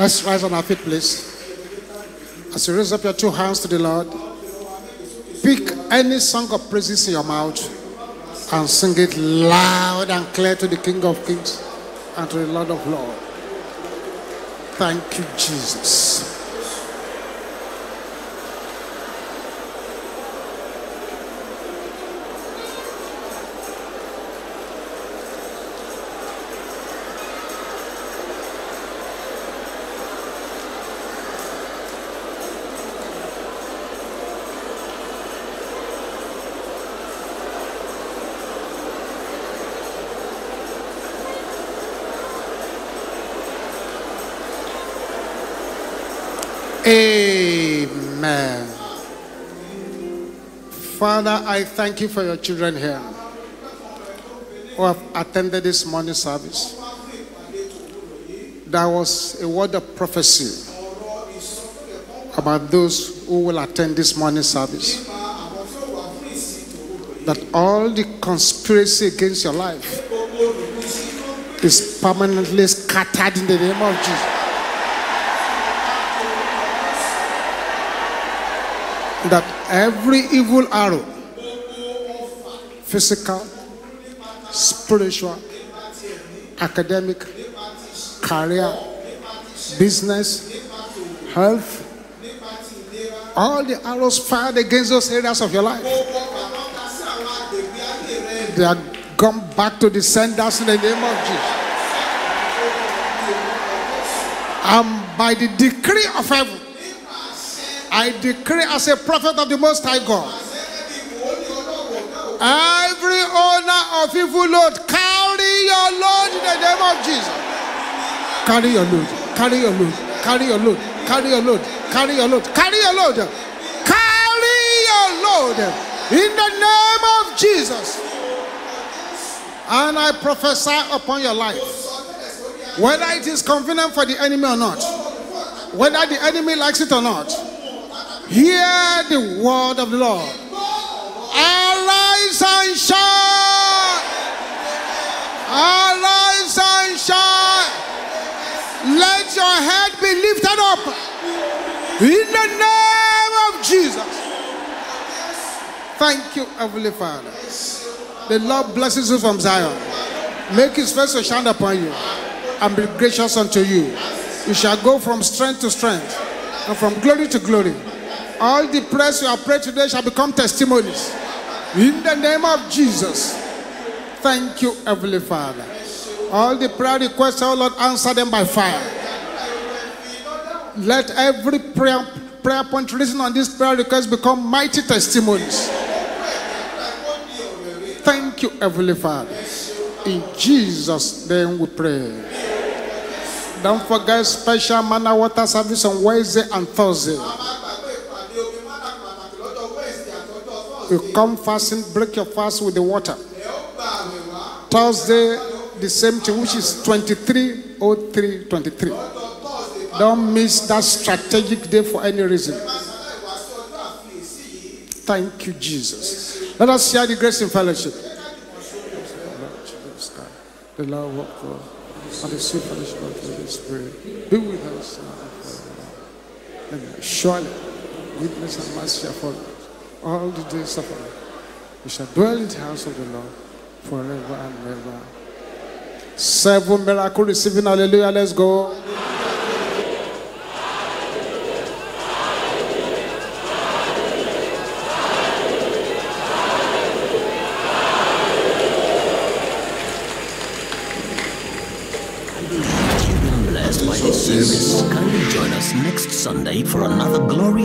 Let's rise on our feet, please. As you raise up your two hands to the Lord, pick any song of praises in your mouth and sing it loud and clear to the King of Kings and to the Lord of Lords. Thank you, Jesus. I thank you for your children here who have attended this morning service. There was a word of prophecy about those who will attend this morning service. That all the conspiracy against your life is permanently scattered in the name of Jesus. That every evil arrow physical, spiritual, academic, career, business, health, all the arrows fired against those areas of your life. They are gone back to the senders in the name of Jesus. And by the decree of heaven, I decree as a prophet of the Most High God Every owner of evil load, carry your load in the name of Jesus. Carry your load, carry your load, carry your load, carry your load, carry your load, carry your load, carry your load in the name of Jesus. And I prophesy upon your life, whether it is convenient for the enemy or not, whether the enemy likes it or not, hear the word of the Lord. Arise and shine. Arise and shine. Let your head be lifted up. In the name of Jesus. Thank you, Heavenly Father. The Lord blesses you from Zion. Make his face to shine upon you and be gracious unto you. You shall go from strength to strength and from glory to glory. All the prayers you have prayed today shall become testimonies. In the name of Jesus. Thank you, Heavenly Father. All the prayer requests, oh Lord, answer them by fire. Let every prayer, prayer point written on this prayer request become mighty testimonies. Thank you, Heavenly Father. In Jesus' name we pray. Don't forget special manna water service on Wednesday and Thursday. You come fasting, break your fast with the water. Thursday, the same thing, which is 2303 23. Don't miss that strategic day for any reason. Thank you, Jesus. Let us share the grace and fellowship. The love of God and the sweet fellowship of the Holy Spirit be with us now. Amen. Surely, goodness and mercy are all the days of our life. We shall dwell in the house of the Lord forever and ever. Seven miracle receiving, hallelujah, let's go.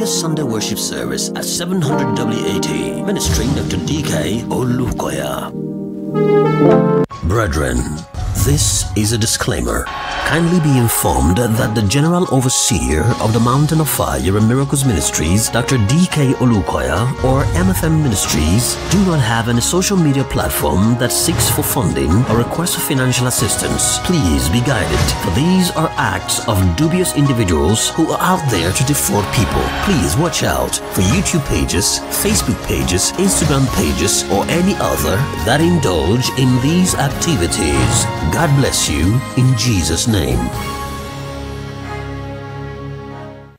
first Sunday worship service at 700 WAT, ministering Dr. DK Olukoya. Brethren, this is a disclaimer. Kindly be informed that the General Overseer of the Mountain of Fire and Miracles Ministries, Dr. D.K. Olukoya, or MFM Ministries, do not have any social media platform that seeks for funding or requests for financial assistance. Please be guided, for these are acts of dubious individuals who are out there to defraud people. Please watch out for YouTube pages, Facebook pages, Instagram pages, or any other that indulge in these activities. God bless you in Jesus' name name.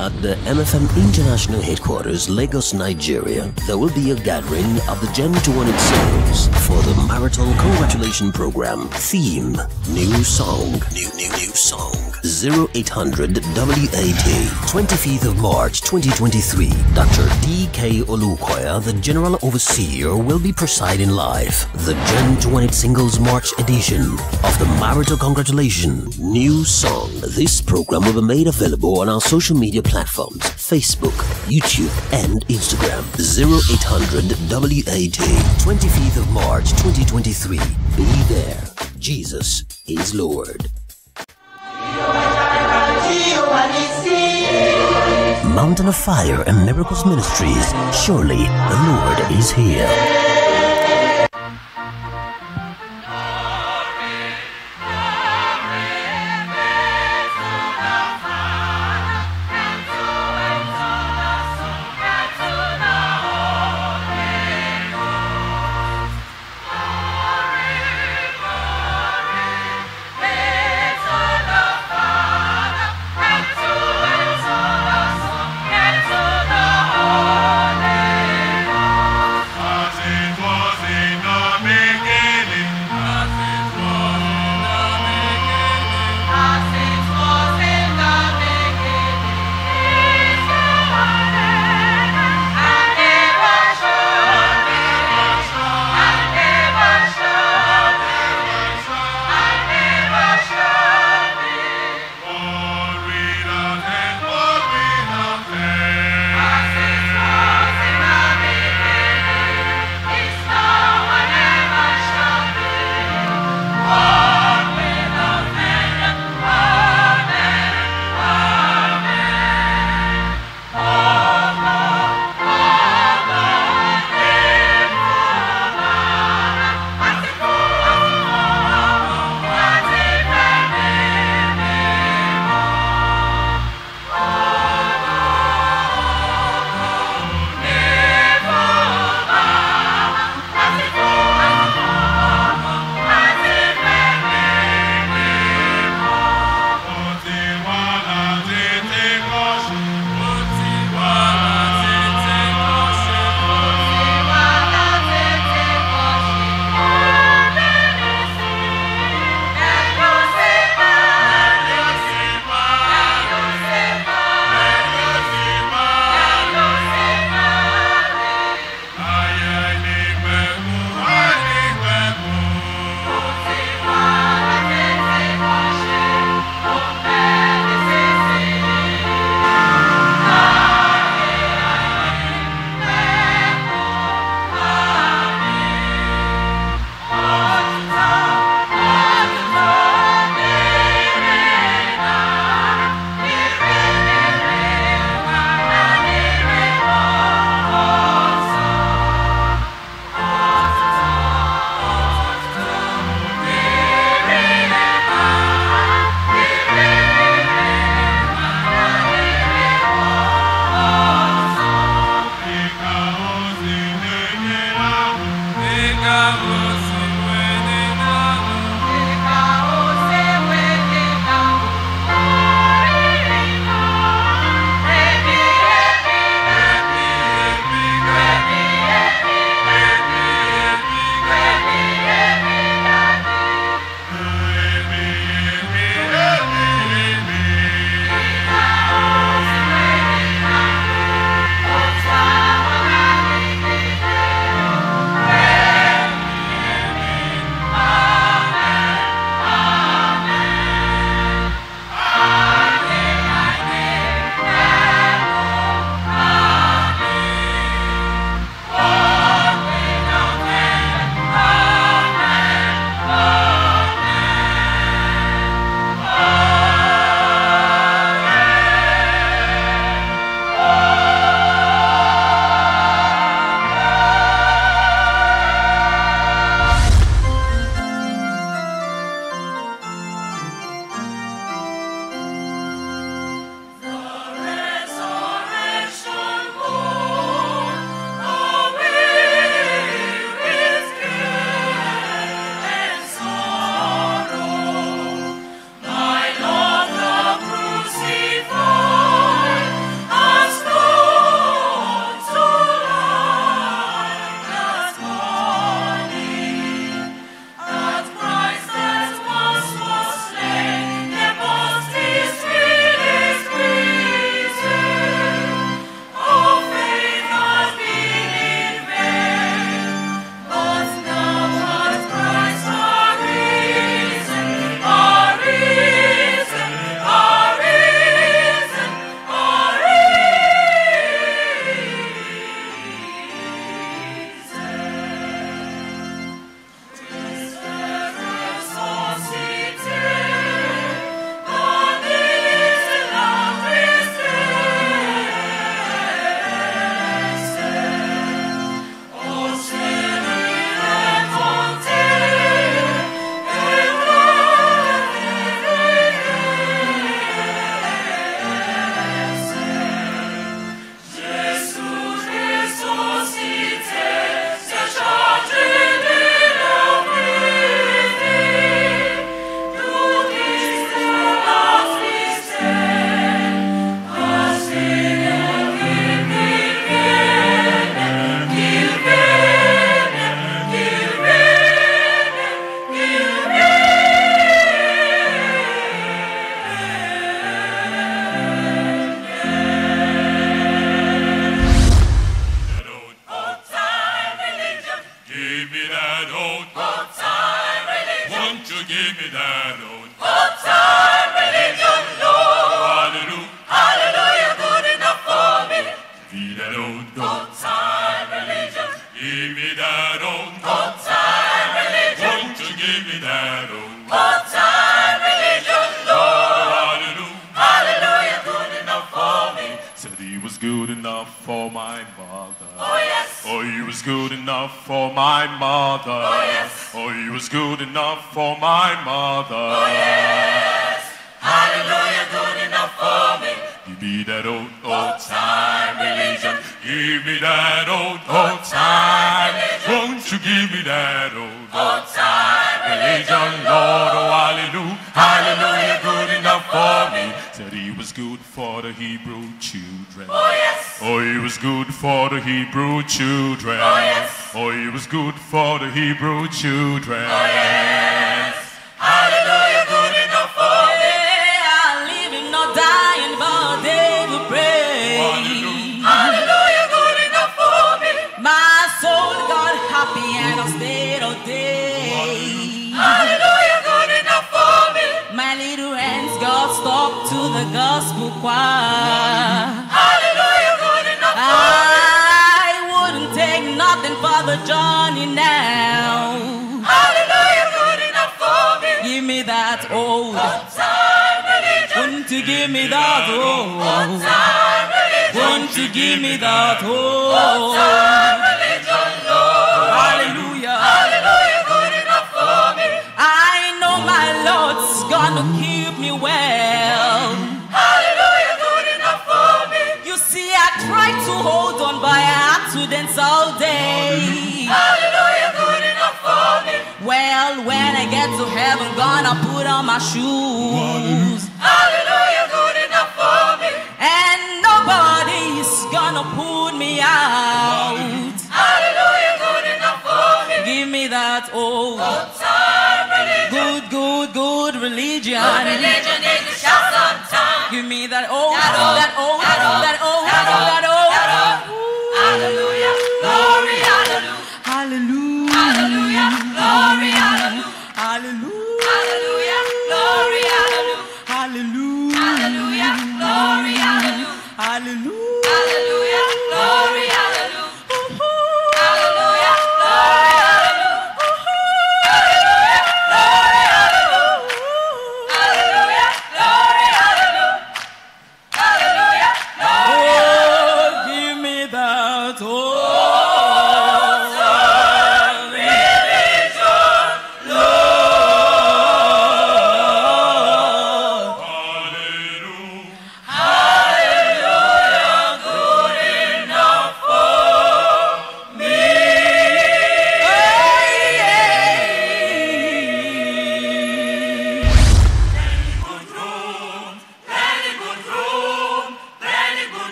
At the MFM International Headquarters, Lagos, Nigeria, there will be a gathering of the Gen 200 Singles for the Marital Congratulation Program theme New Song, New New New Song 0800 WAD. 25th of March 2023. Dr. D.K. Olukoya, the General Overseer, will be presiding live. The Gen 200 Singles March edition of the Marital Congratulation New Song. This program will be made available on our social media platforms platforms Facebook, YouTube, and Instagram. 0800 WAT. 25th of March 2023. Be there. Jesus is Lord. Mountain of Fire and Miracles Ministries. Surely the Lord is here.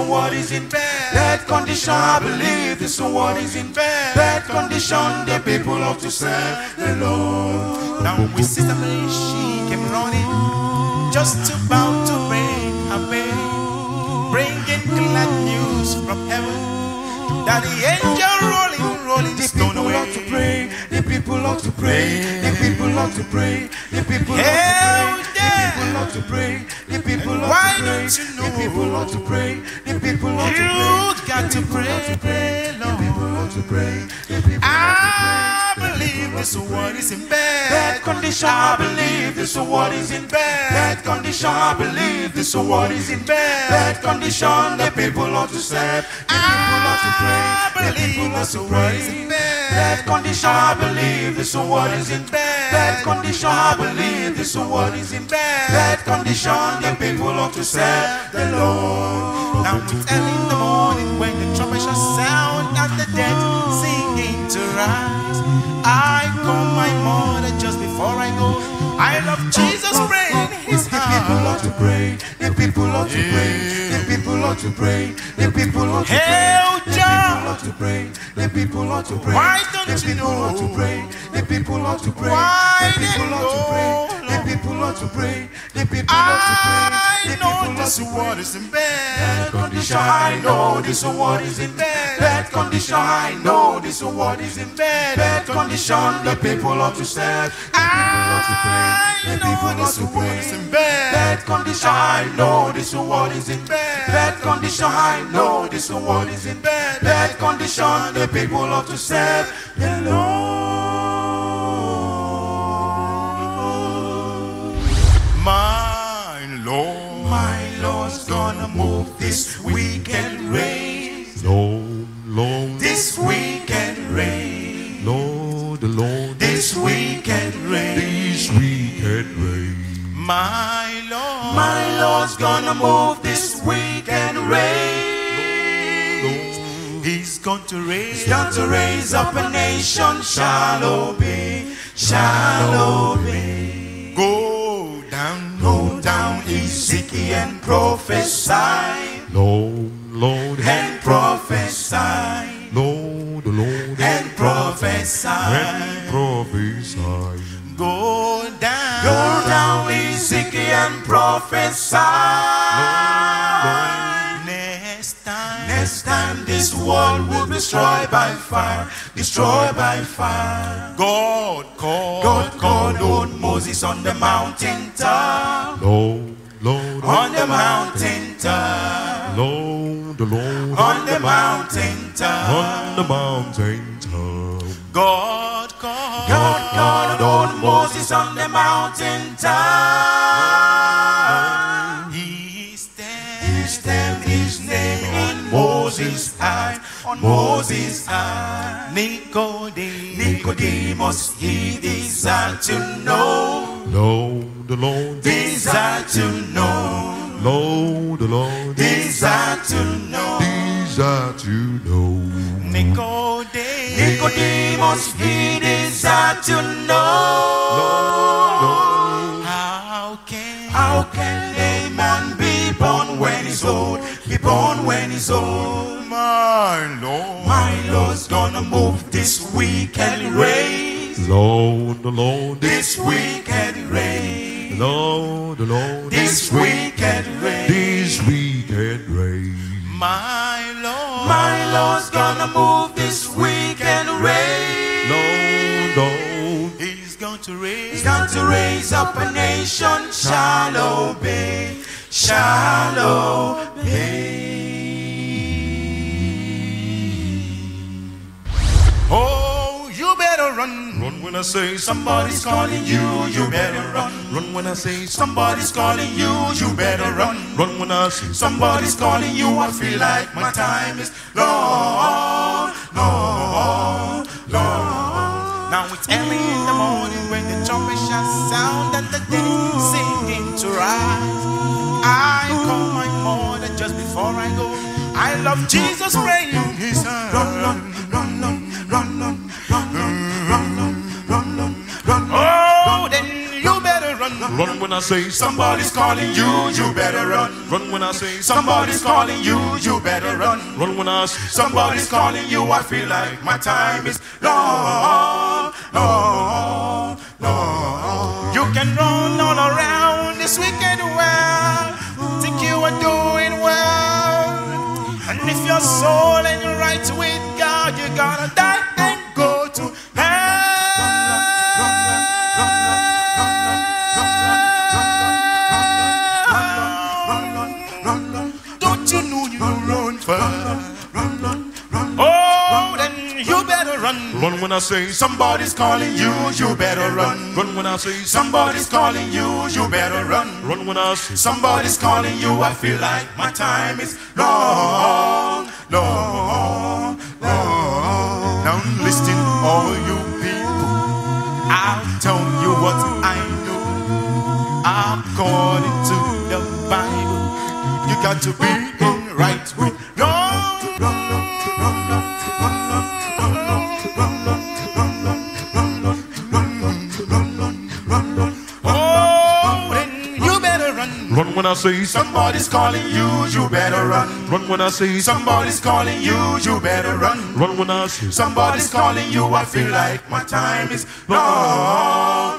someone is in bad, bad condition. I believe that someone is in bad, bad condition. The people love to serve the Lord. Now we see the lady, she came running, just about to bring her baby, bringing glad news from heaven. That the angel rolling, rolling the stone people Love to pray. The people love to pray. The people love to pray. The people love to pray. The people love to pray. The people love to pray. The people love to pray. condition I believe this award is in bad. Bad condition I believe this award is in bad. Bad condition the people ought to step. The people ought to pray. The people ought to pray. Bad condition I believe this award is in bad. Bad condition I believe this award is in bad. Bad condition the people ought to serve the Lord. Now it's early in the morning when the trumpet shall sound and the dead singing to rise. I call my mother just before before I go. I love Jesus praying his heart. The people ought to pray. The people ought to pray. The people ought to pray. The people ought to pray. The people ought to pray. The people ought to pray. Why don't you know? The people ought to pray. The people ought to pray. The people ought to pray. The people ought to pray. I know this world is in bad condition. I know this world is in bad condition. I know this world is in bad condition. The people ought to stand supreme. The people are supreme. In bad condition, I know this world is in bad. Bad condition, I know this world is in bad. Bad condition, the people are to save. Hello. to raise up a nation shall obey, shall obey. destroyed by fire. God called, God called on Moses on the mountain. say somebody's calling you, you better run. Run when I say somebody's calling you, you better run. Run when I say somebody's calling you, I feel like my time is long, long, long. Now it's early in the morning when the trumpet shall sound and the dead singing to rise. I call my mother just before I go. I love Jesus' say somebody's calling you, you better run. Run when I say somebody's calling you, you better run. Run when I say somebody's calling you, I feel like my time is long, long, long. You can run all around this wicked world, think you are doing well, and if your soul ain't right with God, you're gonna die. Run when I say somebody's calling you, you better run. Run when I say somebody's calling you, you better run. Run when I say somebody's calling you, I feel like my time is long, long, long. Now listen, all you people, I'll tell you what I know. According to the Bible, you got to be when I say somebody's calling you, you better run. Run when I say somebody's calling you, you better run. Run when I say somebody's calling you, I feel like my time is long.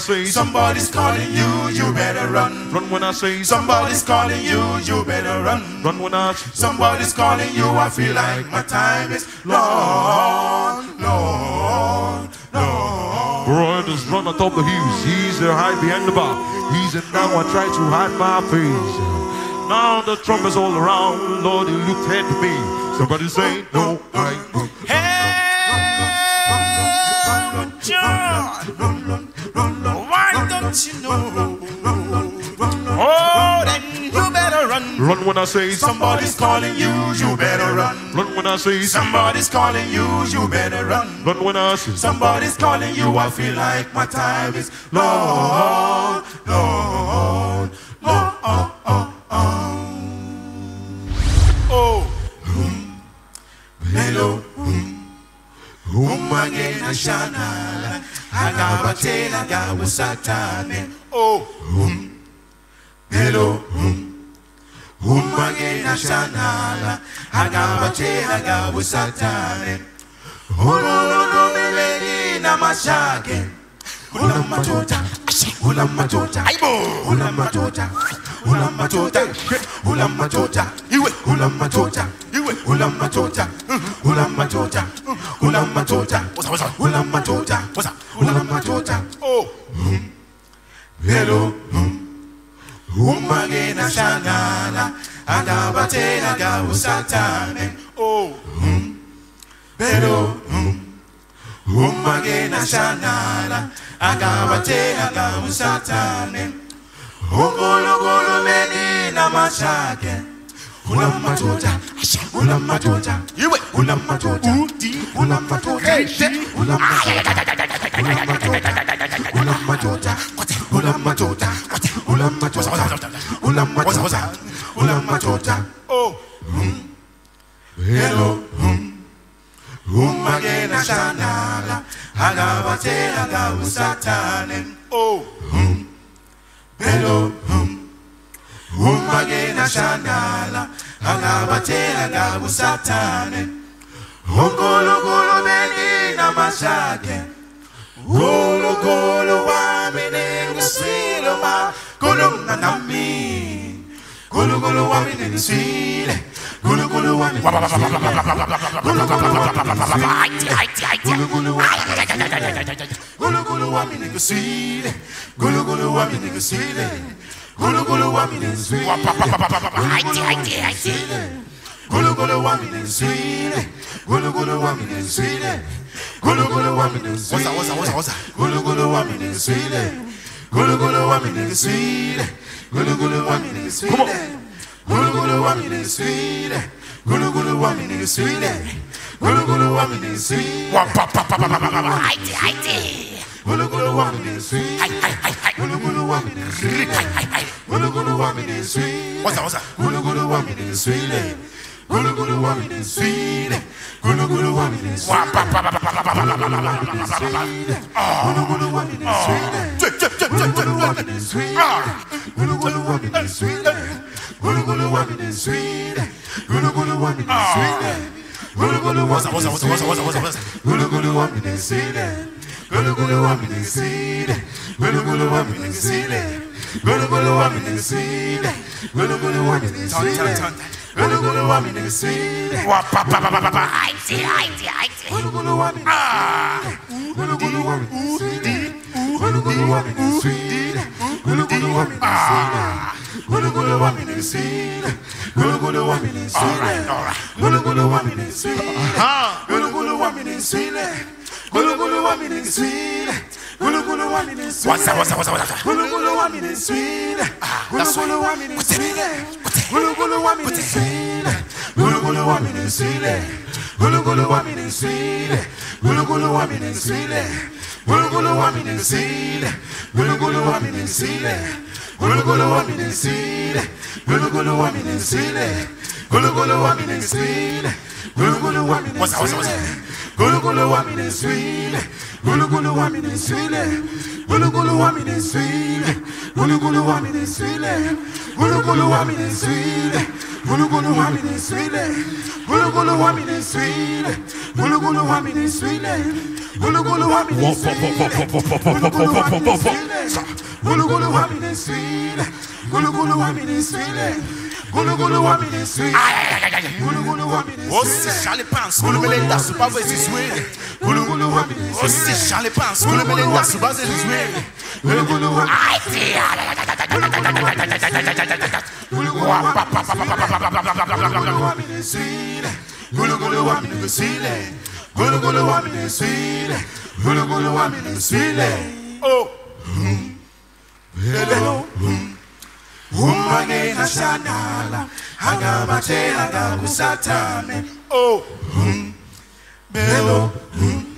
say somebody's calling you, you better run. Run when I say somebody's calling you, you better run. Run when I somebody's calling you, I feel like my time is long, long, long. just run atop the hills, he's there high behind the bar. He's in now, I try to hide my face. Now the trumpets all around, Lord, he looked at me. Somebody say no. when I say somebody's calling you, you better run. Run when I say somebody's calling you, you better run. Run when I say somebody's calling you, I feel like my time is long, long, long. Oh, oh, oh. oh. Um, Hello, hmm. um, um, again, Ashana, Agabatela, Gawasatane. matera busatane ololono meleli na mashake una adabate agawusatame o bero umagena shanala agabate agawusatame ungologolo menina mashake unamatuta unamatuta iwe uti, unamatuta unamatuta unamatuta unamatuta unamatuta unamatuta unamatuta Ula machota. Oh. Hum. Hello. Hum. Humagena shanala. Agabate agabusatane. Oh. Hum. Hello. Hum. Humagena shanala. Agabate agabusatane. Ungolo golo benina mashake. Golo golo wa menengu siloma. Kolumna nami. Gulu gulu wami nini sile. Gulu gulu wami nini sile. Gulu gulu wami nini sile. Gulu gulu wami nini sile. Gulu gulu wami nini sile. Gulu gulu wami nini sile. Gulu gulu wami nini sile. Gulu gulu wami nini sile. Gulu gulu wami nini sile. Gulu gulu wami nini sile. Gulu gulu wami nini sile. Gulu gulu wami nini sile. Gulu gulu wamini is sweet. Gulu gulu wamini is sweet. Gulu gulu wamini is sweet. Gulu gulu wamini is sweet. Wa pa pa pa pa pa pa pa. Haiti haiti. Gulu gulu wamini is sweet. Hai hai hai hai. Gulu gulu wamini is sweet. Hai hai hai. Gulu gulu wamini is sweet. What's that? What's that? Gulu gulu wamini is sweet. Gulu gulu woman is sweet. Gulu gulu woman is sweet. Gulu gulu woman is sweet. Gulu gulu woman is sweet. Gulu gulu woman is sweet. Gulu gulu woman is sweet. Gulu gulu woman is sweet. Gulu gulu woman is sweet. Gulu gulu woman is sweet. Gulu gulu woman is sweet. Gulugulu wamini sile, gulugulu wamini sile, gulugulu wamini sile, gulugulu wamini sile. Gulugulu wamini sile. Wa pa pa pa pa pa pa. Aiti aiti aiti. Gulugulu wamini sile. Gulugulu wamini sile. Gulugulu wamini sile. Gulugulu wamini sile. Gulu gulu one minute seed. Gulu gulu one minute seed. All right, all right. Gulu gulu one minute seed. Gulu gulu one minute seed. Gulu gulu one minute sweet. Gulu gulu one minute sweet. What's that? What's that? What's that? What's that? Gulu gulu one minute sweet. Gulu gulu one minute sweet. Gulu gulu one minute sweet. Gulu gulu one minute sweet. Gulu gulu one minute sweet. Gulu gulu one minute sweet. Gulu gulu one minute sweet. Gulu gulu one minute sweet. Gulu gulu one minute sweet. Gulu gulu one minute sweet. Gulu gulu one minute sweet. Gulu gulu one minute sweet. What's that? What's that? Gulu gulu wa mi ne swile. Gulu gulu wa mi ne swile. Gulu gulu wa mi ne swile. Gulu gulu wa mi ne swile. Gulu gulu wa mi ne swile. Gulu gulu wa mi ne swile. Gulu gulu wa mi ne swile. Gulu gulu wa mi ne swile. Gulu gulu wa mi ne swile. Gulu gulu swile. Gulu gulu swile. Gulu gulu wa mi dey sweet. Gulu gulu wa mi dey sweet. osi si ṣale gulu skulu mele nda supa fe si sweet. Gulu gulu wa mi dey sweet. O si ṣale pan skulu mele nda supa fe si sweet. Gulu gulu wa mi dey sweet. Gulu gulu wa mi dey sweet. Gulu gulu wa mi dey sweet. Gulu gulu wa mi dey sweet. Gulu gulu wa mi dey sweet. Oh. Hello. Hmm umangena shanala angamathe angakusathane oh hmm. belo hmm.